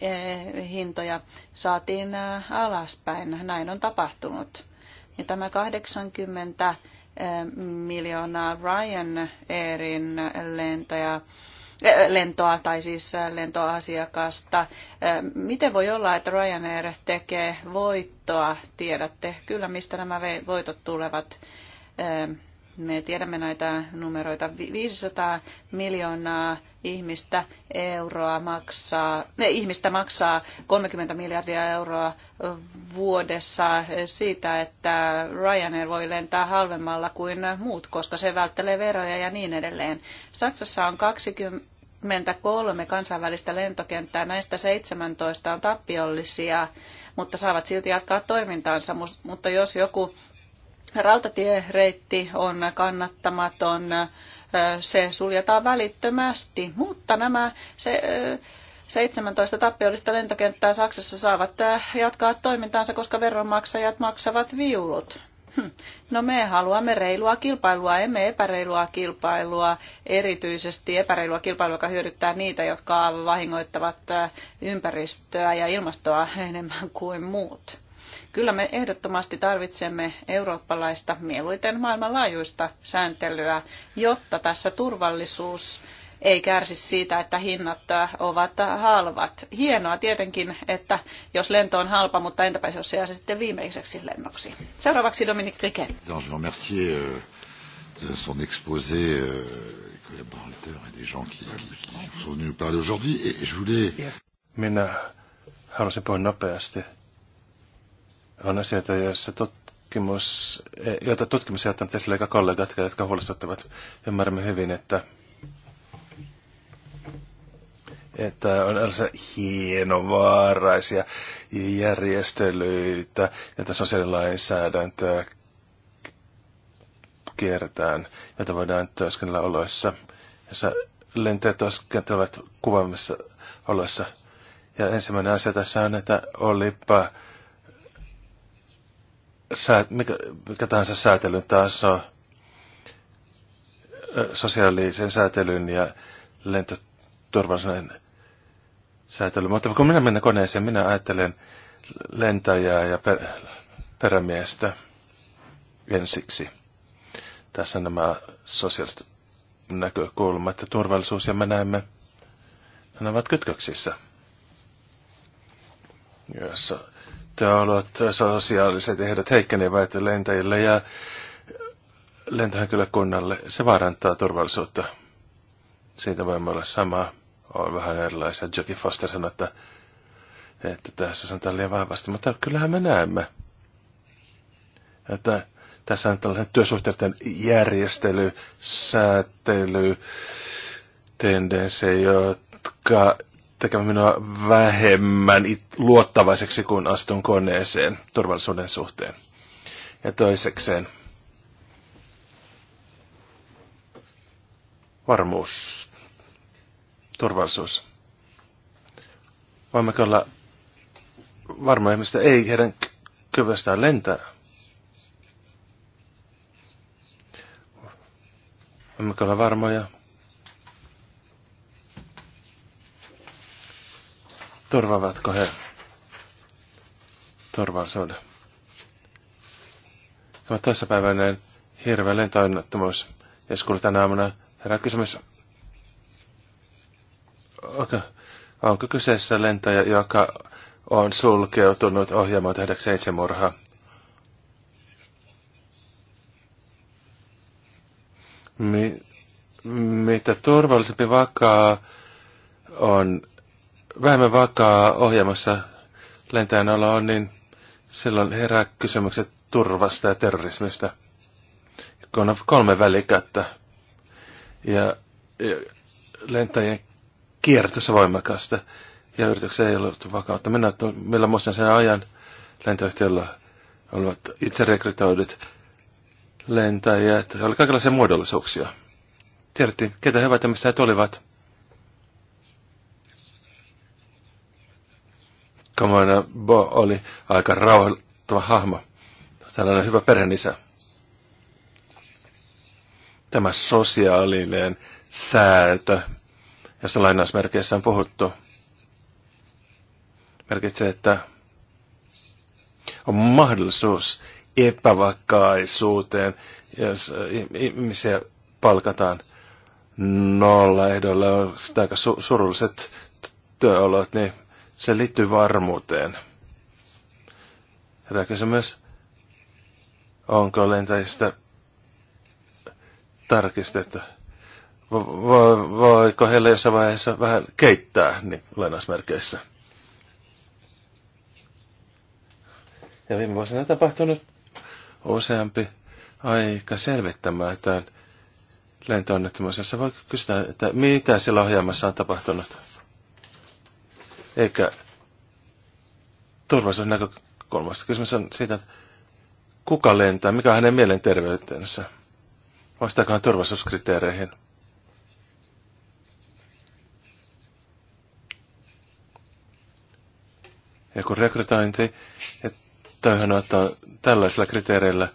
eh, hintoja saatiin eh, alaspäin. Näin on tapahtunut. Ja tämä 80 eh, miljoonaa Ryanairin lentäjä lentoa tai siis lentoasiakasta. Miten voi olla, että Ryanair tekee voittoa? Tiedätte kyllä, mistä nämä voitot tulevat. Me tiedämme näitä numeroita. 500 miljoonaa ihmistä euroa maksaa, ne, ihmistä maksaa 30 miljardia euroa vuodessa siitä, että Ryanair voi lentää halvemmalla kuin muut, koska se välttelee veroja ja niin edelleen. Saksassa on 20, 23 kansainvälistä lentokenttää, näistä 17 on tappiollisia, mutta saavat silti jatkaa toimintaansa. Mutta jos joku rautatiereitti on kannattamaton, se suljetaan välittömästi, mutta nämä se, 17 tappiollista lentokenttää Saksassa saavat jatkaa toimintaansa, koska veronmaksajat maksavat viulut. Hmm. No me haluamme reilua kilpailua, emme epäreilua kilpailua, erityisesti epäreilua kilpailua, joka hyödyttää niitä, jotka vahingoittavat äh, ympäristöä ja ilmastoa enemmän kuin muut. Kyllä me ehdottomasti tarvitsemme eurooppalaista, mieluiten maailmanlaajuista sääntelyä, jotta tässä turvallisuus ei kärsi siitä, että hinnat ovat halvat. Hienoa tietenkin, että jos lento on halpa, mutta entäpä jos se jää se sitten viimeiseksi lennoksi. Seuraavaksi Dominique Riquet. de son exposé euh, collaborateurs et des gens qui, qui, qui sont venus nous parler aujourd'hui. Et je voulais... Minä haluaisin puhua nopeasti. On asioita, joissa tutkimus, e, joita tutkimus jättänyt esille eikä kollegat, jotka huolestuttavat. Ymmärrämme hyvin, että että on erilaisia hienovaaraisia järjestelyitä, että sosiaalilainsäädäntöä kiertään, jota voidaan työskennellä oloissa, jossa lentäjät työskentelevät kuvaamissa oloissa. Ja ensimmäinen asia tässä on, että olipa sää, mikä, mikä tahansa säätelyn taso, sosiaalisen säätelyn ja lentoturvallisuuden säätely. Mutta kun minä menen koneeseen, minä ajattelen lentäjää ja per, perämiestä ensiksi. Tässä nämä sosiaaliset näkökulmat ja turvallisuus, ja me näemme, ne ovat kytköksissä. Jos teolot, sosiaaliset ehdot heikkenevät lentäjille ja lentohenkilökunnalle, se vaarantaa turvallisuutta. Siitä voimme olla samaa on vähän erilaisia. Jokin Foster sanoi, että, että tässä sanotaan liian vahvasti, mutta kyllähän me näemme, että tässä on tällainen työsuhteiden järjestely, säätely, tendenssi, jotka tekevät minua vähemmän luottavaiseksi, kun astun koneeseen turvallisuuden suhteen. Ja toisekseen varmuus turvallisuus. Voimmeko olla varmoja ihmistä ei heidän kyvystään lentää? Voimmeko olla varmoja turvavatko he turvallisuuden. Tämä toissapäiväinen hirveä lentoonnettomuus. Jos kuulin tänä aamuna herää kysymys, onko, onko kyseessä lentäjä, joka on sulkeutunut ohjelmaan tehdäkseen itsemurhaa? Mi, mitä turvallisempi vakaa on, vähemmän vakaa ohjelmassa lentäjän olo on, niin silloin herää kysymykset turvasta ja terrorismista. Kun on kolme välikättä. Ja, ja lentäjien kierrätys on voimakasta. Ja yrityksessä ei ollut vakautta. Minä, millä muistan sen ajan lentoyhtiöllä olivat itse rekrytoidut lentäjät. Oli kaikenlaisia muodollisuuksia. Tiedettiin, ketä he ovat ja mistä he tulivat. Kamana Bo oli aika rauhoittava hahmo. Tällainen hyvä perheenisä. Tämä sosiaalinen säätö, josta lainausmerkeissä on puhuttu, merkitsee, että on mahdollisuus epävakaisuuteen, jos ihmisiä palkataan nolla ehdolla, on aika surulliset työolot, niin se liittyy varmuuteen. Herää kysymys, onko lentäjistä tarkistettu? voiko heillä jossain vaiheessa vähän keittää, niin lainausmerkeissä. Ja viime vuosina tapahtunut useampi aika selvittämätään lentoonnettomuus, jossa voi kysyä, että mitä siellä ohjaamassa on tapahtunut. Eikä näkökulmasta. Kysymys on siitä, että kuka lentää, mikä on hänen mielenterveytensä. Vastaakohan turvallisuuskriteereihin. kun rekrytointi, että on ottaa tällaisilla kriteereillä.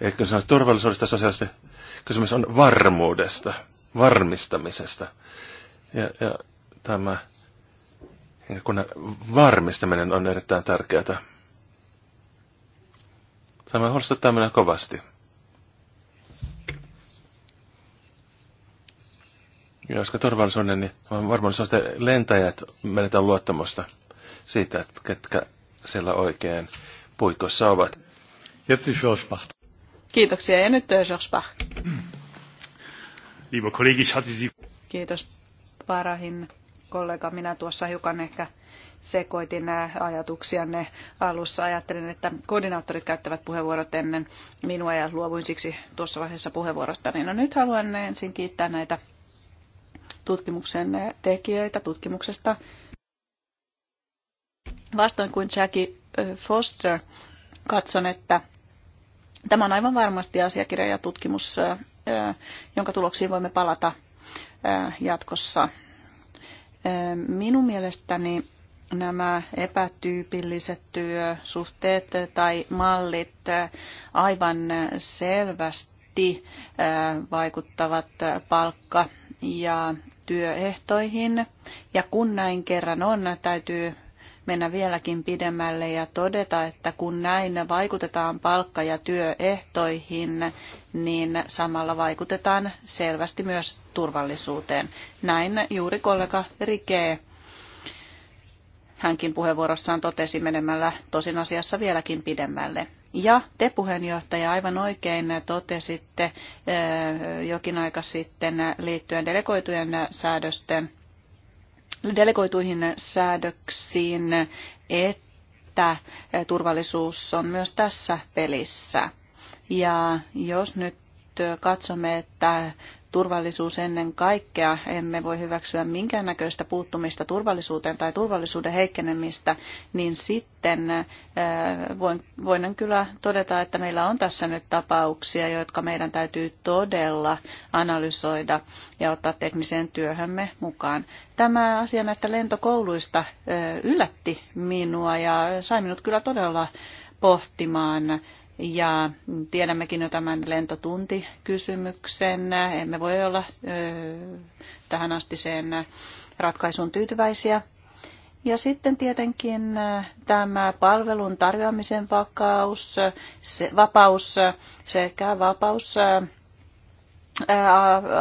eikö kysymys turvallisuudesta sosiaalisesti, kysymys on varmuudesta, varmistamisesta. Ja, ja tämä kun varmistaminen on erittäin tärkeää. Tämä huolestuttaa minä kovasti. Koska turvallisuuden, niin varmaan lentäjät menetään luottamusta siitä, että ketkä siellä oikein puikossa ovat. Kiitoksia ja nyt äh, Georges Bach. Kiitos Parahin kollega. Minä tuossa hiukan ehkä sekoitin äh, nämä ne alussa. Ajattelin, että koordinaattorit käyttävät puheenvuorot ennen minua ja luovuin siksi tuossa vaiheessa puheenvuorosta. Niin no nyt haluan ensin kiittää näitä tutkimuksen tekijöitä tutkimuksesta, Vastoin kuin Jackie Foster, katson, että tämä on aivan varmasti asiakirja ja tutkimus, jonka tuloksiin voimme palata jatkossa. Minun mielestäni nämä epätyypilliset työsuhteet tai mallit aivan selvästi vaikuttavat palkka- ja työehtoihin. Ja kun näin kerran on, täytyy mennä vieläkin pidemmälle ja todeta, että kun näin vaikutetaan palkka- ja työehtoihin, niin samalla vaikutetaan selvästi myös turvallisuuteen. Näin juuri kollega Rikee hänkin puheenvuorossaan totesi menemällä tosin asiassa vieläkin pidemmälle. Ja te puheenjohtaja aivan oikein totesitte eh, jokin aika sitten liittyen delegoitujen säädösten delegoituihin säädöksiin, että turvallisuus on myös tässä pelissä. Ja jos nyt katsomme, että turvallisuus ennen kaikkea. Emme voi hyväksyä minkäännäköistä puuttumista turvallisuuteen tai turvallisuuden heikkenemistä, niin sitten äh, voin, voin kyllä todeta, että meillä on tässä nyt tapauksia, jotka meidän täytyy todella analysoida ja ottaa tekniseen työhömme mukaan. Tämä asia näistä lentokouluista äh, yllätti minua ja sai minut kyllä todella pohtimaan ja tiedämmekin jo tämän lentotuntikysymyksen. Emme voi olla tähän asti sen ratkaisun tyytyväisiä. Ja sitten tietenkin tämä palvelun tarjoamisen vakaus, se, vapaus sekä vapaus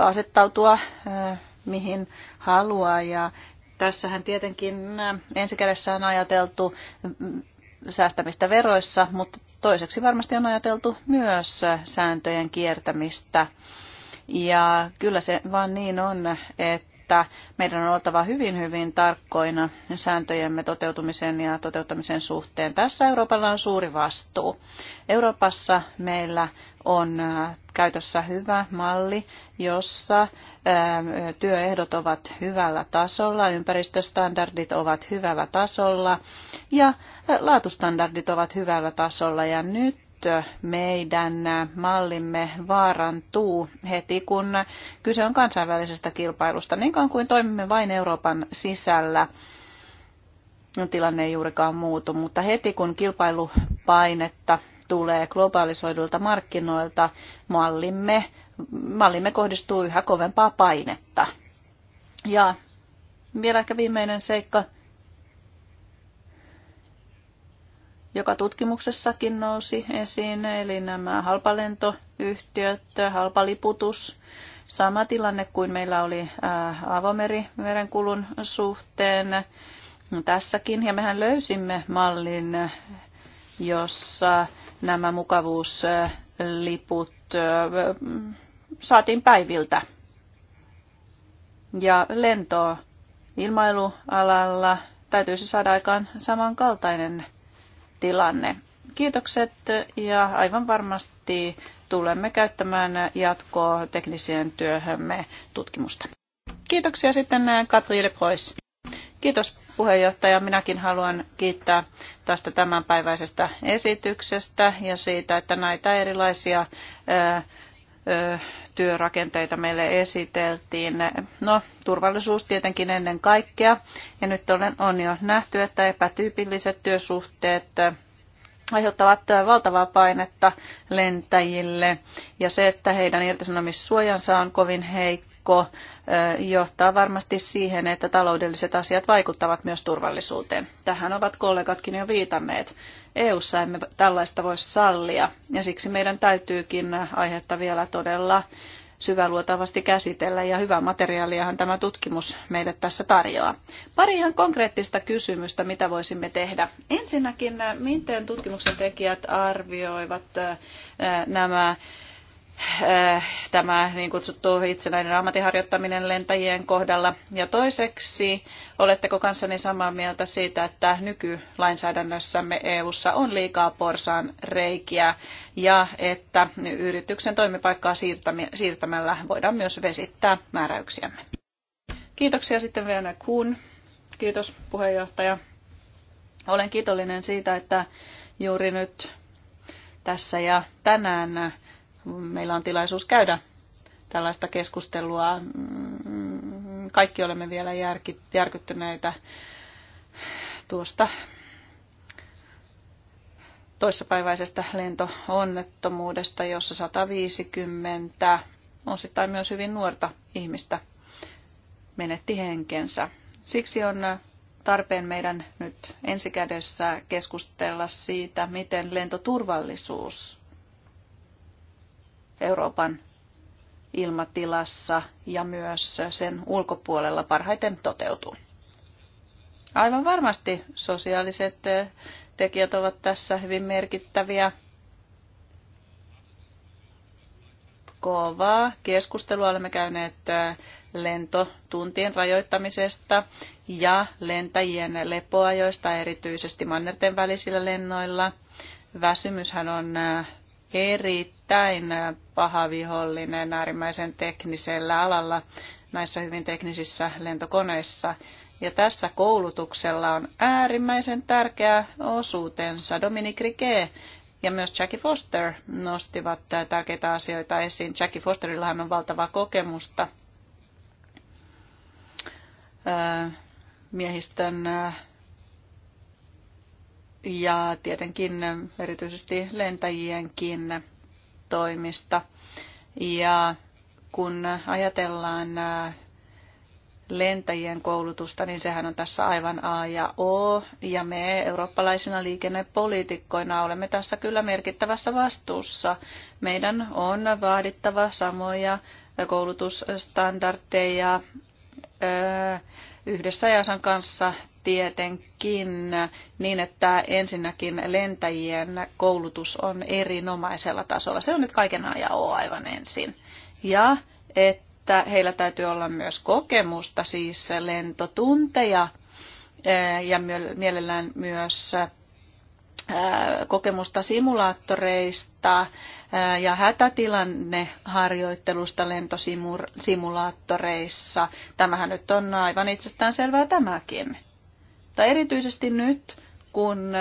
asettautua mihin haluaa. Ja tässähän tietenkin kädessä on ajateltu säästämistä veroissa, mutta Toiseksi varmasti on ajateltu myös sääntöjen kiertämistä. Ja kyllä se vaan niin on, että että meidän on oltava hyvin, hyvin tarkkoina sääntöjemme toteutumisen ja toteuttamisen suhteen. Tässä Euroopalla on suuri vastuu. Euroopassa meillä on äh, käytössä hyvä malli, jossa äh, työehdot ovat hyvällä tasolla, ympäristöstandardit ovat hyvällä tasolla ja äh, laatustandardit ovat hyvällä tasolla. Ja nyt meidän mallimme vaarantuu heti, kun kyse on kansainvälisestä kilpailusta. Niin kauan kuin toimimme vain Euroopan sisällä, tilanne ei juurikaan muutu, mutta heti kun kilpailupainetta tulee globaalisoidulta markkinoilta, mallimme, mallimme kohdistuu yhä kovempaa painetta. Ja vielä ehkä viimeinen seikka joka tutkimuksessakin nousi esiin, eli nämä halpalentoyhtiöt, halpaliputus, sama tilanne kuin meillä oli äh, avomerimerenkulun suhteen no, tässäkin. Ja mehän löysimme mallin, jossa nämä mukavuusliput äh, saatiin päiviltä. Ja lentoa ilmailualalla täytyisi saada aikaan samankaltainen tilanne. Kiitokset ja aivan varmasti tulemme käyttämään jatkoa teknisien työhömme tutkimusta. Kiitoksia sitten Katriille eh, pois. Kiitos puheenjohtaja. Minäkin haluan kiittää tästä tämänpäiväisestä esityksestä ja siitä, että näitä erilaisia eh, työrakenteita meille esiteltiin. No, turvallisuus tietenkin ennen kaikkea. Ja nyt on jo nähty, että epätyypilliset työsuhteet aiheuttavat valtavaa painetta lentäjille ja se, että heidän irtisanomissuojansa on kovin heikko joukko johtaa varmasti siihen, että taloudelliset asiat vaikuttavat myös turvallisuuteen. Tähän ovat kollegatkin jo viitanneet. EU-ssa emme tällaista voi sallia ja siksi meidän täytyykin aihetta vielä todella syväluotavasti käsitellä ja hyvää materiaaliahan tämä tutkimus meille tässä tarjoaa. Pari ihan konkreettista kysymystä, mitä voisimme tehdä. Ensinnäkin, miten tutkimuksen tekijät arvioivat nämä Äh, tämä niin kutsuttu itsenäinen ammatinharjoittaminen lentäjien kohdalla? Ja toiseksi, oletteko kanssani samaa mieltä siitä, että nykylainsäädännössämme EU:ssa on liikaa porsaan reikiä ja että yrityksen toimipaikkaa siirtämällä voidaan myös vesittää määräyksiämme? Kiitoksia sitten vielä Kuun. Kiitos puheenjohtaja. Olen kiitollinen siitä, että juuri nyt tässä ja tänään meillä on tilaisuus käydä tällaista keskustelua. Mm, kaikki olemme vielä järkyttyneitä tuosta toissapäiväisestä lentoonnettomuudesta, jossa 150 osittain myös hyvin nuorta ihmistä menetti henkensä. Siksi on tarpeen meidän nyt ensikädessä keskustella siitä, miten lentoturvallisuus Euroopan ilmatilassa ja myös sen ulkopuolella parhaiten toteutuu. Aivan varmasti sosiaaliset tekijät ovat tässä hyvin merkittäviä. Kovaa keskustelua olemme käyneet äh, lentotuntien rajoittamisesta ja lentäjien lepoajoista erityisesti mannerten välisillä lennoilla. Väsymyshän on äh, erittäin paha vihollinen äärimmäisen teknisellä alalla näissä hyvin teknisissä lentokoneissa. Ja tässä koulutuksella on äärimmäisen tärkeä osuutensa. Dominic Riquet ja myös Jackie Foster nostivat tärkeitä asioita esiin. Jackie Fosterillahan on valtavaa kokemusta miehistön ja tietenkin erityisesti lentäjienkin toimista. Ja kun ajatellaan lentäjien koulutusta, niin sehän on tässä aivan A ja O. Ja me eurooppalaisina liikennepoliitikkoina olemme tässä kyllä merkittävässä vastuussa. Meidän on vaadittava samoja koulutusstandardeja yhdessä EASan kanssa tietenkin niin, että ensinnäkin lentäjien koulutus on erinomaisella tasolla. Se on nyt kaiken ajan O aivan ensin. Ja että heillä täytyy olla myös kokemusta, siis lentotunteja eh, ja mielellään myös eh, kokemusta simulaattoreista eh, ja hätätilanneharjoittelusta lentosimulaattoreissa. Tämähän nyt on aivan itsestään selvää tämäkin. Mutta erityisesti nyt, kun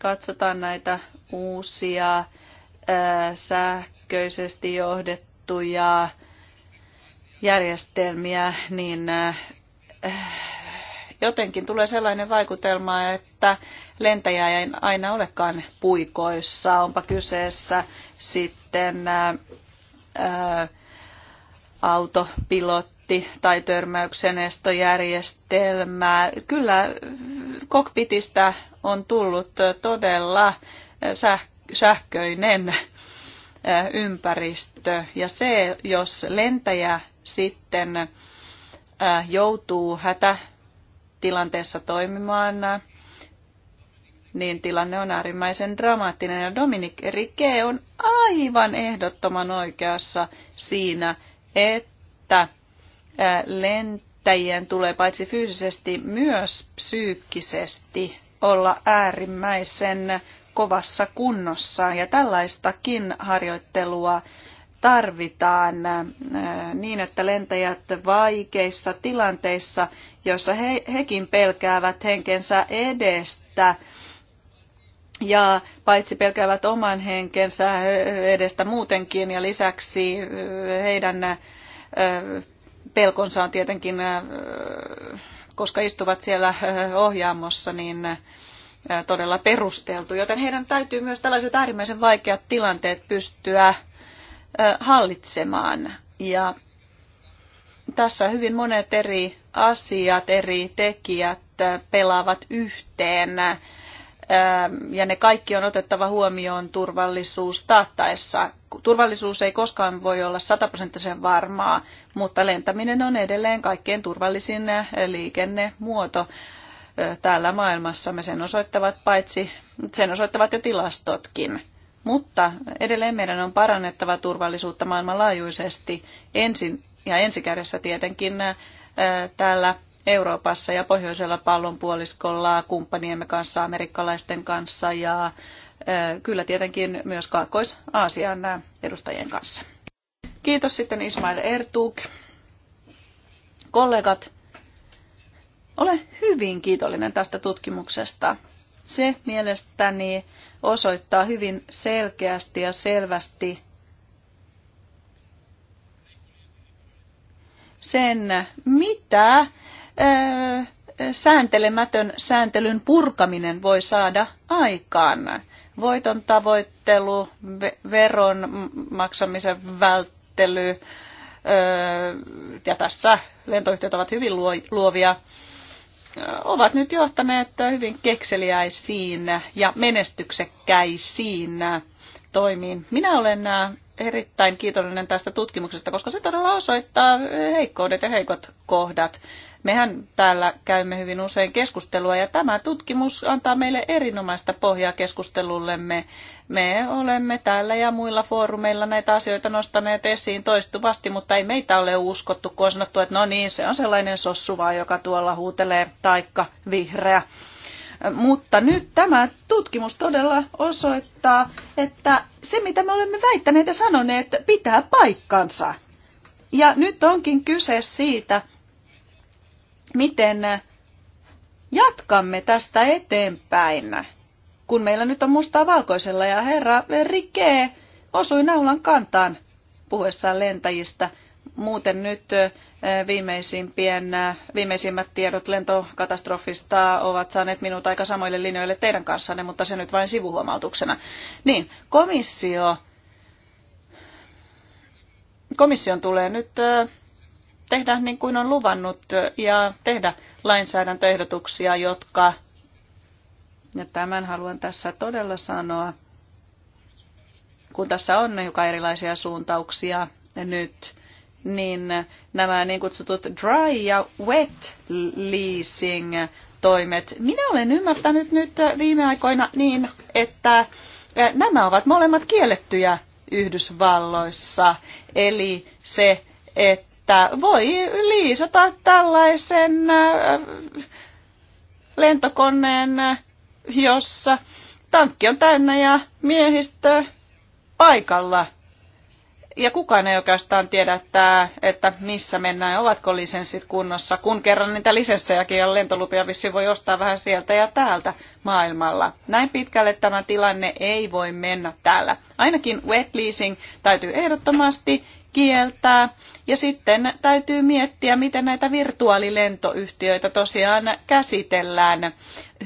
katsotaan näitä uusia ää, sähköisesti johdettuja järjestelmiä, niin ää, jotenkin tulee sellainen vaikutelma, että lentäjä ei aina olekaan puikoissa, onpa kyseessä sitten ää, autopilotti kokpitti- tai törmäyksen estojärjestelmää. Kyllä kokpitista on tullut todella sähköinen äh, ympäristö. Ja se, jos lentäjä sitten äh, joutuu hätätilanteessa toimimaan, niin tilanne on äärimmäisen dramaattinen. Ja Dominic Rike on aivan ehdottoman oikeassa siinä, että lentäjien tulee paitsi fyysisesti myös psyykkisesti olla äärimmäisen kovassa kunnossa. Ja tällaistakin harjoittelua tarvitaan niin, että lentäjät vaikeissa tilanteissa, joissa he, hekin pelkäävät henkensä edestä, ja paitsi pelkäävät oman henkensä edestä muutenkin ja lisäksi heidän pelkonsa on tietenkin, äh, koska istuvat siellä äh, ohjaamossa, niin äh, todella perusteltu, joten heidän täytyy myös tällaiset äärimmäisen vaikeat tilanteet pystyä hallitsemaan. Ja tässä hyvin monet eri asiat, eri tekijät pelaavat yhteen ja ne kaikki on otettava huomioon turvallisuus taattaessa turvallisuus ei koskaan voi olla sataprosenttisen varmaa, mutta lentäminen on edelleen kaikkein turvallisin eh, liikennemuoto eh, täällä maailmassa. Me sen osoittavat paitsi, sen osoittavat jo tilastotkin. Mutta edelleen meidän on parannettava turvallisuutta maailmanlaajuisesti ensin ja ensikädessä tietenkin eh, täällä Euroopassa ja pohjoisella pallonpuoliskolla kumppaniemme kanssa, amerikkalaisten kanssa ja kyllä tietenkin myös Kaakkois-Aasian edustajien kanssa. Kiitos sitten Ismail Ertug. Kollegat, olen hyvin kiitollinen tästä tutkimuksesta. Se mielestäni osoittaa hyvin selkeästi ja selvästi sen, mitä sääntelemätön sääntelyn purkaminen voi saada aikaan voiton tavoittelu, veron maksamisen välttely, ja tässä lentoyhtiöt ovat hyvin luovia, ovat nyt johtaneet hyvin kekseliäisiin ja menestyksekkäisiin toimiin. Minä olen erittäin kiitollinen tästä tutkimuksesta, koska se todella osoittaa heikkoudet ja heikot kohdat. Mehän täällä käymme hyvin usein keskustelua ja tämä tutkimus antaa meille erinomaista pohjaa keskustelullemme. Me olemme täällä ja muilla foorumeilla näitä asioita nostaneet esiin toistuvasti, mutta ei meitä ole uskottu, kun on sanottu, että no niin, se on sellainen sossu vaan, joka tuolla huutelee taikka vihreä. Mutta nyt tämä tutkimus todella osoittaa, että se mitä me olemme väittäneet ja sanoneet pitää paikkansa. Ja nyt onkin kyse siitä, miten jatkamme tästä eteenpäin, kun meillä nyt on mustaa valkoisella ja herra Rike osui naulan kantaan puhuessaan lentäjistä. Muuten nyt eh, viimeisimpien, eh, viimeisimmät tiedot lentokatastrofista ovat saaneet minut aika samoille linjoille teidän kanssanne, mutta se nyt vain sivuhuomautuksena. Niin, komissio, komission tulee nyt eh, tehdä niin kuin on luvannut ja tehdä lainsäädäntöehdotuksia, jotka, ja tämän haluan tässä todella sanoa, kun tässä on joka erilaisia suuntauksia nyt, niin nämä niin kutsutut dry ja wet leasing toimet. Minä olen ymmärtänyt nyt viime aikoina niin, että nämä ovat molemmat kiellettyjä Yhdysvalloissa. Eli se, että että voi liisata tällaisen äh, lentokoneen, äh, jossa tankki on täynnä ja miehistö paikalla. Ja kukaan ei oikeastaan tiedä, että, että missä mennään, ovatko lisenssit kunnossa, kun kerran niitä lisenssejäkin ja lentolupia vissi voi ostaa vähän sieltä ja täältä maailmalla. Näin pitkälle tämä tilanne ei voi mennä täällä. Ainakin wet leasing täytyy ehdottomasti kieltää. Ja sitten täytyy miettiä, miten näitä virtuaalilentoyhtiöitä tosiaan käsitellään.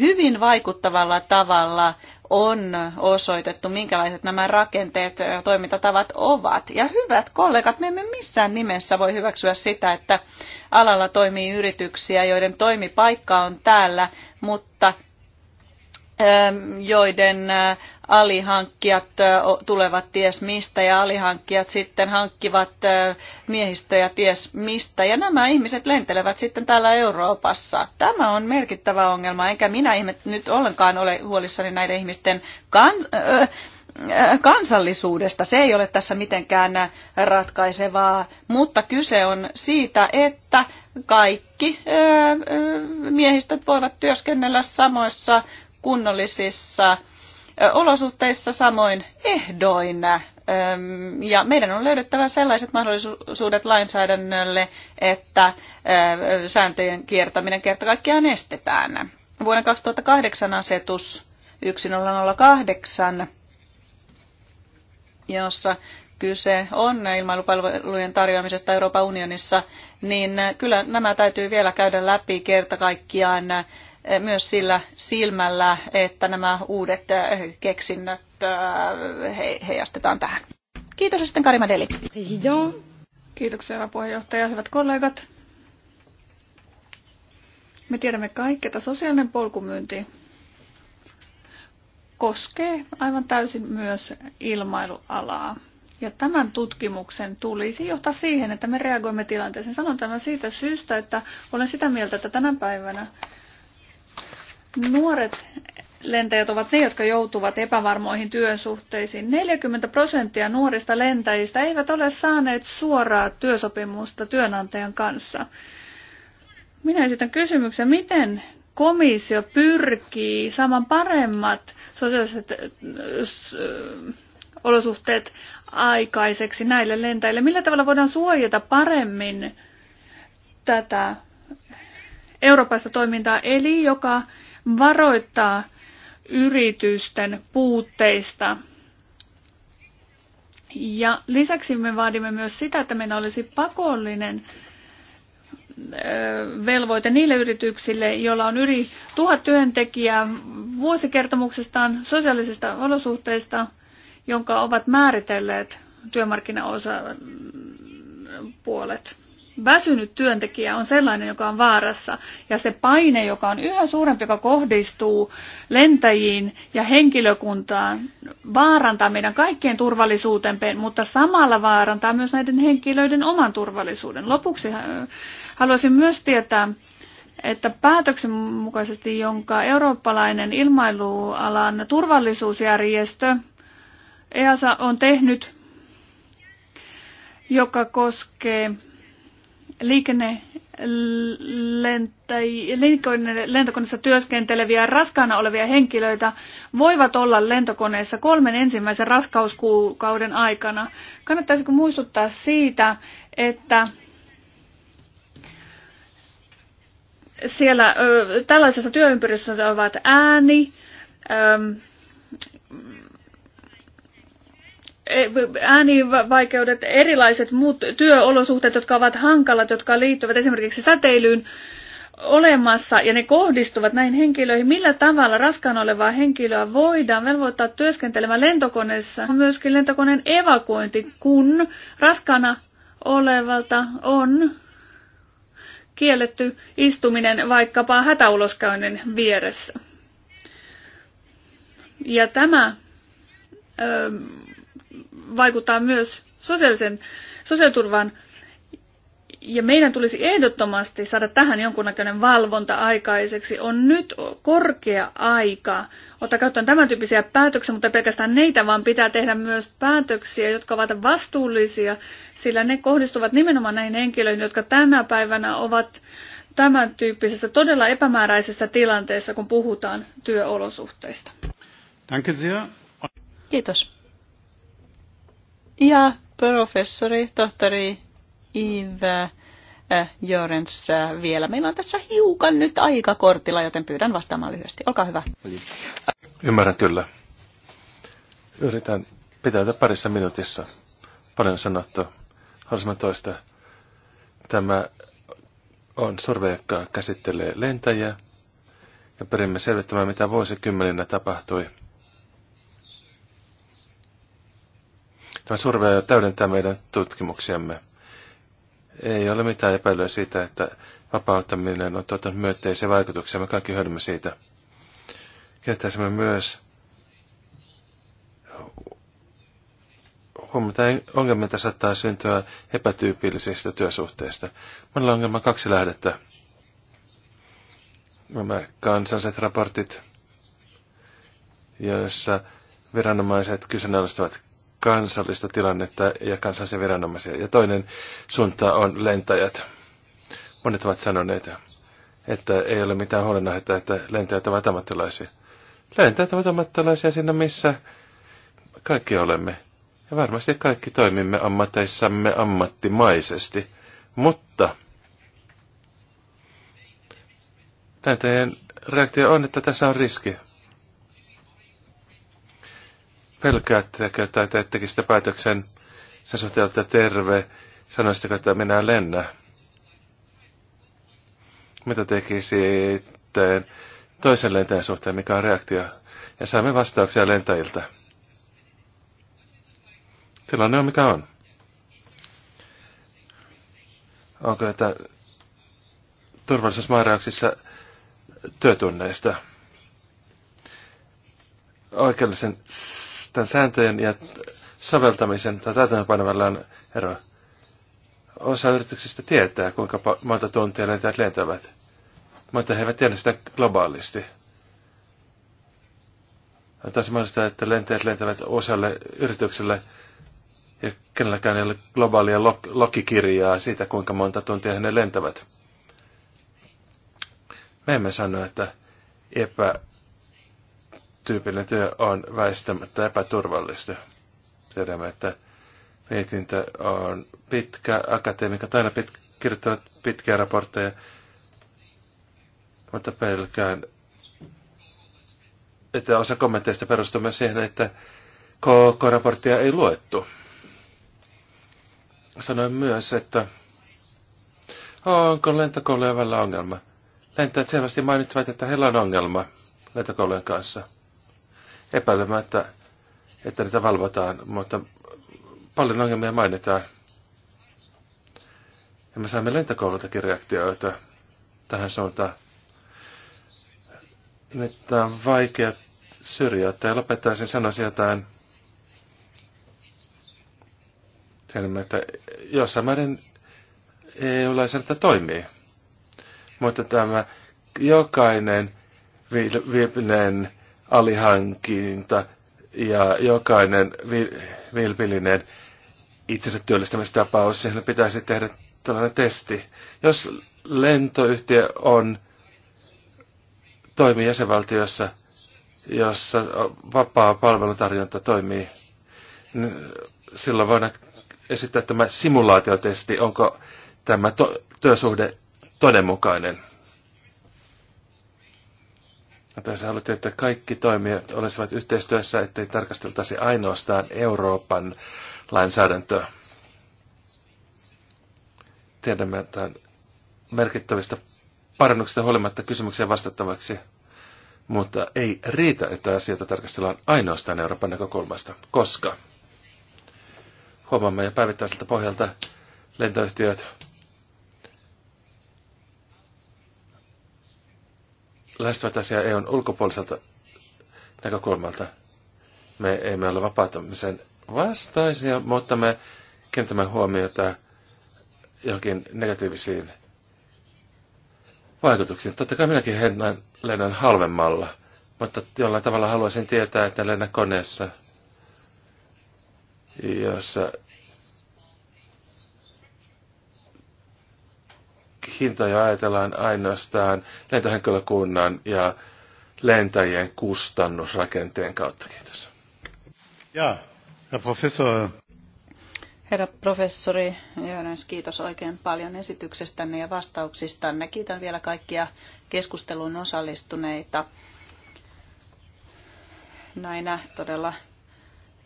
Hyvin vaikuttavalla tavalla on osoitettu, minkälaiset nämä rakenteet ja toimintatavat ovat. Ja hyvät kollegat, me emme missään nimessä voi hyväksyä sitä, että alalla toimii yrityksiä, joiden toimipaikka on täällä, mutta joiden alihankkijat tulevat ties mistä ja alihankkijat sitten hankkivat miehistöjä ties mistä. Ja nämä ihmiset lentelevät sitten täällä Euroopassa. Tämä on merkittävä ongelma, enkä minä nyt ollenkaan ole huolissani näiden ihmisten kan- kansallisuudesta. Se ei ole tässä mitenkään ratkaisevaa, mutta kyse on siitä, että kaikki miehistöt voivat työskennellä samoissa kunnollisissa olosuhteissa samoin ehdoin. Ja meidän on löydettävä sellaiset mahdollisuudet lainsäädännölle, että sääntöjen kiertäminen kerta kaikkiaan estetään. Vuonna 2008 asetus 1008, jossa kyse on ilmailupalvelujen tarjoamisesta Euroopan unionissa, niin kyllä nämä täytyy vielä käydä läpi kerta kaikkiaan myös sillä silmällä, että nämä uudet äh, keksinnöt äh, heijastetaan tähän. Kiitos ja sitten Karima Deli. Kiitoksia herra puheenjohtaja, hyvät kollegat. Me tiedämme kaikki, että sosiaalinen polkumyynti koskee aivan täysin myös ilmailualaa. Ja tämän tutkimuksen tulisi johtaa siihen, että me reagoimme tilanteeseen. Sanon tämän siitä syystä, että olen sitä mieltä, että tänä päivänä Nuoret lentäjät ovat ne, jotka joutuvat epävarmoihin työsuhteisiin. 40 prosenttia nuorista lentäjistä eivät ole saaneet suoraa työsopimusta työnantajan kanssa. Minä esitän kysymyksen, miten komissio pyrkii saamaan paremmat sosiaaliset äh, äh, olosuhteet aikaiseksi näille lentäjille? Millä tavalla voidaan suojata paremmin tätä eurooppaista toimintaa, eli joka varoittaa yritysten puutteista. Ja lisäksi me vaadimme myös sitä, että meillä olisi pakollinen velvoite niille yrityksille, joilla on yli tuhat työntekijää vuosikertomuksestaan sosiaalisista olosuhteista, jonka ovat määritelleet työmarkkinaosapuolet väsynyt työntekijä on sellainen, joka on vaarassa. Ja se paine, joka on yhä suurempi, joka kohdistuu lentäjiin ja henkilökuntaan, vaarantaa meidän kaikkien turvallisuuteen, mutta samalla vaarantaa myös näiden henkilöiden oman turvallisuuden. Lopuksi äh, haluaisin myös tietää, että päätöksen mukaisesti, jonka eurooppalainen ilmailualan turvallisuusjärjestö EASA on tehnyt, joka koskee liikenne lentokoneessa työskenteleviä raskaana olevia henkilöitä voivat olla lentokoneessa kolmen ensimmäisen raskauskuukauden aikana. Kannattaisiko muistuttaa siitä, että siellä ö, tällaisessa työympäristössä ovat ääni, ö, E, äänivaikeudet, erilaiset muut työolosuhteet, jotka ovat hankalat, jotka liittyvät esimerkiksi säteilyyn olemassa ja ne kohdistuvat näihin henkilöihin. Millä tavalla raskaan olevaa henkilöä voidaan velvoittaa työskentelemään lentokoneessa? On myöskin lentokoneen evakuointi, kun raskana olevalta on kielletty istuminen vaikkapa hätäuloskäynnin vieressä. Ja tämä vaikuttaa myös sosiaalisen, sosiaaliturvaan. Ja meidän tulisi ehdottomasti saada tähän jonkunnäköinen valvonta aikaiseksi. On nyt korkea aika ottaa käyttöön tämän tyyppisiä päätöksiä, mutta pelkästään neitä, vaan pitää tehdä myös päätöksiä, jotka ovat vastuullisia, sillä ne kohdistuvat nimenomaan näihin henkilöihin, jotka tänä päivänä ovat tämän tyyppisessä todella epämääräisessä tilanteessa, kun puhutaan työolosuhteista. Kiitos. Ja professori, tohtori Ive äh, Jorens äh, vielä. Meillä on tässä hiukan nyt aika kortilla, joten pyydän vastaamaan lyhyesti. Olkaa hyvä. Ymmärrän kyllä. Yritän pitäytyä parissa minuutissa. Paljon sanottu. Haluaisin toista. Tämä on survey, joka käsittelee lentäjiä ja pyrimme selvittämään, mitä vuosikymmeninä tapahtui – Tämä survey täydentää meidän tutkimuksiamme. Ei ole mitään epäilyä siitä, että vapauttaminen on tuottanut myönteisiä vaikutuksia. Me kaikki hyödymme siitä. Kiinnittäisimme myös huomata ongelmia saattaa syntyä epätyypillisistä työsuhteista. Monella on ongelma kaksi lähdettä. Nämä kansalliset raportit, joissa viranomaiset kyseenalaistavat kansallista tilannetta ja kansallisia viranomaisia. Ja toinen suunta on lentäjät. Monet ovat sanoneet, että ei ole mitään huolenaihetta, että lentäjät ovat ammattilaisia. Lentäjät ovat ammattilaisia siinä, missä kaikki olemme. Ja varmasti kaikki toimimme ammateissamme ammattimaisesti. Mutta lentäjien reaktio on, että tässä on riski pelkäättekö tai teettekö sitä päätöksen sen suhteen, että terve, sanoisitko, että minä lennä? Mitä teki sitten toisen lentäjän suhteen, mikä on reaktio? Ja saamme vastauksia lentäjiltä. Tilanne on mikä on. Onko että turvallisuusmääräyksissä työtunneista? oikeellisen tämän sääntöjen ja soveltamisen tai täytäntöönpanon on ero. Osa yrityksistä tietää, kuinka monta tuntia lentäjät lentävät, mutta he eivät tiedä sitä globaalisti. On taas mahdollista, että lentäjät lentävät osalle yritykselle ja kenelläkään ei ole globaalia lokikirjaa siitä, kuinka monta tuntia he lentävät. Me emme sano, että epä tyypillinen työ on väistämättä epäturvallista. Tiedämme, että mietintä on pitkä, akateemikot aina pit, kirjoittavat pitkiä raportteja, mutta pelkään, että osa kommenteista perustuu myös siihen, että koko raporttia ei luettu. Sanoin myös, että onko lentokoulujen välillä ongelma. Lentäjät selvästi mainitsevat, että heillä on ongelma lentokoulujen kanssa epäilemään, että että niitä valvotaan, mutta paljon ongelmia mainitaan. Ja me saamme lentokoulutakin reaktioita tähän suuntaan. Nyt on vaikea syrjäyttää ja lopettaisin sanoa jotain. Tiedämme, että jossain määrin EU-lainsäädäntö toimii. Mutta tämä jokainen viimeinen vi- alihankinta ja jokainen vilpillinen itsensä työllistämistapaus, siihen pitäisi tehdä tällainen testi. Jos lentoyhtiö on toimii jäsenvaltiossa, jossa vapaa palvelutarjonta toimii, niin silloin voidaan esittää tämä simulaatiotesti, onko tämä to- työsuhde todenmukainen. Tässä haluttiin, että kaikki toimijat olisivat yhteistyössä, ettei tarkasteltaisi ainoastaan Euroopan lainsäädäntöä. Tiedämme, että merkittävistä parannuksista huolimatta kysymykseen vastattavaksi, mutta ei riitä, että asioita tarkastellaan ainoastaan Euroopan näkökulmasta, koska huomaamme ja päivittäiseltä pohjalta lentoyhtiöt lähestyvät asiaa EUn ulkopuoliselta näkökulmalta. Me emme ole vapautumisen vastaisia, mutta me kentämme huomiota johonkin negatiivisiin vaikutuksiin. Totta kai minäkin hennan, lennän halvemmalla, mutta jollain tavalla haluaisin tietää, että lennä koneessa, jossa hintoja ajatellaan ainoastaan lentohenkilökunnan ja lentäjien kustannusrakenteen kautta. Kiitos. Ja, herra professori. Herra professori Jörens, kiitos oikein paljon esityksestänne ja vastauksistanne. Kiitän vielä kaikkia keskusteluun osallistuneita näinä todella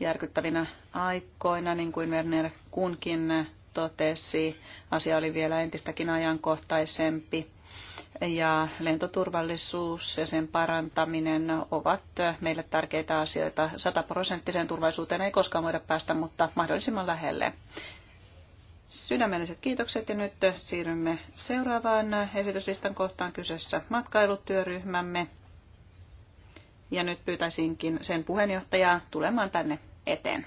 järkyttävinä aikoina, niin kuin Werner Kunkin totesi, asia oli vielä entistäkin ajankohtaisempi. Ja lentoturvallisuus ja sen parantaminen ovat meille tärkeitä asioita. Sataprosenttiseen turvallisuuteen ei koskaan voida päästä, mutta mahdollisimman lähelle. Sydämelliset kiitokset ja nyt siirrymme seuraavaan esityslistan kohtaan kyseessä matkailutyöryhmämme. Ja nyt pyytäisinkin sen puheenjohtajaa tulemaan tänne eteen.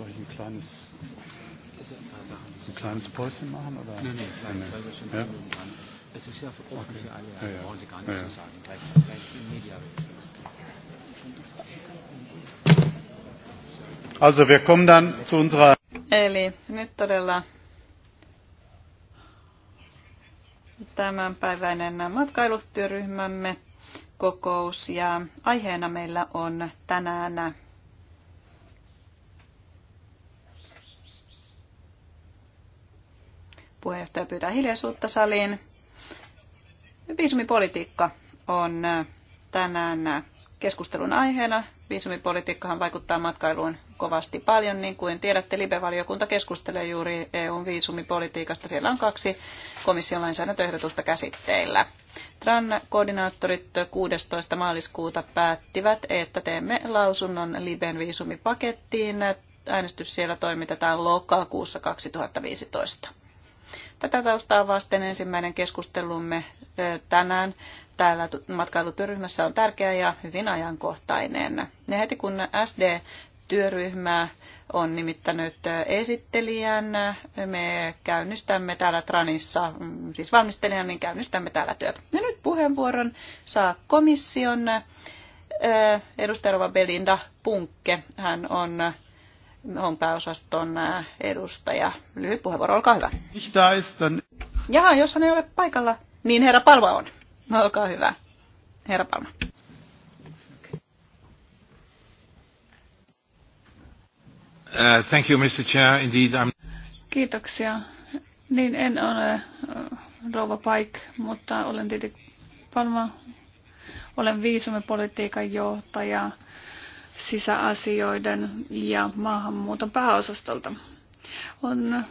Soll ich ein kleines, ein kleines Päuschen machen? Oder? Nein, nein, nein, nein. Schon ja? Es ist ja offen okay. für alle, da ja, ja. brauchen Sie gar nichts ja, ja. zu sagen. Gleich, gleich im Media. Also wir kommen dann zu unserer... Eli nyt todella tämänpäiväinen matkailutyöryhmämme kokous ja aiheena meillä on tänään Puheenjohtaja pyytää hiljaisuutta saliin. Viisumipolitiikka on äh, tänään äh, keskustelun aiheena. Viisumipolitiikkahan vaikuttaa matkailuun kovasti paljon. Niin kuin tiedätte, Libe-valiokunta keskustelee juuri EUn viisumipolitiikasta. Siellä on kaksi komission lainsäädäntöehdotusta käsitteillä. TRAN-koordinaattorit 16. maaliskuuta päättivät, että teemme lausunnon Liben viisumipakettiin. Äänestys siellä toimitetaan lokakuussa 2015. Tätä taustaa vasten ensimmäinen keskustelumme tänään täällä matkailutyöryhmässä on tärkeä ja hyvin ajankohtainen. Ja heti kun SD työryhmä on nimittänyt esittelijän. Me käynnistämme täällä Tranissa, mm, siis valmistelijan, niin käynnistämme täällä työt. Ja nyt puheenvuoron saa komission edustaja Belinda Punkke. Hän on on pääosaston edustaja. Lyhyt puheenvuoro, olkaa hyvä. Jaha, jos hän ei ole paikalla, niin herra Palva on. No, olkaa hyvä, herra Palma. Uh, thank you, Mr. Chair. Indeed, I'm... Kiitoksia. Niin, en ole rouva Paik, mutta olen tietysti Palma. Olen viisumipolitiikan johtaja sisäasioiden ja maahanmuuton pääosastolta. On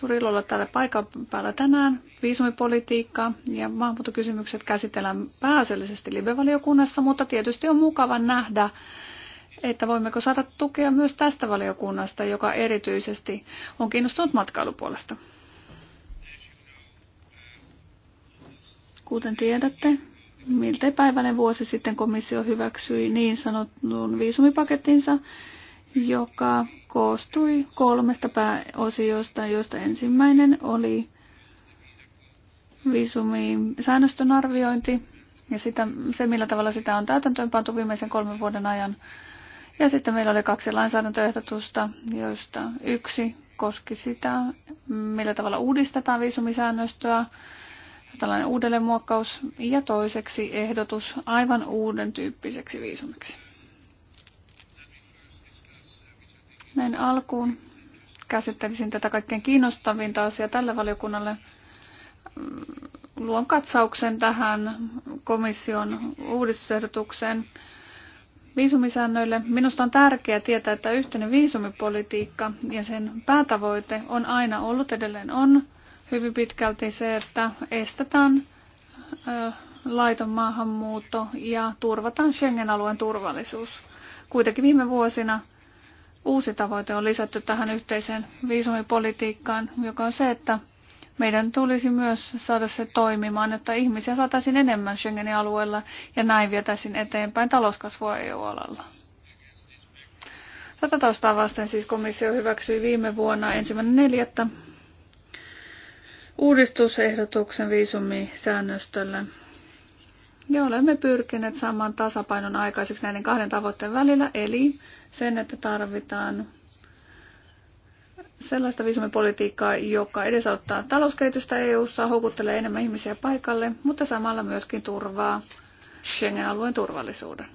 surilolla täällä paikan päällä tänään. Viisumipolitiikka ja maahanmuuttokysymykset käsitellään pääasiallisesti live-valiokunnassa, mutta tietysti on mukava nähdä, että voimmeko saada tukea myös tästä valiokunnasta, joka erityisesti on kiinnostunut matkailupuolesta. Kuten tiedätte, miltei päiväinen vuosi sitten komissio hyväksyi niin sanotun viisumipakettinsa, joka koostui kolmesta pääosiosta, joista ensimmäinen oli säännöstön arviointi ja sitä, se, millä tavalla sitä on täytäntöönpantu viimeisen kolmen vuoden ajan. Ja sitten meillä oli kaksi lainsäädäntöehdotusta, joista yksi koski sitä, millä tavalla uudistetaan viisumisäännöstöä tällainen uudelleenmuokkaus ja toiseksi ehdotus aivan uuden tyyppiseksi viisumiksi. Näin alkuun käsittelisin tätä kaikkein kiinnostavinta asiaa tälle valiokunnalle. Luon katsauksen tähän komission uudistusehdotukseen viisumisäännöille. Minusta on tärkeää tietää, että yhteinen viisumipolitiikka ja sen päätavoite on aina ollut edelleen on hyvin pitkälti se, että estetään laiton maahanmuutto ja turvataan Schengen-alueen turvallisuus. Kuitenkin viime vuosina uusi tavoite on lisätty tähän yhteiseen viisumipolitiikkaan, joka on se, että meidän tulisi myös saada se toimimaan, että ihmisiä saataisiin enemmän Schengenin alueella ja näin vietäisiin eteenpäin talouskasvua EU-alalla. Tätä taustaa vasten siis komissio hyväksyi viime vuonna ensimmäinen neljättä uudistusehdotuksen viisumisäännöstölle. Ja olemme pyrkineet saamaan tasapainon aikaiseksi näiden kahden tavoitteen välillä, eli sen, että tarvitaan sellaista viisumipolitiikkaa, joka edesauttaa talouskehitystä EU-ssa, houkuttelee enemmän ihmisiä paikalle, mutta samalla myöskin turvaa Schengen-alueen turvallisuuden.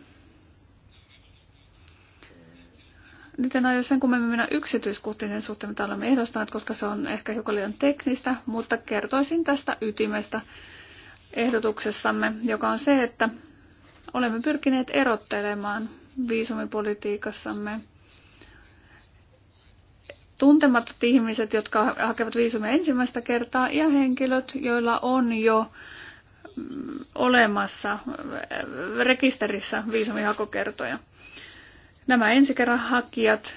Nyt en aio sen kummemmin mennä yksityiskohtiin sen suhteen, mitä olemme ehdostaneet, koska se on ehkä hiukan liian teknistä, mutta kertoisin tästä ytimestä ehdotuksessamme, joka on se, että olemme pyrkineet erottelemaan viisumipolitiikassamme tuntemattomat ihmiset, jotka hakevat viisumia ensimmäistä kertaa, ja henkilöt, joilla on jo mm, olemassa mm, rekisterissä viisumihakokertoja. Nämä ensikerran hakijat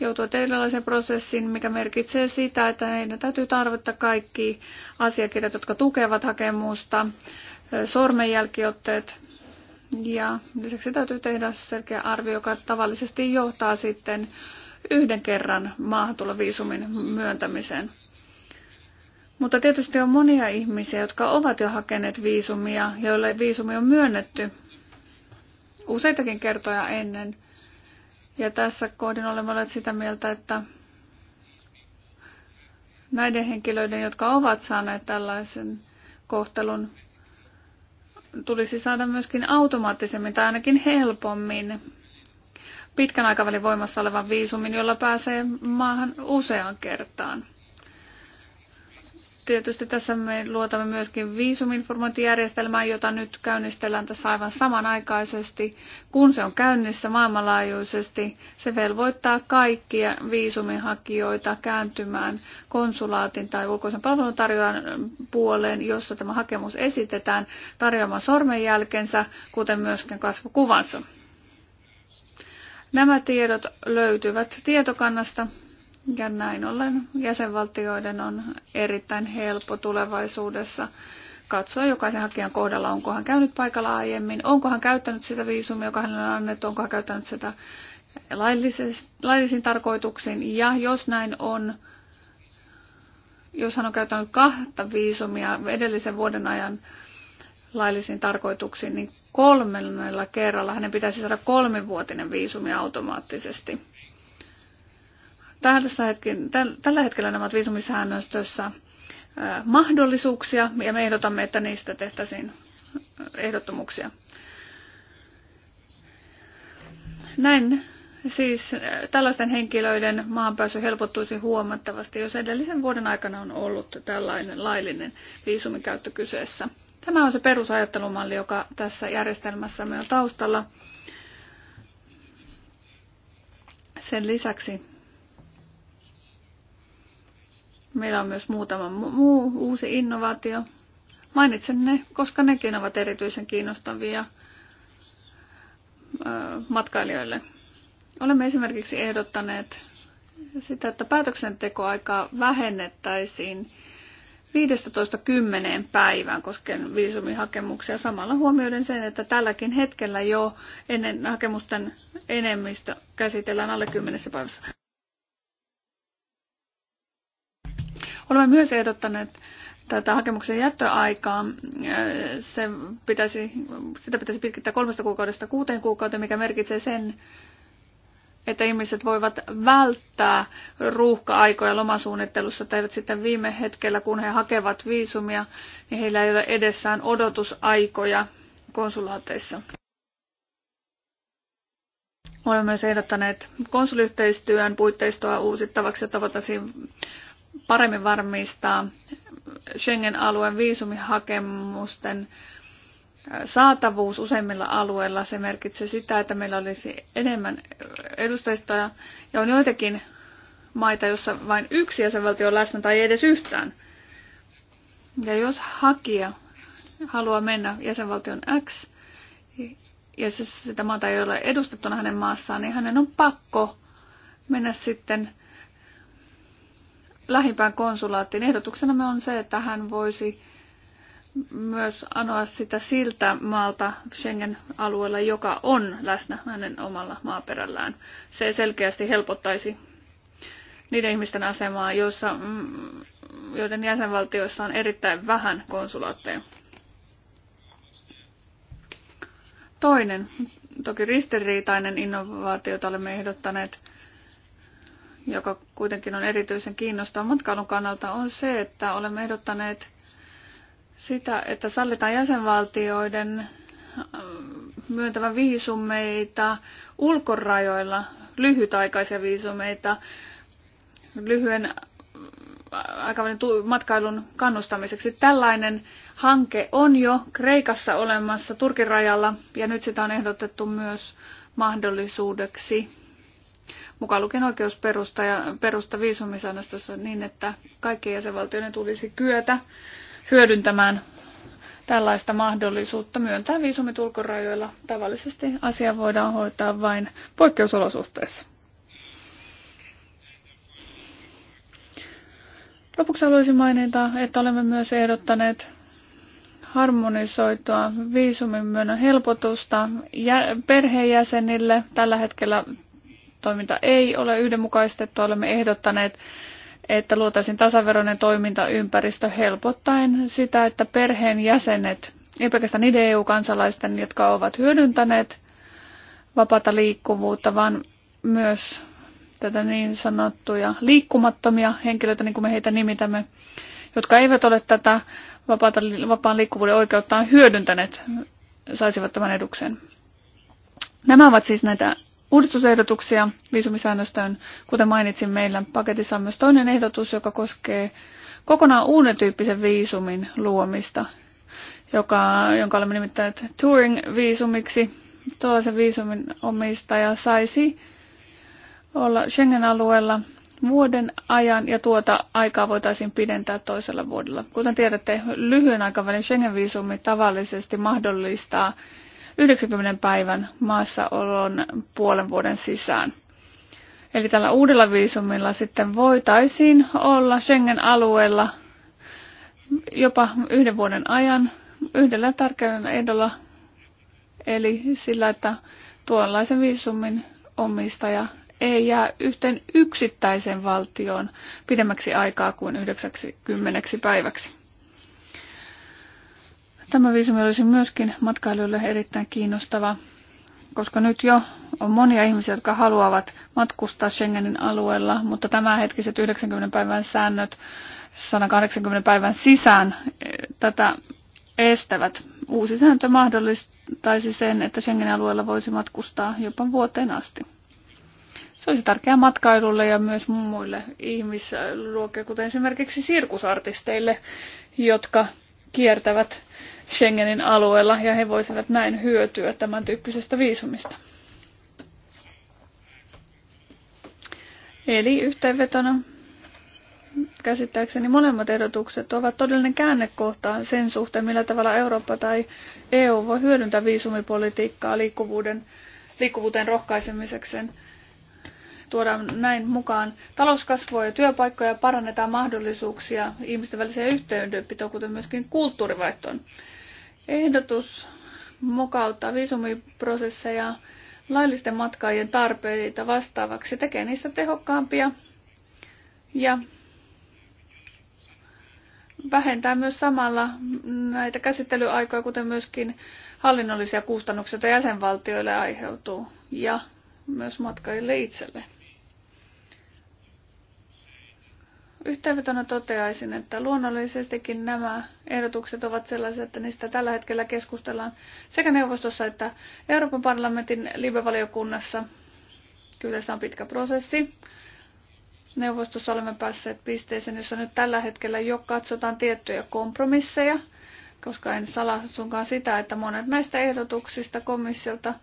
joutuvat erilaisen prosessin, mikä merkitsee sitä, että heidän täytyy tarvittaa kaikki asiakirjat, jotka tukevat hakemusta, sormenjälkiotteet ja lisäksi täytyy tehdä selkeä arvio, joka tavallisesti johtaa sitten yhden kerran maahantuloviisumin myöntämiseen. Mutta tietysti on monia ihmisiä, jotka ovat jo hakeneet viisumia, joille viisumi on myönnetty, useitakin kertoja ennen. Ja tässä kohdin olemme olleet sitä mieltä, että näiden henkilöiden, jotka ovat saaneet tällaisen kohtelun, tulisi saada myöskin automaattisemmin tai ainakin helpommin pitkän aikavälin voimassa olevan viisumin, jolla pääsee maahan useaan kertaan. Tietysti tässä me luotamme myöskin viisuminformointijärjestelmään, jota nyt käynnistellään tässä aivan samanaikaisesti. Kun se on käynnissä maailmanlaajuisesti, se velvoittaa kaikkia viisuminhakijoita kääntymään konsulaatin tai ulkoisen palveluntarjoajan puoleen, jossa tämä hakemus esitetään tarjoamaan sormenjälkensä, kuten myöskin kasvokuvansa. Nämä tiedot löytyvät tietokannasta, ja näin ollen jäsenvaltioiden on erittäin helppo tulevaisuudessa katsoa jokaisen hakijan kohdalla, onko hän käynyt paikalla aiemmin, onko hän käyttänyt sitä viisumia, joka hänelle on annettu, onko hän käyttänyt sitä laillisiin tarkoituksiin. Ja jos näin on, jos hän on käyttänyt kahta viisumia edellisen vuoden ajan laillisiin tarkoituksiin, niin kolmella kerralla hänen pitäisi saada kolmivuotinen viisumi automaattisesti. Tässä hetken, täl, tällä hetkellä nämä ovat viisumisäännöstössä äh, mahdollisuuksia ja me ehdotamme, että niistä tehtäisiin äh, ehdottomuuksia. Näin siis äh, tällaisten henkilöiden maanpääsy helpottuisi huomattavasti, jos edellisen vuoden aikana on ollut tällainen laillinen viisumikäyttö kyseessä. Tämä on se perusajattelumalli, joka tässä järjestelmässä meillä taustalla. Sen lisäksi Meillä on myös muutama muu uusi innovaatio. Mainitsen ne, koska nekin ovat erityisen kiinnostavia matkailijoille. Olemme esimerkiksi ehdottaneet sitä, että päätöksentekoaikaa vähennettäisiin 15-10 päivään koskien viisumihakemuksia samalla huomioiden sen, että tälläkin hetkellä jo ennen hakemusten enemmistö käsitellään alle 10 päivässä. Olemme myös ehdottaneet tätä hakemuksen jättöaikaa. Äh, se pitäisi, sitä pitäisi pitkittää kolmesta kuukaudesta kuuteen kuukauteen, mikä merkitsee sen, että ihmiset voivat välttää ruuhka-aikoja lomasuunnittelussa, tai eivät sitten viime hetkellä, kun he hakevat viisumia, niin heillä ei ole edessään odotusaikoja konsulaateissa. Olemme myös ehdottaneet konsuliyhteistyön puitteistoa uusittavaksi, jotta voitaisiin paremmin varmistaa Schengen-alueen viisumihakemusten saatavuus useimmilla alueilla. Se merkitsee sitä, että meillä olisi enemmän edustajistoja ja on joitakin maita, jossa vain yksi jäsenvaltio on läsnä tai ei edes yhtään. Ja jos hakija haluaa mennä jäsenvaltion X ja se, sitä maata ei ole edustettuna hänen maassaan, niin hänen on pakko mennä sitten lähimpään konsulaattiin. me on se, että hän voisi myös anoa sitä siltä maalta Schengen-alueella, joka on läsnä hänen omalla maaperällään. Se selkeästi helpottaisi niiden ihmisten asemaa, joissa, mm, joiden jäsenvaltioissa on erittäin vähän konsulaatteja. Toinen, toki ristiriitainen innovaatio, jota olemme ehdottaneet, joka kuitenkin on erityisen kiinnostava matkailun kannalta, on se, että olemme ehdottaneet sitä, että sallitaan jäsenvaltioiden äh, myöntävän viisumeita ulkorajoilla, lyhytaikaisia viisumeita, lyhyen äh, aikavälin matkailun kannustamiseksi. Tällainen hanke on jo Kreikassa olemassa Turkin rajalla ja nyt sitä on ehdotettu myös mahdollisuudeksi mukaan lukien oikeusperusta ja perusta viisumisäännöstössä niin, että kaikkien jäsenvaltioiden tulisi kyetä hyödyntämään tällaista mahdollisuutta myöntää viisumit ulkorajoilla. Tavallisesti asia voidaan hoitaa vain poikkeusolosuhteissa. Lopuksi haluaisin mainita, että olemme myös ehdottaneet harmonisoitua viisumin myönnön helpotusta perheenjäsenille. Tällä hetkellä toiminta ei ole yhdenmukaistettua. Olemme ehdottaneet, että luotaisiin tasaveroinen toimintaympäristö helpottaen sitä, että perheen jäsenet, ei pelkästään niiden EU-kansalaisten, jotka ovat hyödyntäneet vapaata liikkuvuutta, vaan myös tätä niin sanottuja liikkumattomia henkilöitä, niin kuin me heitä nimitämme, jotka eivät ole tätä vapaata, vapaan liikkuvuuden oikeuttaan hyödyntäneet, saisivat tämän edukseen. Nämä ovat siis näitä uudistusehdotuksia viisumisäännöstöön. Kuten mainitsin, meillä paketissa on myös toinen ehdotus, joka koskee kokonaan uuden tyyppisen viisumin luomista, joka, jonka olemme nimittäneet Touring-viisumiksi. Tuollaisen viisumin omistaja saisi olla Schengen-alueella vuoden ajan ja tuota aikaa voitaisiin pidentää toisella vuodella. Kuten tiedätte, lyhyen aikavälin Schengen-viisumi tavallisesti mahdollistaa 90 päivän maassaolon puolen vuoden sisään. Eli tällä uudella viisumilla sitten voitaisiin olla Schengen-alueella jopa yhden vuoden ajan yhdellä tärkeällä ehdolla, eli sillä, että tuollaisen viisumin omistaja ei jää yhteen yksittäiseen valtioon pidemmäksi aikaa kuin 90 päiväksi. Tämä viisumi olisi myöskin matkailijoille erittäin kiinnostava, koska nyt jo on monia ihmisiä, jotka haluavat matkustaa Schengenin alueella, mutta tämänhetkiset 90 päivän säännöt 180 päivän sisään eh, tätä estävät. Uusi sääntö mahdollistaisi sen, että Schengenin alueella voisi matkustaa jopa vuoteen asti. Se olisi tärkeää matkailulle ja myös muille ihmisluokille, kuten esimerkiksi sirkusartisteille, jotka kiertävät Schengenin alueella ja he voisivat näin hyötyä tämän tyyppisestä viisumista. Eli yhteenvetona käsittääkseni molemmat ehdotukset ovat todellinen käännekohta sen suhteen, millä tavalla Eurooppa tai EU voi hyödyntää viisumipolitiikkaa liikkuvuuden, liikkuvuuteen rohkaisemiseksi. Tuodaan näin mukaan talouskasvua ja työpaikkoja, parannetaan mahdollisuuksia ihmisten väliseen yhteydenpitoon, kuten myöskin kulttuurivaihtoon. Ehdotus mukauttaa visumiprosesseja laillisten matkaajien tarpeita vastaavaksi, tekee niistä tehokkaampia ja vähentää myös samalla näitä käsittelyaikoja, kuten myöskin hallinnollisia kustannuksia, joita jäsenvaltioille aiheutuu ja myös matkaajille itselleen. Yhteenvetona toteaisin, että luonnollisestikin nämä ehdotukset ovat sellaisia, että niistä tällä hetkellä keskustellaan sekä neuvostossa että Euroopan parlamentin libevaliokunnassa. Kyseessä on pitkä prosessi. Neuvostossa olemme päässeet pisteeseen, jossa nyt tällä hetkellä jo katsotaan tiettyjä kompromisseja, koska en salaa sunkaan sitä, että monet näistä ehdotuksista komissiolta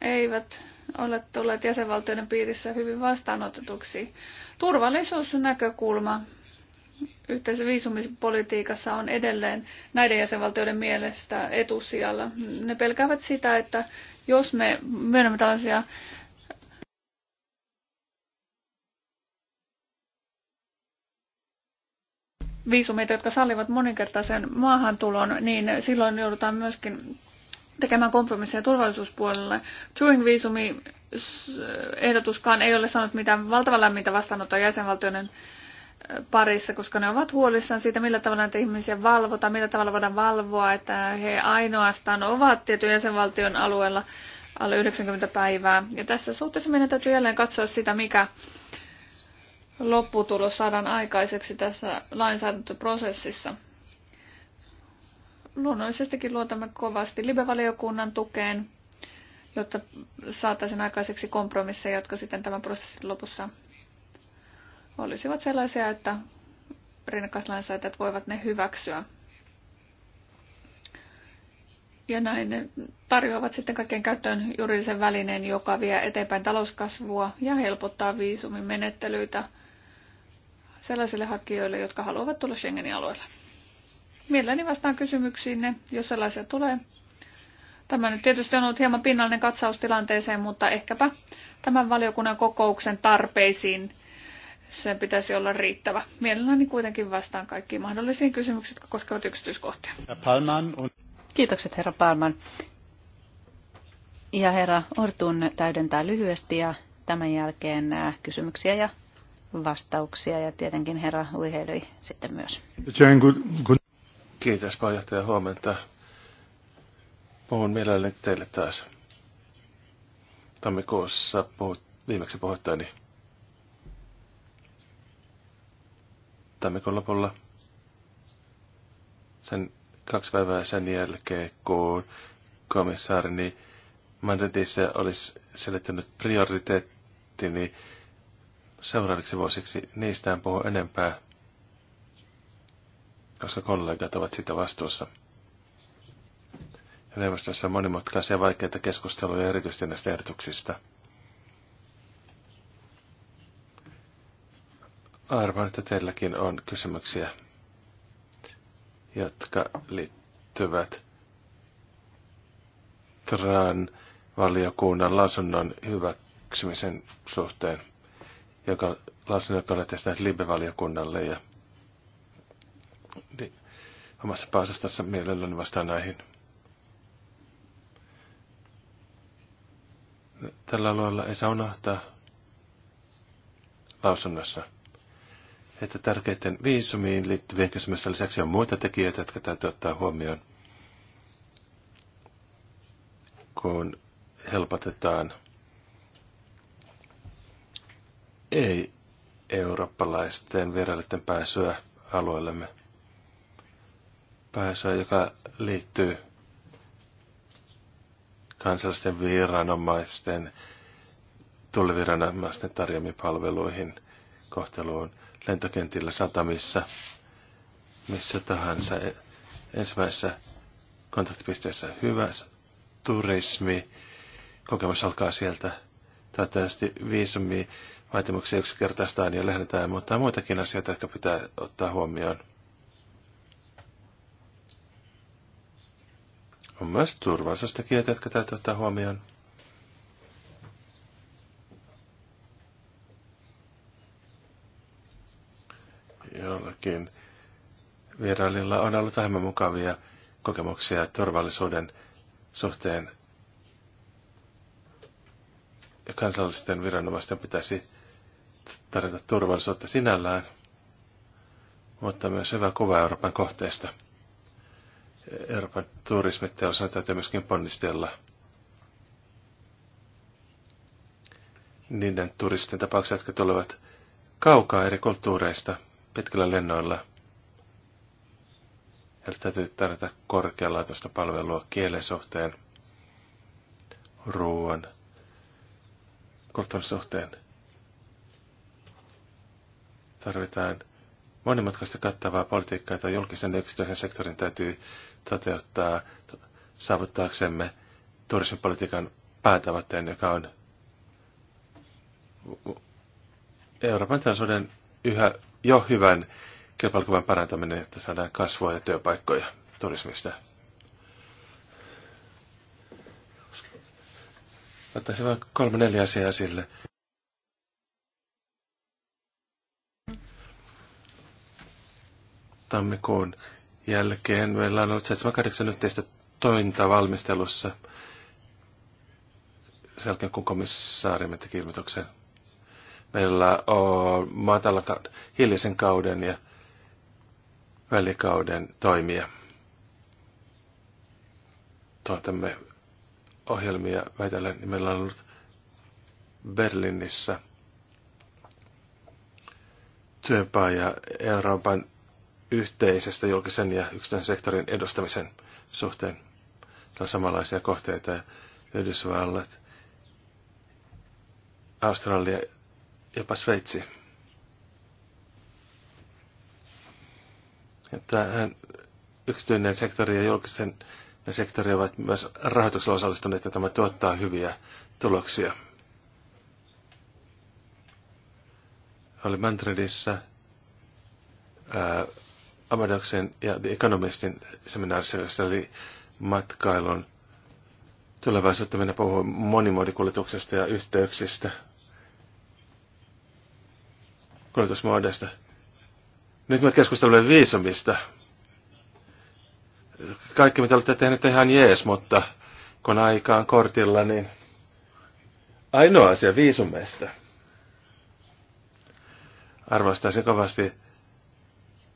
eivät olet tulleet jäsenvaltioiden piirissä hyvin vastaanotetuksi. Turvallisuusnäkökulma yhteisessä viisumipolitiikassa on edelleen näiden jäsenvaltioiden mielestä etusijalla. Ne pelkäävät sitä, että jos me myönnämme tällaisia viisumeita, jotka sallivat moninkertaisen maahantulon, niin silloin joudutaan myöskin tekemään kompromisseja turvallisuuspuolelle. Turing-viisumi ehdotuskaan ei ole saanut mitään valtavan lämmintä vastaanottoa jäsenvaltioiden parissa, koska ne ovat huolissaan siitä, millä tavalla näitä ihmisiä valvotaan, millä tavalla voidaan valvoa, että he ainoastaan ovat tietyn jäsenvaltion alueella alle 90 päivää. Ja tässä suhteessa meidän täytyy jälleen katsoa sitä, mikä lopputulos saadaan aikaiseksi tässä lainsäädäntöprosessissa luonnollisestikin luotamme kovasti libevaliokunnan tukeen, jotta saataisiin aikaiseksi kompromisseja, jotka sitten tämän prosessin lopussa olisivat sellaisia, että rinnakkaislainsäätäjät voivat ne hyväksyä. Ja näin ne tarjoavat sitten kaikkien käyttöön juridisen välineen, joka vie eteenpäin talouskasvua ja helpottaa viisumin menettelyitä sellaisille hakijoille, jotka haluavat tulla Schengenin alueelle. Mielelläni vastaan kysymyksiinne, jos sellaisia tulee. Tämä nyt tietysti on ollut hieman pinnallinen katsaus tilanteeseen, mutta ehkäpä tämän valiokunnan kokouksen tarpeisiin sen pitäisi olla riittävä. Mielelläni kuitenkin vastaan kaikkiin mahdollisiin kysymyksiin, jotka koskevat yksityiskohtia. Kiitokset herra Palman. Ja herra Ortun täydentää lyhyesti ja tämän jälkeen äh, kysymyksiä ja vastauksia ja tietenkin herra Uihelyi sitten myös. Kiitos ja huomenta. Puhun mielelläni teille taas. Tammikuussa puhut, viimeksi puhuttaani tammikuun lopulla. Sen kaksi päivää sen jälkeen, kun komissaarini Mandetissa olisi selittänyt prioriteettini seuraaviksi vuosiksi. Niistä en puhu enempää koska kollegat ovat sitä vastuussa. Ja neuvostossa on monimutkaisia vaikeita keskusteluja erityisesti näistä ehdotuksista. Arvoin, että teilläkin on kysymyksiä, jotka liittyvät Tran valiokunnan lausunnon hyväksymisen suhteen, joka lausunnon, joka olette tästä Libe-valiokunnalle ja niin. omassa paasastassa mielelläni vastaan näihin. Tällä alueella ei saa unohtaa lausunnossa, että tärkeiden viisumiin liittyvien kysymysten lisäksi on muita tekijöitä, jotka täytyy ottaa huomioon, kun helpotetaan ei-eurooppalaisten vierailijoiden pääsyä alueellemme pääsyä, joka liittyy kansallisten viranomaisten, tulliviranomaisten tarjoamiin palveluihin, kohteluun lentokentillä, satamissa, missä tahansa. Ensimmäisessä kontaktipisteessä hyvä turismi, kokemus alkaa sieltä. Toivottavasti viisumi vaatimuksia yksinkertaistaan ja lähdetään, mutta muitakin asioita, jotka pitää ottaa huomioon. On myös kieltä, jotka täytyy ottaa huomioon. Jollakin vierailijalla on ollut vähemmän mukavia kokemuksia turvallisuuden suhteen. Ja kansallisten viranomaisten pitäisi tarjota turvallisuutta sinällään, mutta myös hyvä kuva Euroopan kohteesta. Euroopan turismiteollisuuden täytyy myöskin ponnistella niiden turistien tapauksia, jotka tulevat kaukaa eri kulttuureista pitkillä lennoilla. Heille täytyy tarjota korkealaatuista palvelua kielen suhteen, ruoan, kulttuurin suhteen. Tarvitaan monimutkaista kattavaa politiikkaa, jota julkisen ja yksityisen sektorin täytyy toteuttaa saavuttaaksemme turismipolitiikan päätavoitteen, joka on Euroopan tasoiden yhä jo hyvän kilpailukyvyn parantaminen, että saadaan kasvua ja työpaikkoja turismista. Ottaisin vain kolme neljä asiaa sille. Tammikuun jälkeen meillä on ollut 78 yhteistä tointa valmistelussa sen jälkeen, kun komissaarimme teki ilmoituksen. Meillä on matala hiljaisen kauden ja välikauden toimia. Tuotamme ohjelmia väitellen. Niin meillä on ollut Berliinissä työpaja Euroopan yhteisestä julkisen ja yksityisen sektorin edustamisen suhteen. Tämä on samanlaisia kohteita Yhdysvallat, Australia, jopa Sveitsi. Tähän yksityinen sektori ja julkisen sektori ovat myös rahoituksella osallistuneet ja tämä tuottaa hyviä tuloksia. Oli Madridissa Amadaksen ja The Economistin seminaarissa, jossa oli matkailun tulevaisuutta. Minä puhuin monimuodikuljetuksesta ja yhteyksistä, kuljetusmuodoista. Nyt me keskustelemme viisumista. Kaikki mitä olette tehneet ihan jees, mutta kun aika on kortilla, niin ainoa asia viisumeista. Arvostaisin kovasti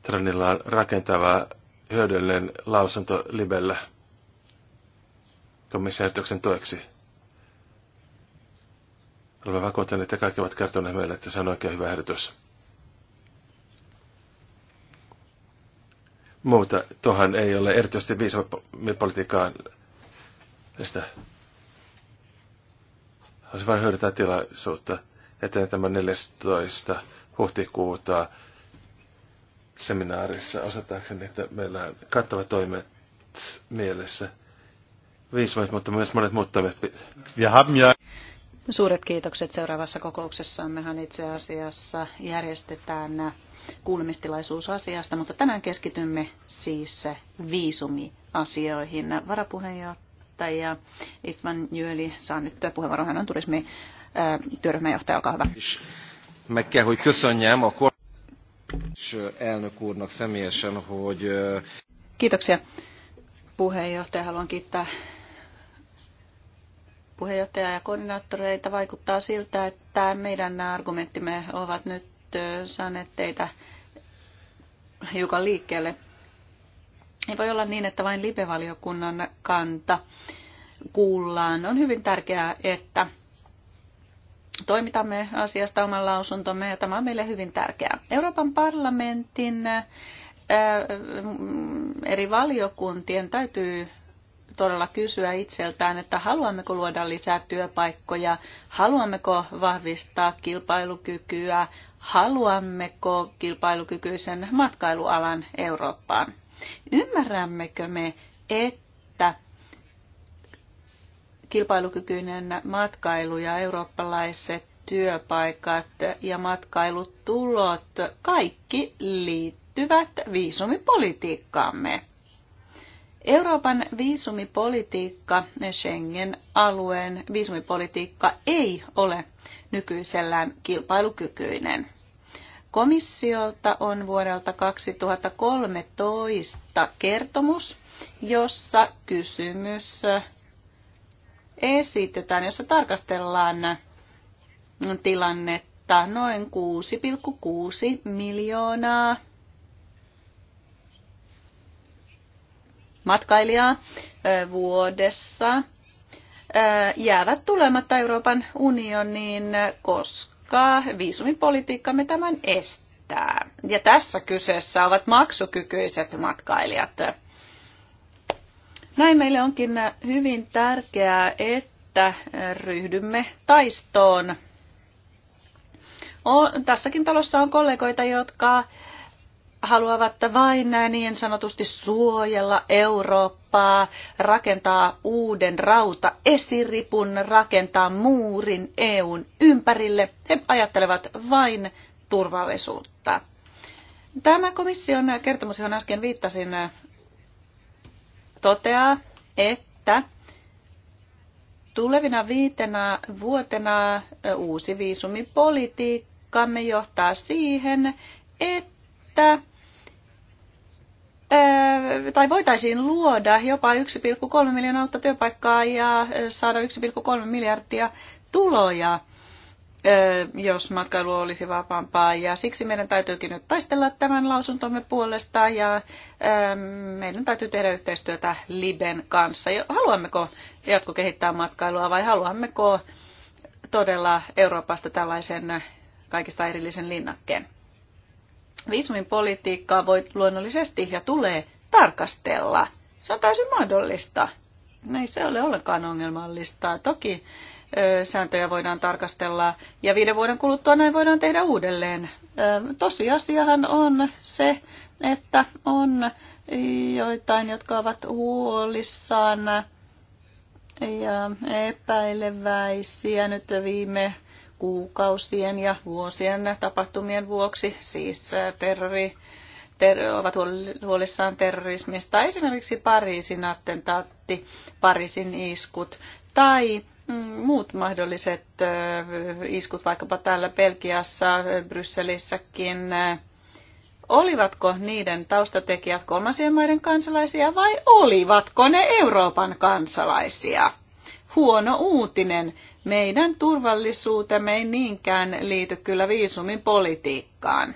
Tronilla on rakentava hyödyllinen lausunto Libellä komissaarituksen tueksi. Olemme vakuuttaneet, että kaikki ovat kertoneet meille, että se on oikein hyvä ehdotus. Muuta tuohan ei ole erityisesti viisamipolitiikkaan sitä. Olisi vain hyödyntää tilaisuutta eteen tämän 14. huhtikuuta seminaarissa osataakseni, että meillä on kattavat toimet mielessä. Viisi mutta myös monet muut toimet. Ja hamja. No, suuret kiitokset seuraavassa Mehän itse asiassa järjestetään kuulemistilaisuus asiasta, mutta tänään keskitymme siis viisumiasioihin. Varapuheenjohtaja Istvan Jöli saa nyt puheenvuoron, hän on turismi työryhmän olkaa hyvä. Meg kell, hogy Elnök úrnak személyesen, hogy... Kiitoksia puheenjohtaja. Haluan kiittää puheenjohtajaa ja koordinaattoreita. Vaikuttaa siltä, että meidän argumenttimme ovat nyt saaneet teitä hiukan liikkeelle. Ei voi olla niin, että vain lipevaliokunnan kanta kuullaan. On hyvin tärkeää, että toimitamme asiasta oman lausuntomme ja tämä on meille hyvin tärkeää. Euroopan parlamentin äh, eri valiokuntien täytyy todella kysyä itseltään, että haluammeko luoda lisää työpaikkoja, haluammeko vahvistaa kilpailukykyä, haluammeko kilpailukykyisen matkailualan Eurooppaan. Ymmärrämmekö me, että kilpailukykyinen matkailu ja eurooppalaiset työpaikat ja matkailutulot kaikki liittyvät viisumipolitiikkaamme. Euroopan viisumipolitiikka, Schengen-alueen viisumipolitiikka ei ole nykyisellään kilpailukykyinen. Komissiolta on vuodelta 2013 kertomus, jossa kysymys esitetään, jossa tarkastellaan tilannetta noin 6,6 miljoonaa matkailijaa vuodessa jäävät tulematta Euroopan unioniin, koska viisumipolitiikkamme tämän estää. Ja tässä kyseessä ovat maksukykyiset matkailijat. Näin meille onkin hyvin tärkeää, että ryhdymme taistoon. O, tässäkin talossa on kollegoita, jotka haluavat vain niin sanotusti suojella Eurooppaa, rakentaa uuden rauta esiripun, rakentaa muurin EUn ympärille. He ajattelevat vain turvallisuutta. Tämä komission kertomus, johon äsken viittasin, toteaa, että tulevina viitenä vuotena uusi viisumipolitiikkamme johtaa siihen, että tai voitaisiin luoda jopa 1,3 miljoonaa uutta työpaikkaa ja saada 1,3 miljardia tuloja jos matkailu olisi vapaampaa. Ja siksi meidän täytyykin nyt taistella tämän lausuntomme puolesta ja meidän täytyy tehdä yhteistyötä Liben kanssa. Haluammeko jatkokehittää matkailua vai haluammeko todella Euroopasta tällaisen kaikista erillisen linnakkeen? Viisumin politiikkaa voi luonnollisesti ja tulee tarkastella. Se on täysin mahdollista. Ei se ole ollenkaan ongelmallista. Toki sääntöjä voidaan tarkastella ja viiden vuoden kuluttua näin voidaan tehdä uudelleen. Tosiasiahan on se, että on joitain, jotka ovat huolissaan ja epäileväisiä nyt viime kuukausien ja vuosien tapahtumien vuoksi, siis terrori, ter, ovat huolissaan terrorismista, esimerkiksi Pariisin attentaatti, Pariisin iskut tai Mm, muut mahdolliset iskut vaikkapa täällä Belgiassa, Brysselissäkin, olivatko niiden taustatekijät kolmansien maiden kansalaisia vai olivatko ne Euroopan kansalaisia? Huono uutinen. Meidän turvallisuutemme ei niinkään liity kyllä viisumin politiikkaan.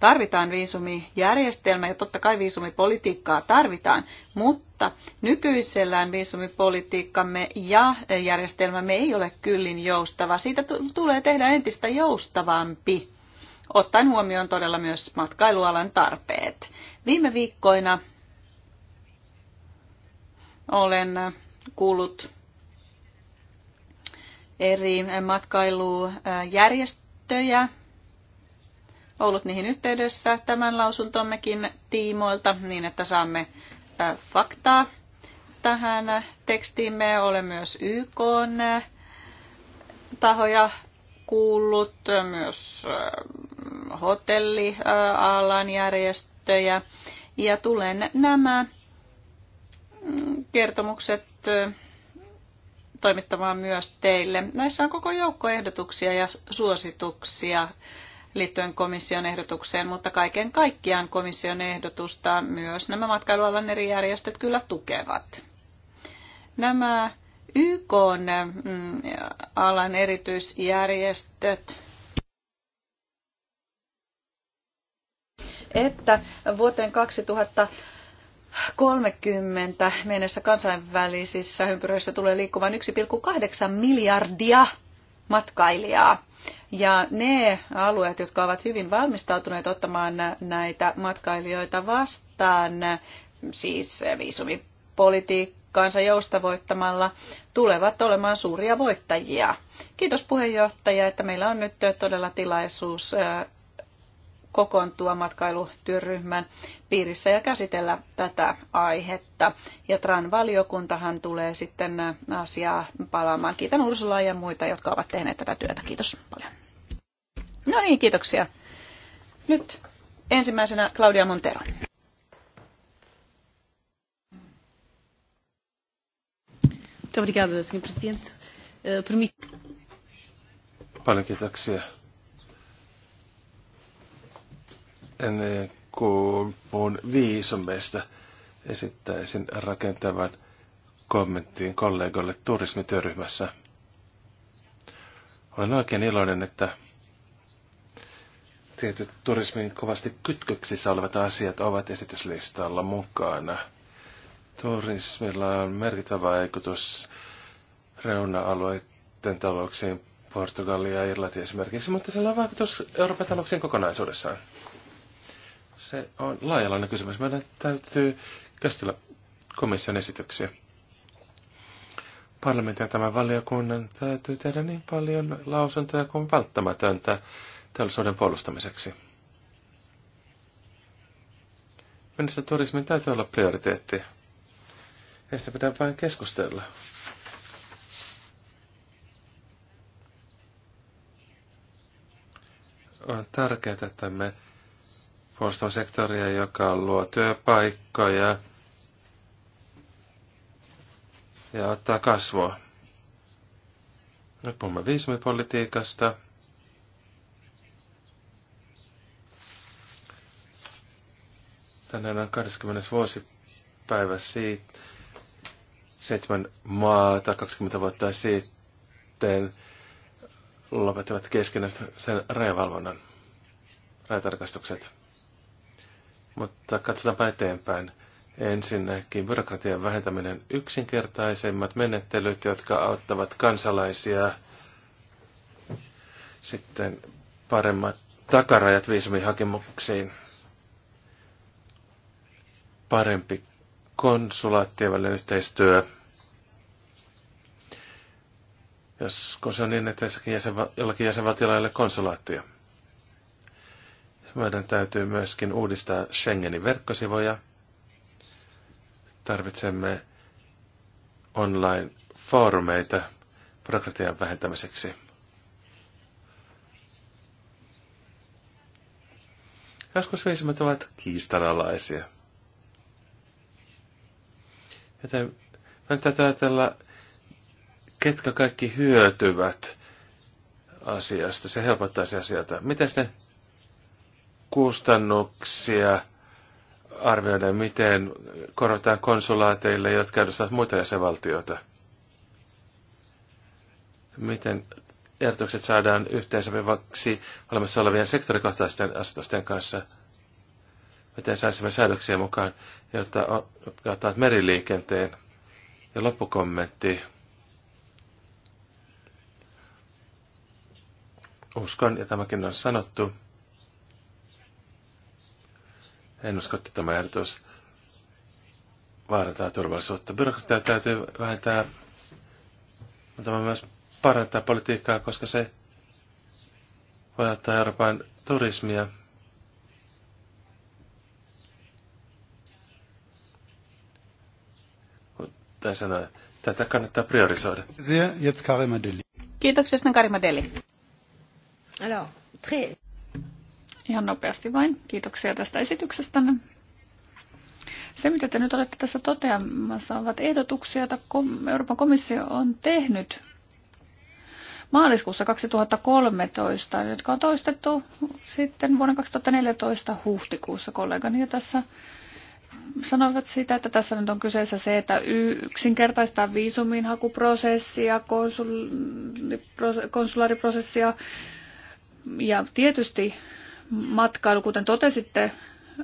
Tarvitaan viisumijärjestelmä ja totta kai viisumipolitiikkaa tarvitaan, mutta nykyisellään viisumipolitiikkamme ja järjestelmämme ei ole kyllin joustava. Siitä tulee tehdä entistä joustavampi, ottaen huomioon todella myös matkailualan tarpeet. Viime viikkoina olen kuullut eri matkailujärjestöjä ollut niihin yhteydessä tämän lausuntommekin tiimoilta niin, että saamme faktaa tähän tekstiimme. Olen myös YK tahoja kuullut, myös hotellialan järjestöjä. Ja tulen nämä kertomukset toimittamaan myös teille. Näissä on koko joukko ehdotuksia ja suosituksia liittyen komission ehdotukseen, mutta kaiken kaikkiaan komission ehdotusta myös nämä matkailualan eri järjestöt kyllä tukevat. Nämä YK mm, alan erityisjärjestöt että vuoteen 2000 30 mennessä kansainvälisissä ympyröissä tulee liikkumaan 1,8 miljardia matkailijaa. Ja ne alueet, jotka ovat hyvin valmistautuneet ottamaan näitä matkailijoita vastaan, siis viisumipolitiikkaansa joustavoittamalla, tulevat olemaan suuria voittajia. Kiitos puheenjohtaja, että meillä on nyt todella tilaisuus kokoontua matkailutyöryhmän piirissä ja käsitellä tätä aihetta. Ja TRAN-valiokuntahan tulee sitten asiaa palaamaan. Kiitän Ursulaa ja muita, jotka ovat tehneet tätä työtä. Kiitos paljon. No niin, kiitoksia. Nyt ensimmäisenä Claudia Montero. Eh, paljon kiitoksia. ennen kuin mun viisumeista esittäisin rakentavan kommenttiin kollegoille turismityöryhmässä. Olen oikein iloinen, että tietyt turismin kovasti kytköksissä olevat asiat ovat esityslistalla mukana. Turismilla on merkittävä vaikutus reuna-alueiden talouksiin, Portugalia ja Irlanti esimerkiksi, mutta sillä on vaikutus Euroopan talouksiin kokonaisuudessaan. Se on laajalainen kysymys. Meidän täytyy käsitellä komission esityksiä. Parlamentin ja tämän valiokunnan täytyy tehdä niin paljon lausuntoja kuin välttämätöntä teollisuuden puolustamiseksi. Minusta turismin täytyy olla prioriteetti. Ja pitää vain keskustella. On tärkeää, että me puolustava sektoria, joka luo työpaikkoja ja ottaa kasvua. Nyt puhumme viisumipolitiikasta. Tänään on 20. vuosipäivä siitä, seitsemän maata 20 vuotta sitten lopettivat keskenään sen rajavalvonnan rajatarkastukset. Mutta katsotaanpa eteenpäin. Ensinnäkin byrokratian vähentäminen yksinkertaisemmat menettelyt, jotka auttavat kansalaisia. Sitten paremmat takarajat viisumihakemuksiin. Parempi konsulaattien välinen yhteistyö. Jos kun se on niin, että jäsenva, jollakin jäsenvaltiolla ei ole konsulaattia. Meidän täytyy myöskin uudistaa Schengenin verkkosivuja. Tarvitsemme online-foorumeita byrokratian vähentämiseksi. Joskus viisimmät ovat kiistanalaisia. Joten meidän täytyy ajatella, ketkä kaikki hyötyvät asiasta. Se helpottaisi asiaa. Miten ne kustannuksia arvioida, miten korotetaan konsulaateille, jotka edustavat muita jäsenvaltioita? Miten ehdotukset saadaan yhteensopivaksi olemassa olevien sektorikohtaisten asetusten kanssa? Miten saisimme säädöksiä mukaan, jotta, jotka ottavat meriliikenteen? Ja loppukommentti. Uskon, ja tämäkin on sanottu, en usko, että tämä ehdotus vaarantaa turvallisuutta. Byrokratia täytyy vähentää, mutta tämä myös parantaa politiikkaa, koska se voi ottaa Euroopan turismia. Kuten sanoin, tätä kannattaa priorisoida. Kiitoksia, Karima Deli. Alors, très... Ihan nopeasti vain. Kiitoksia tästä esityksestänne. Se, mitä te nyt olette tässä toteamassa, ovat ehdotuksia, joita Euroopan komissio on tehnyt maaliskuussa 2013, jotka on toistettu sitten vuonna 2014 huhtikuussa kollegani jo tässä sanoivat sitä, että tässä nyt on kyseessä se, että yksinkertaistaa viisumin hakuprosessia, konsul, konsulaariprosessia ja tietysti matkailu, kuten totesitte,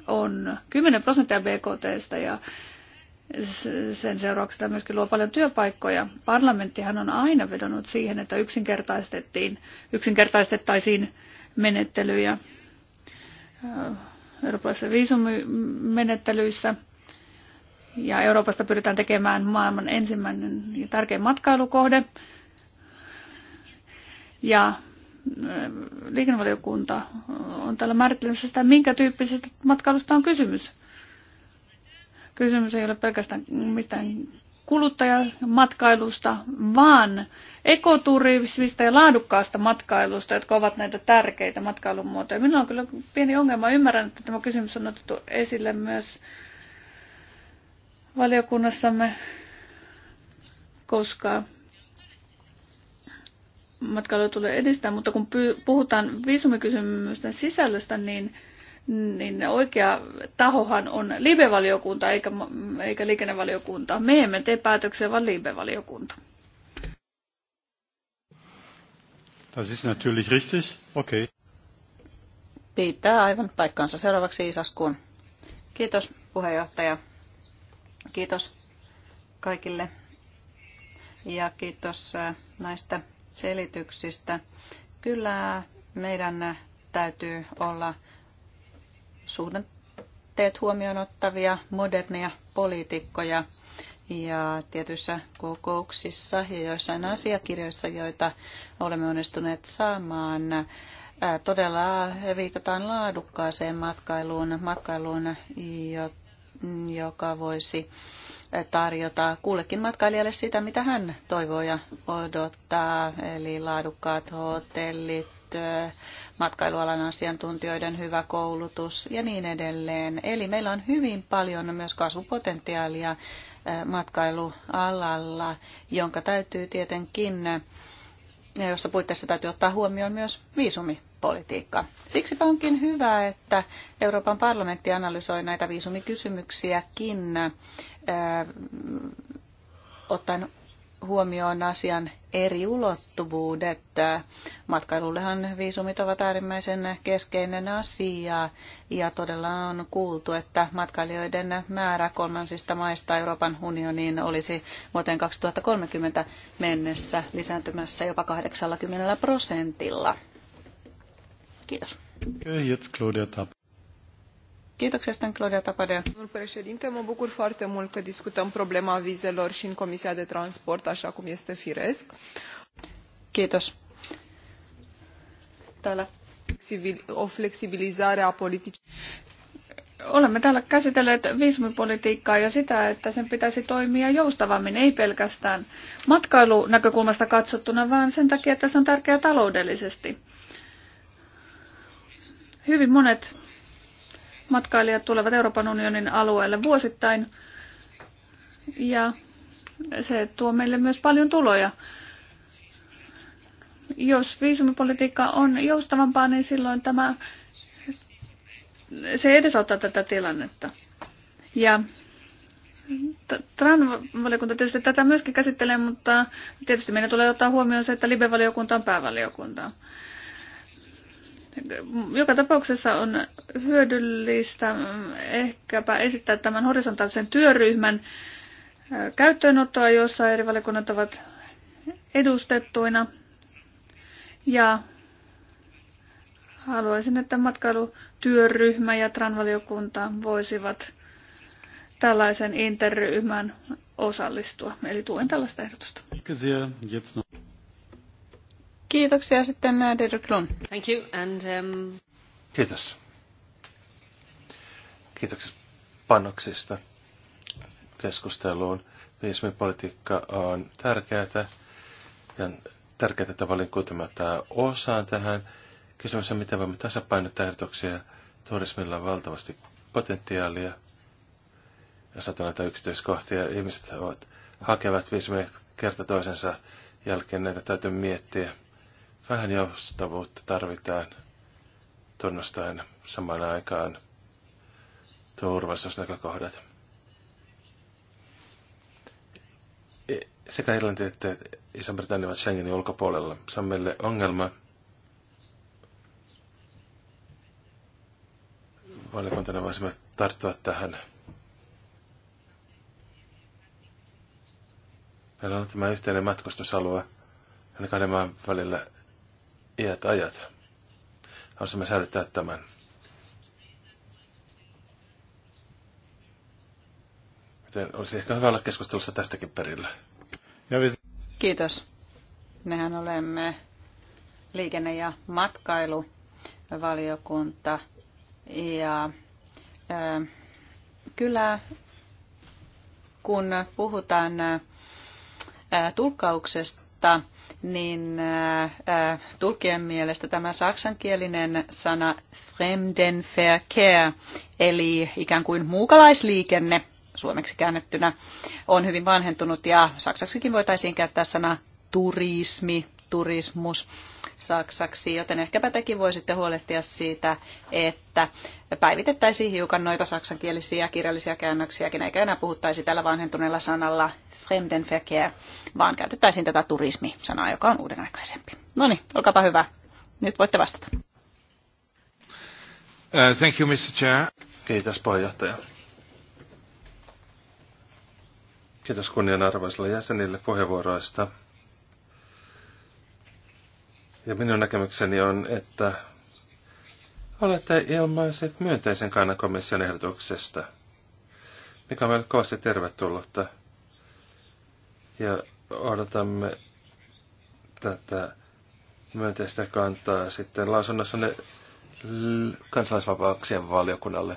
on 10 prosenttia BKTstä ja sen seurauksena myöskin luo paljon työpaikkoja. Parlamenttihan on aina vedonnut siihen, että yksinkertaistettiin, yksinkertaistettaisiin menettelyjä eurooppalaisissa viisumimenettelyissä. Ja Euroopasta pyritään tekemään maailman ensimmäinen ja tärkein matkailukohde. Ja liikennevaliokunta on täällä määrittelemässä sitä, minkä tyyppisestä matkailusta on kysymys. Kysymys ei ole pelkästään mitään kuluttajamatkailusta, vaan ekoturismista ja laadukkaasta matkailusta, jotka ovat näitä tärkeitä matkailun muotoja. Minulla on kyllä pieni ongelma. Ymmärrän, että tämä kysymys on otettu esille myös valiokunnassamme, koska matkailua tulee edistää, mutta kun puhutaan viisumikysymysten sisällöstä, niin, niin oikea tahohan on libevaliokunta eikä, eikä liikennevaliokunta. Me emme tee päätöksiä, vaan libevaliokunta. Das ist natürlich richtig. Okay. Pitää aivan paikkaansa. Seuraavaksi Isaskuun. Kiitos puheenjohtaja. Kiitos kaikille ja kiitos äh, näistä selityksistä. Kyllä meidän täytyy olla suhdanteet huomioon ottavia, moderneja poliitikkoja ja tietyissä kokouksissa ja joissain asiakirjoissa, joita olemme onnistuneet saamaan, todella viitataan laadukkaaseen matkailuun, matkailuun, joka voisi tarjota kullekin matkailijalle sitä, mitä hän toivoo ja odottaa, eli laadukkaat hotellit, matkailualan asiantuntijoiden hyvä koulutus ja niin edelleen. Eli meillä on hyvin paljon myös kasvupotentiaalia eh, matkailualalla, jonka täytyy tietenkin, eh, jossa puitteissa täytyy ottaa huomioon myös viisumi politiikka. Siksi onkin hyvä, että Euroopan parlamentti analysoi näitä viisumikysymyksiäkin äh, ottaen huomioon asian eri ulottuvuudet. Matkailullehan viisumit ovat äärimmäisen keskeinen asia ja todella on kuultu, että matkailijoiden määrä kolmansista maista Euroopan unioniin olisi vuoteen 2030 mennessä lisääntymässä jopa 80 prosentilla. Kiitos. Kiitos Claudia Tap. Kiitoksia, Stan Claudia Tapadea. Domnul președinte, mă bucur foarte mult că discutăm problema vizelor și în Comisia de Transport, așa cum este firesc. Kiitos. Täällä o fleksibilizare a politicii. Olemme täällä käsitelleet viisumipolitiikkaa ja sitä, että sen pitäisi toimia joustavammin, ei pelkästään matkailunäkökulmasta katsottuna, vaan sen takia, että se on tärkeää taloudellisesti. Hyvin monet matkailijat tulevat Euroopan unionin alueelle vuosittain ja se tuo meille myös paljon tuloja. Jos viisumipolitiikka on joustavampaa, niin silloin tämä, se edesauttaa tätä tilannetta. Ja TRAN-valiokunta tietysti tätä myöskin käsittelee, mutta tietysti meidän tulee ottaa huomioon se, että LIBE-valiokunta on päävaliokunta joka tapauksessa on hyödyllistä ehkäpä esittää tämän horisontaalisen työryhmän käyttöönottoa, jossa eri valiokunnat ovat edustettuina. Ja haluaisin, että matkailutyöryhmä ja TRAN-valiokunta voisivat tällaisen interryhmän osallistua. Eli tuen tällaista ehdotusta. Kiitoksia sitten Derek Lund. Thank you and, um... Kiitos. Kiitoksia panoksista keskusteluun. Viismipolitiikka on tärkeää ja tärkeää, että valinkuutamme ottaa osaan tähän. Kysymys on, miten voimme tasapainottaa ehdotuksia. Turismilla on valtavasti potentiaalia. Ja satana näitä yksityiskohtia. Ihmiset ovat, hakevat viisumia kerta toisensa jälkeen. Näitä täytyy miettiä. Vähän joustavuutta tarvitaan tunnustaen samaan aikaan turvallisuusnäkökohdat. Sekä Irlanti että Iso-Britannia ovat Schengenin ulkopuolella. Se on meille ongelma. Valiokuntana voisimme tarttua tähän. Meillä on tämä yhteinen matkustusalue, ainakaan maan välillä iät ajat. Haluaisimme säilyttää tämän. Joten olisi ehkä hyvä olla keskustelussa tästäkin perillä. Kiitos. Mehän olemme liikenne- ja matkailuvaliokunta. Ja ää, kyllä kun puhutaan ää, tulkkauksesta, niin äh, äh, tulkien mielestä tämä saksankielinen sana Fremdenverkehr, eli ikään kuin muukalaisliikenne, suomeksi käännettynä, on hyvin vanhentunut ja saksaksikin voitaisiin käyttää sana turismi, turismus saksaksi, joten ehkäpä tekin voisitte huolehtia siitä, että päivitettäisiin hiukan noita saksankielisiä kirjallisia käännöksiäkin, eikä enää puhuttaisi tällä vanhentuneella sanalla fremdenverkeä, vaan käytettäisiin tätä turismi-sanaa, joka on uudenaikaisempi. No niin, olkaapa hyvä. Nyt voitte vastata. Uh, thank you, Mr. Chair. Kiitos, puheenjohtaja. Kiitos kunnianarvoisille jäsenille puheenvuoroista. Ja minun näkemykseni on, että olette ilmaiset myönteisen kannan komission ehdotuksesta, mikä on meille kovasti tervetullutta. Ja odotamme tätä myönteistä kantaa sitten lausunnossanne kansalaisvapauksien valiokunnalle.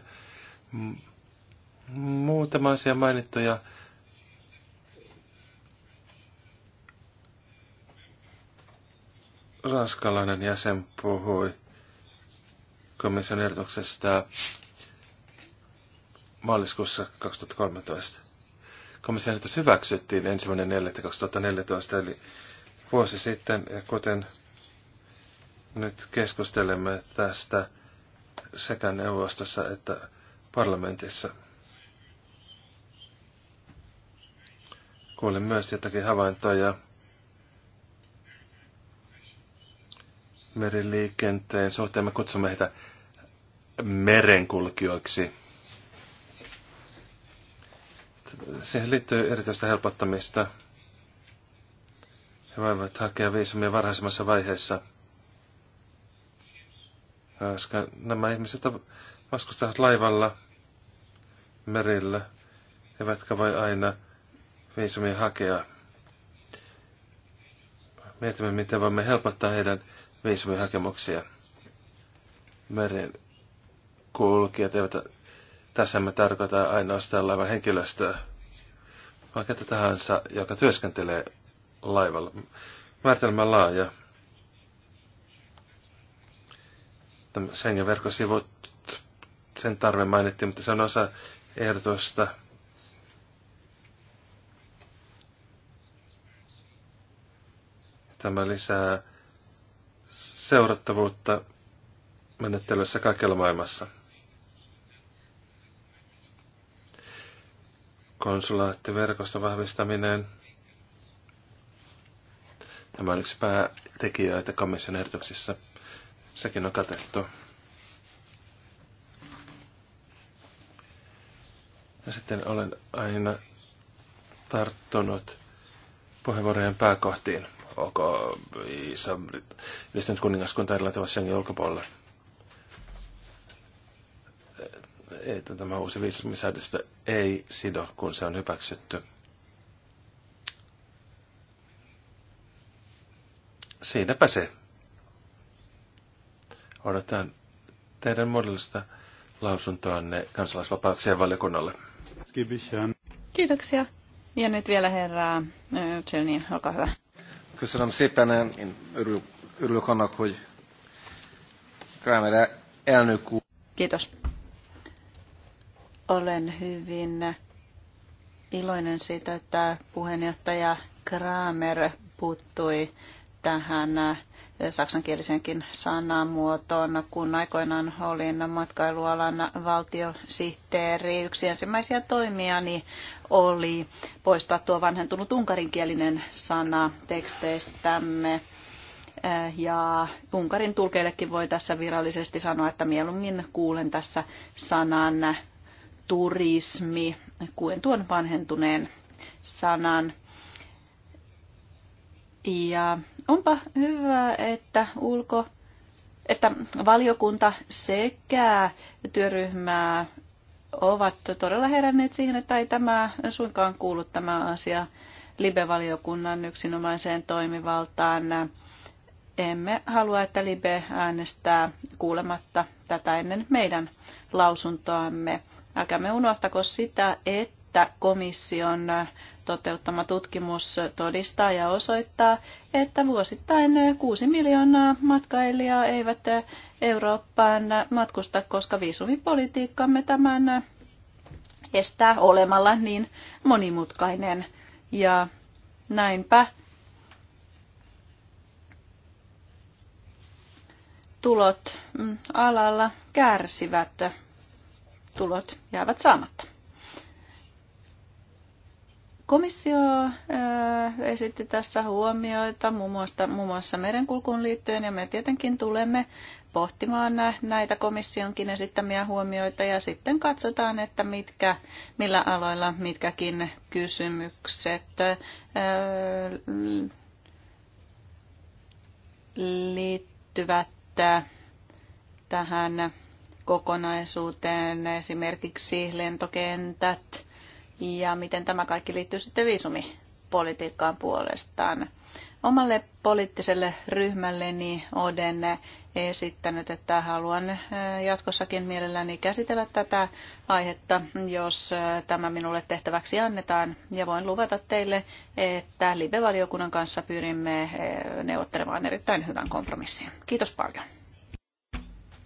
Muutama asia mainittu ja ranskalainen jäsen puhui komission ehdotuksesta maaliskuussa 2013. Komission ehdotus hyväksyttiin ensimmäinen 4.2014, eli vuosi sitten, ja kuten nyt keskustelemme tästä sekä neuvostossa että parlamentissa. Kuulin myös jotakin havaintoja meriliikenteen suhteen. Me kutsumme heitä merenkulkijoiksi. Siihen liittyy erityistä helpottamista. He voivat hakea viisumia varhaisemmassa vaiheessa, koska nämä ihmiset vastustavat laivalla, merillä, eivätkä voi aina viisumia hakea. Mietimme, miten voimme helpottaa heidän viisumihakemuksia. Meren kulkijat eivät, tässä me tarkoita ainoastaan laivan henkilöstöä, vaan ketä tahansa, joka työskentelee laivalla. Määritelmä laaja. Sengenverkosivut, sen tarve mainittiin, mutta se on osa ehdotusta. Tämä lisää seurattavuutta menettelyssä kaikilla maailmassa. Konsulaattiverkoston vahvistaminen. Tämä on yksi päätekijöitä komission ehdotuksissa. Sekin on katettu. Ja sitten olen aina tarttunut puheenvuorojen pääkohtiin onko iso kuningaskunta eri tavalla Schengen ulkopuolella. Että tämä uusi viisumisäädöstä ei sido, kun se on hyväksytty. Siinäpä se. Odotetaan teidän muodollista lausuntoanne kansalaisvapauksien valiokunnalle. Kiitoksia. Ja nyt vielä herra Tselni, olkaa hyvä. Köszönöm szépen. Én örülök, örülök annak, hogy Kramer elnök úr. Kiitos. Olen hyvin iloinen siitä, että puheenjohtaja Kramer puuttui tähän äh, saksankielisenkin sanamuotoon, kun aikoinaan olin matkailualan valtiosihteeri. Yksi ensimmäisiä toimiani oli poistaa tuo vanhentunut unkarinkielinen sana teksteistämme. Äh, ja Unkarin tulkeillekin voi tässä virallisesti sanoa, että mieluummin kuulen tässä sanan turismi kuin tuon vanhentuneen sanan. Ja Onpa hyvä, että ulko että valiokunta sekä työryhmää ovat todella heränneet siihen, että ei tämä suinkaan kuulu tämä asia Libe-valiokunnan yksinomaiseen toimivaltaan. Emme halua, että Libe äänestää kuulematta tätä ennen meidän lausuntoamme. Älkäämme unohtako sitä, että komission toteuttama tutkimus todistaa ja osoittaa, että vuosittain 6 miljoonaa matkailijaa eivät Eurooppaan matkusta, koska viisumipolitiikkamme tämän estää olemalla niin monimutkainen. Ja näinpä tulot mm, alalla kärsivät, tulot jäävät saamatta. Komissio äh, esitti tässä huomioita muun muassa, muun muassa merenkulkuun liittyen ja me tietenkin tulemme pohtimaan näitä komissionkin esittämiä huomioita ja sitten katsotaan, että mitkä, millä aloilla mitkäkin kysymykset äh, liittyvät tähän kokonaisuuteen, esimerkiksi lentokentät, ja miten tämä kaikki liittyy sitten viisumipolitiikkaan puolestaan. Omalle poliittiselle ryhmälleni olen esittänyt, että haluan eh, jatkossakin mielelläni käsitellä tätä aihetta, jos eh, tämä minulle tehtäväksi annetaan. Ja voin luvata teille, että live-valiokunnan kanssa pyrimme eh, neuvottelemaan erittäin hyvän kompromissin. Kiitos paljon.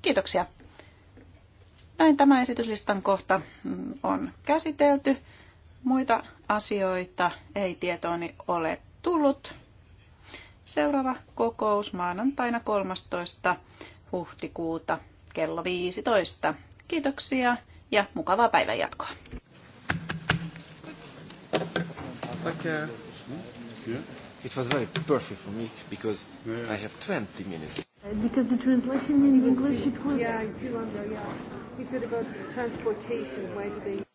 Kiitoksia. Näin tämä esityslistan kohta mm, on käsitelty. Muita asioita ei tietooni ole tullut. Seuraava kokous maanantaina 13. huhtikuuta kello 15. Kiitoksia ja mukavaa päivän jatkoa. It was very perfect for me because yeah. I have 20 minutes. Because the translation in English, it was. Yeah, it's too long, yeah. He said about transportation. Why do they?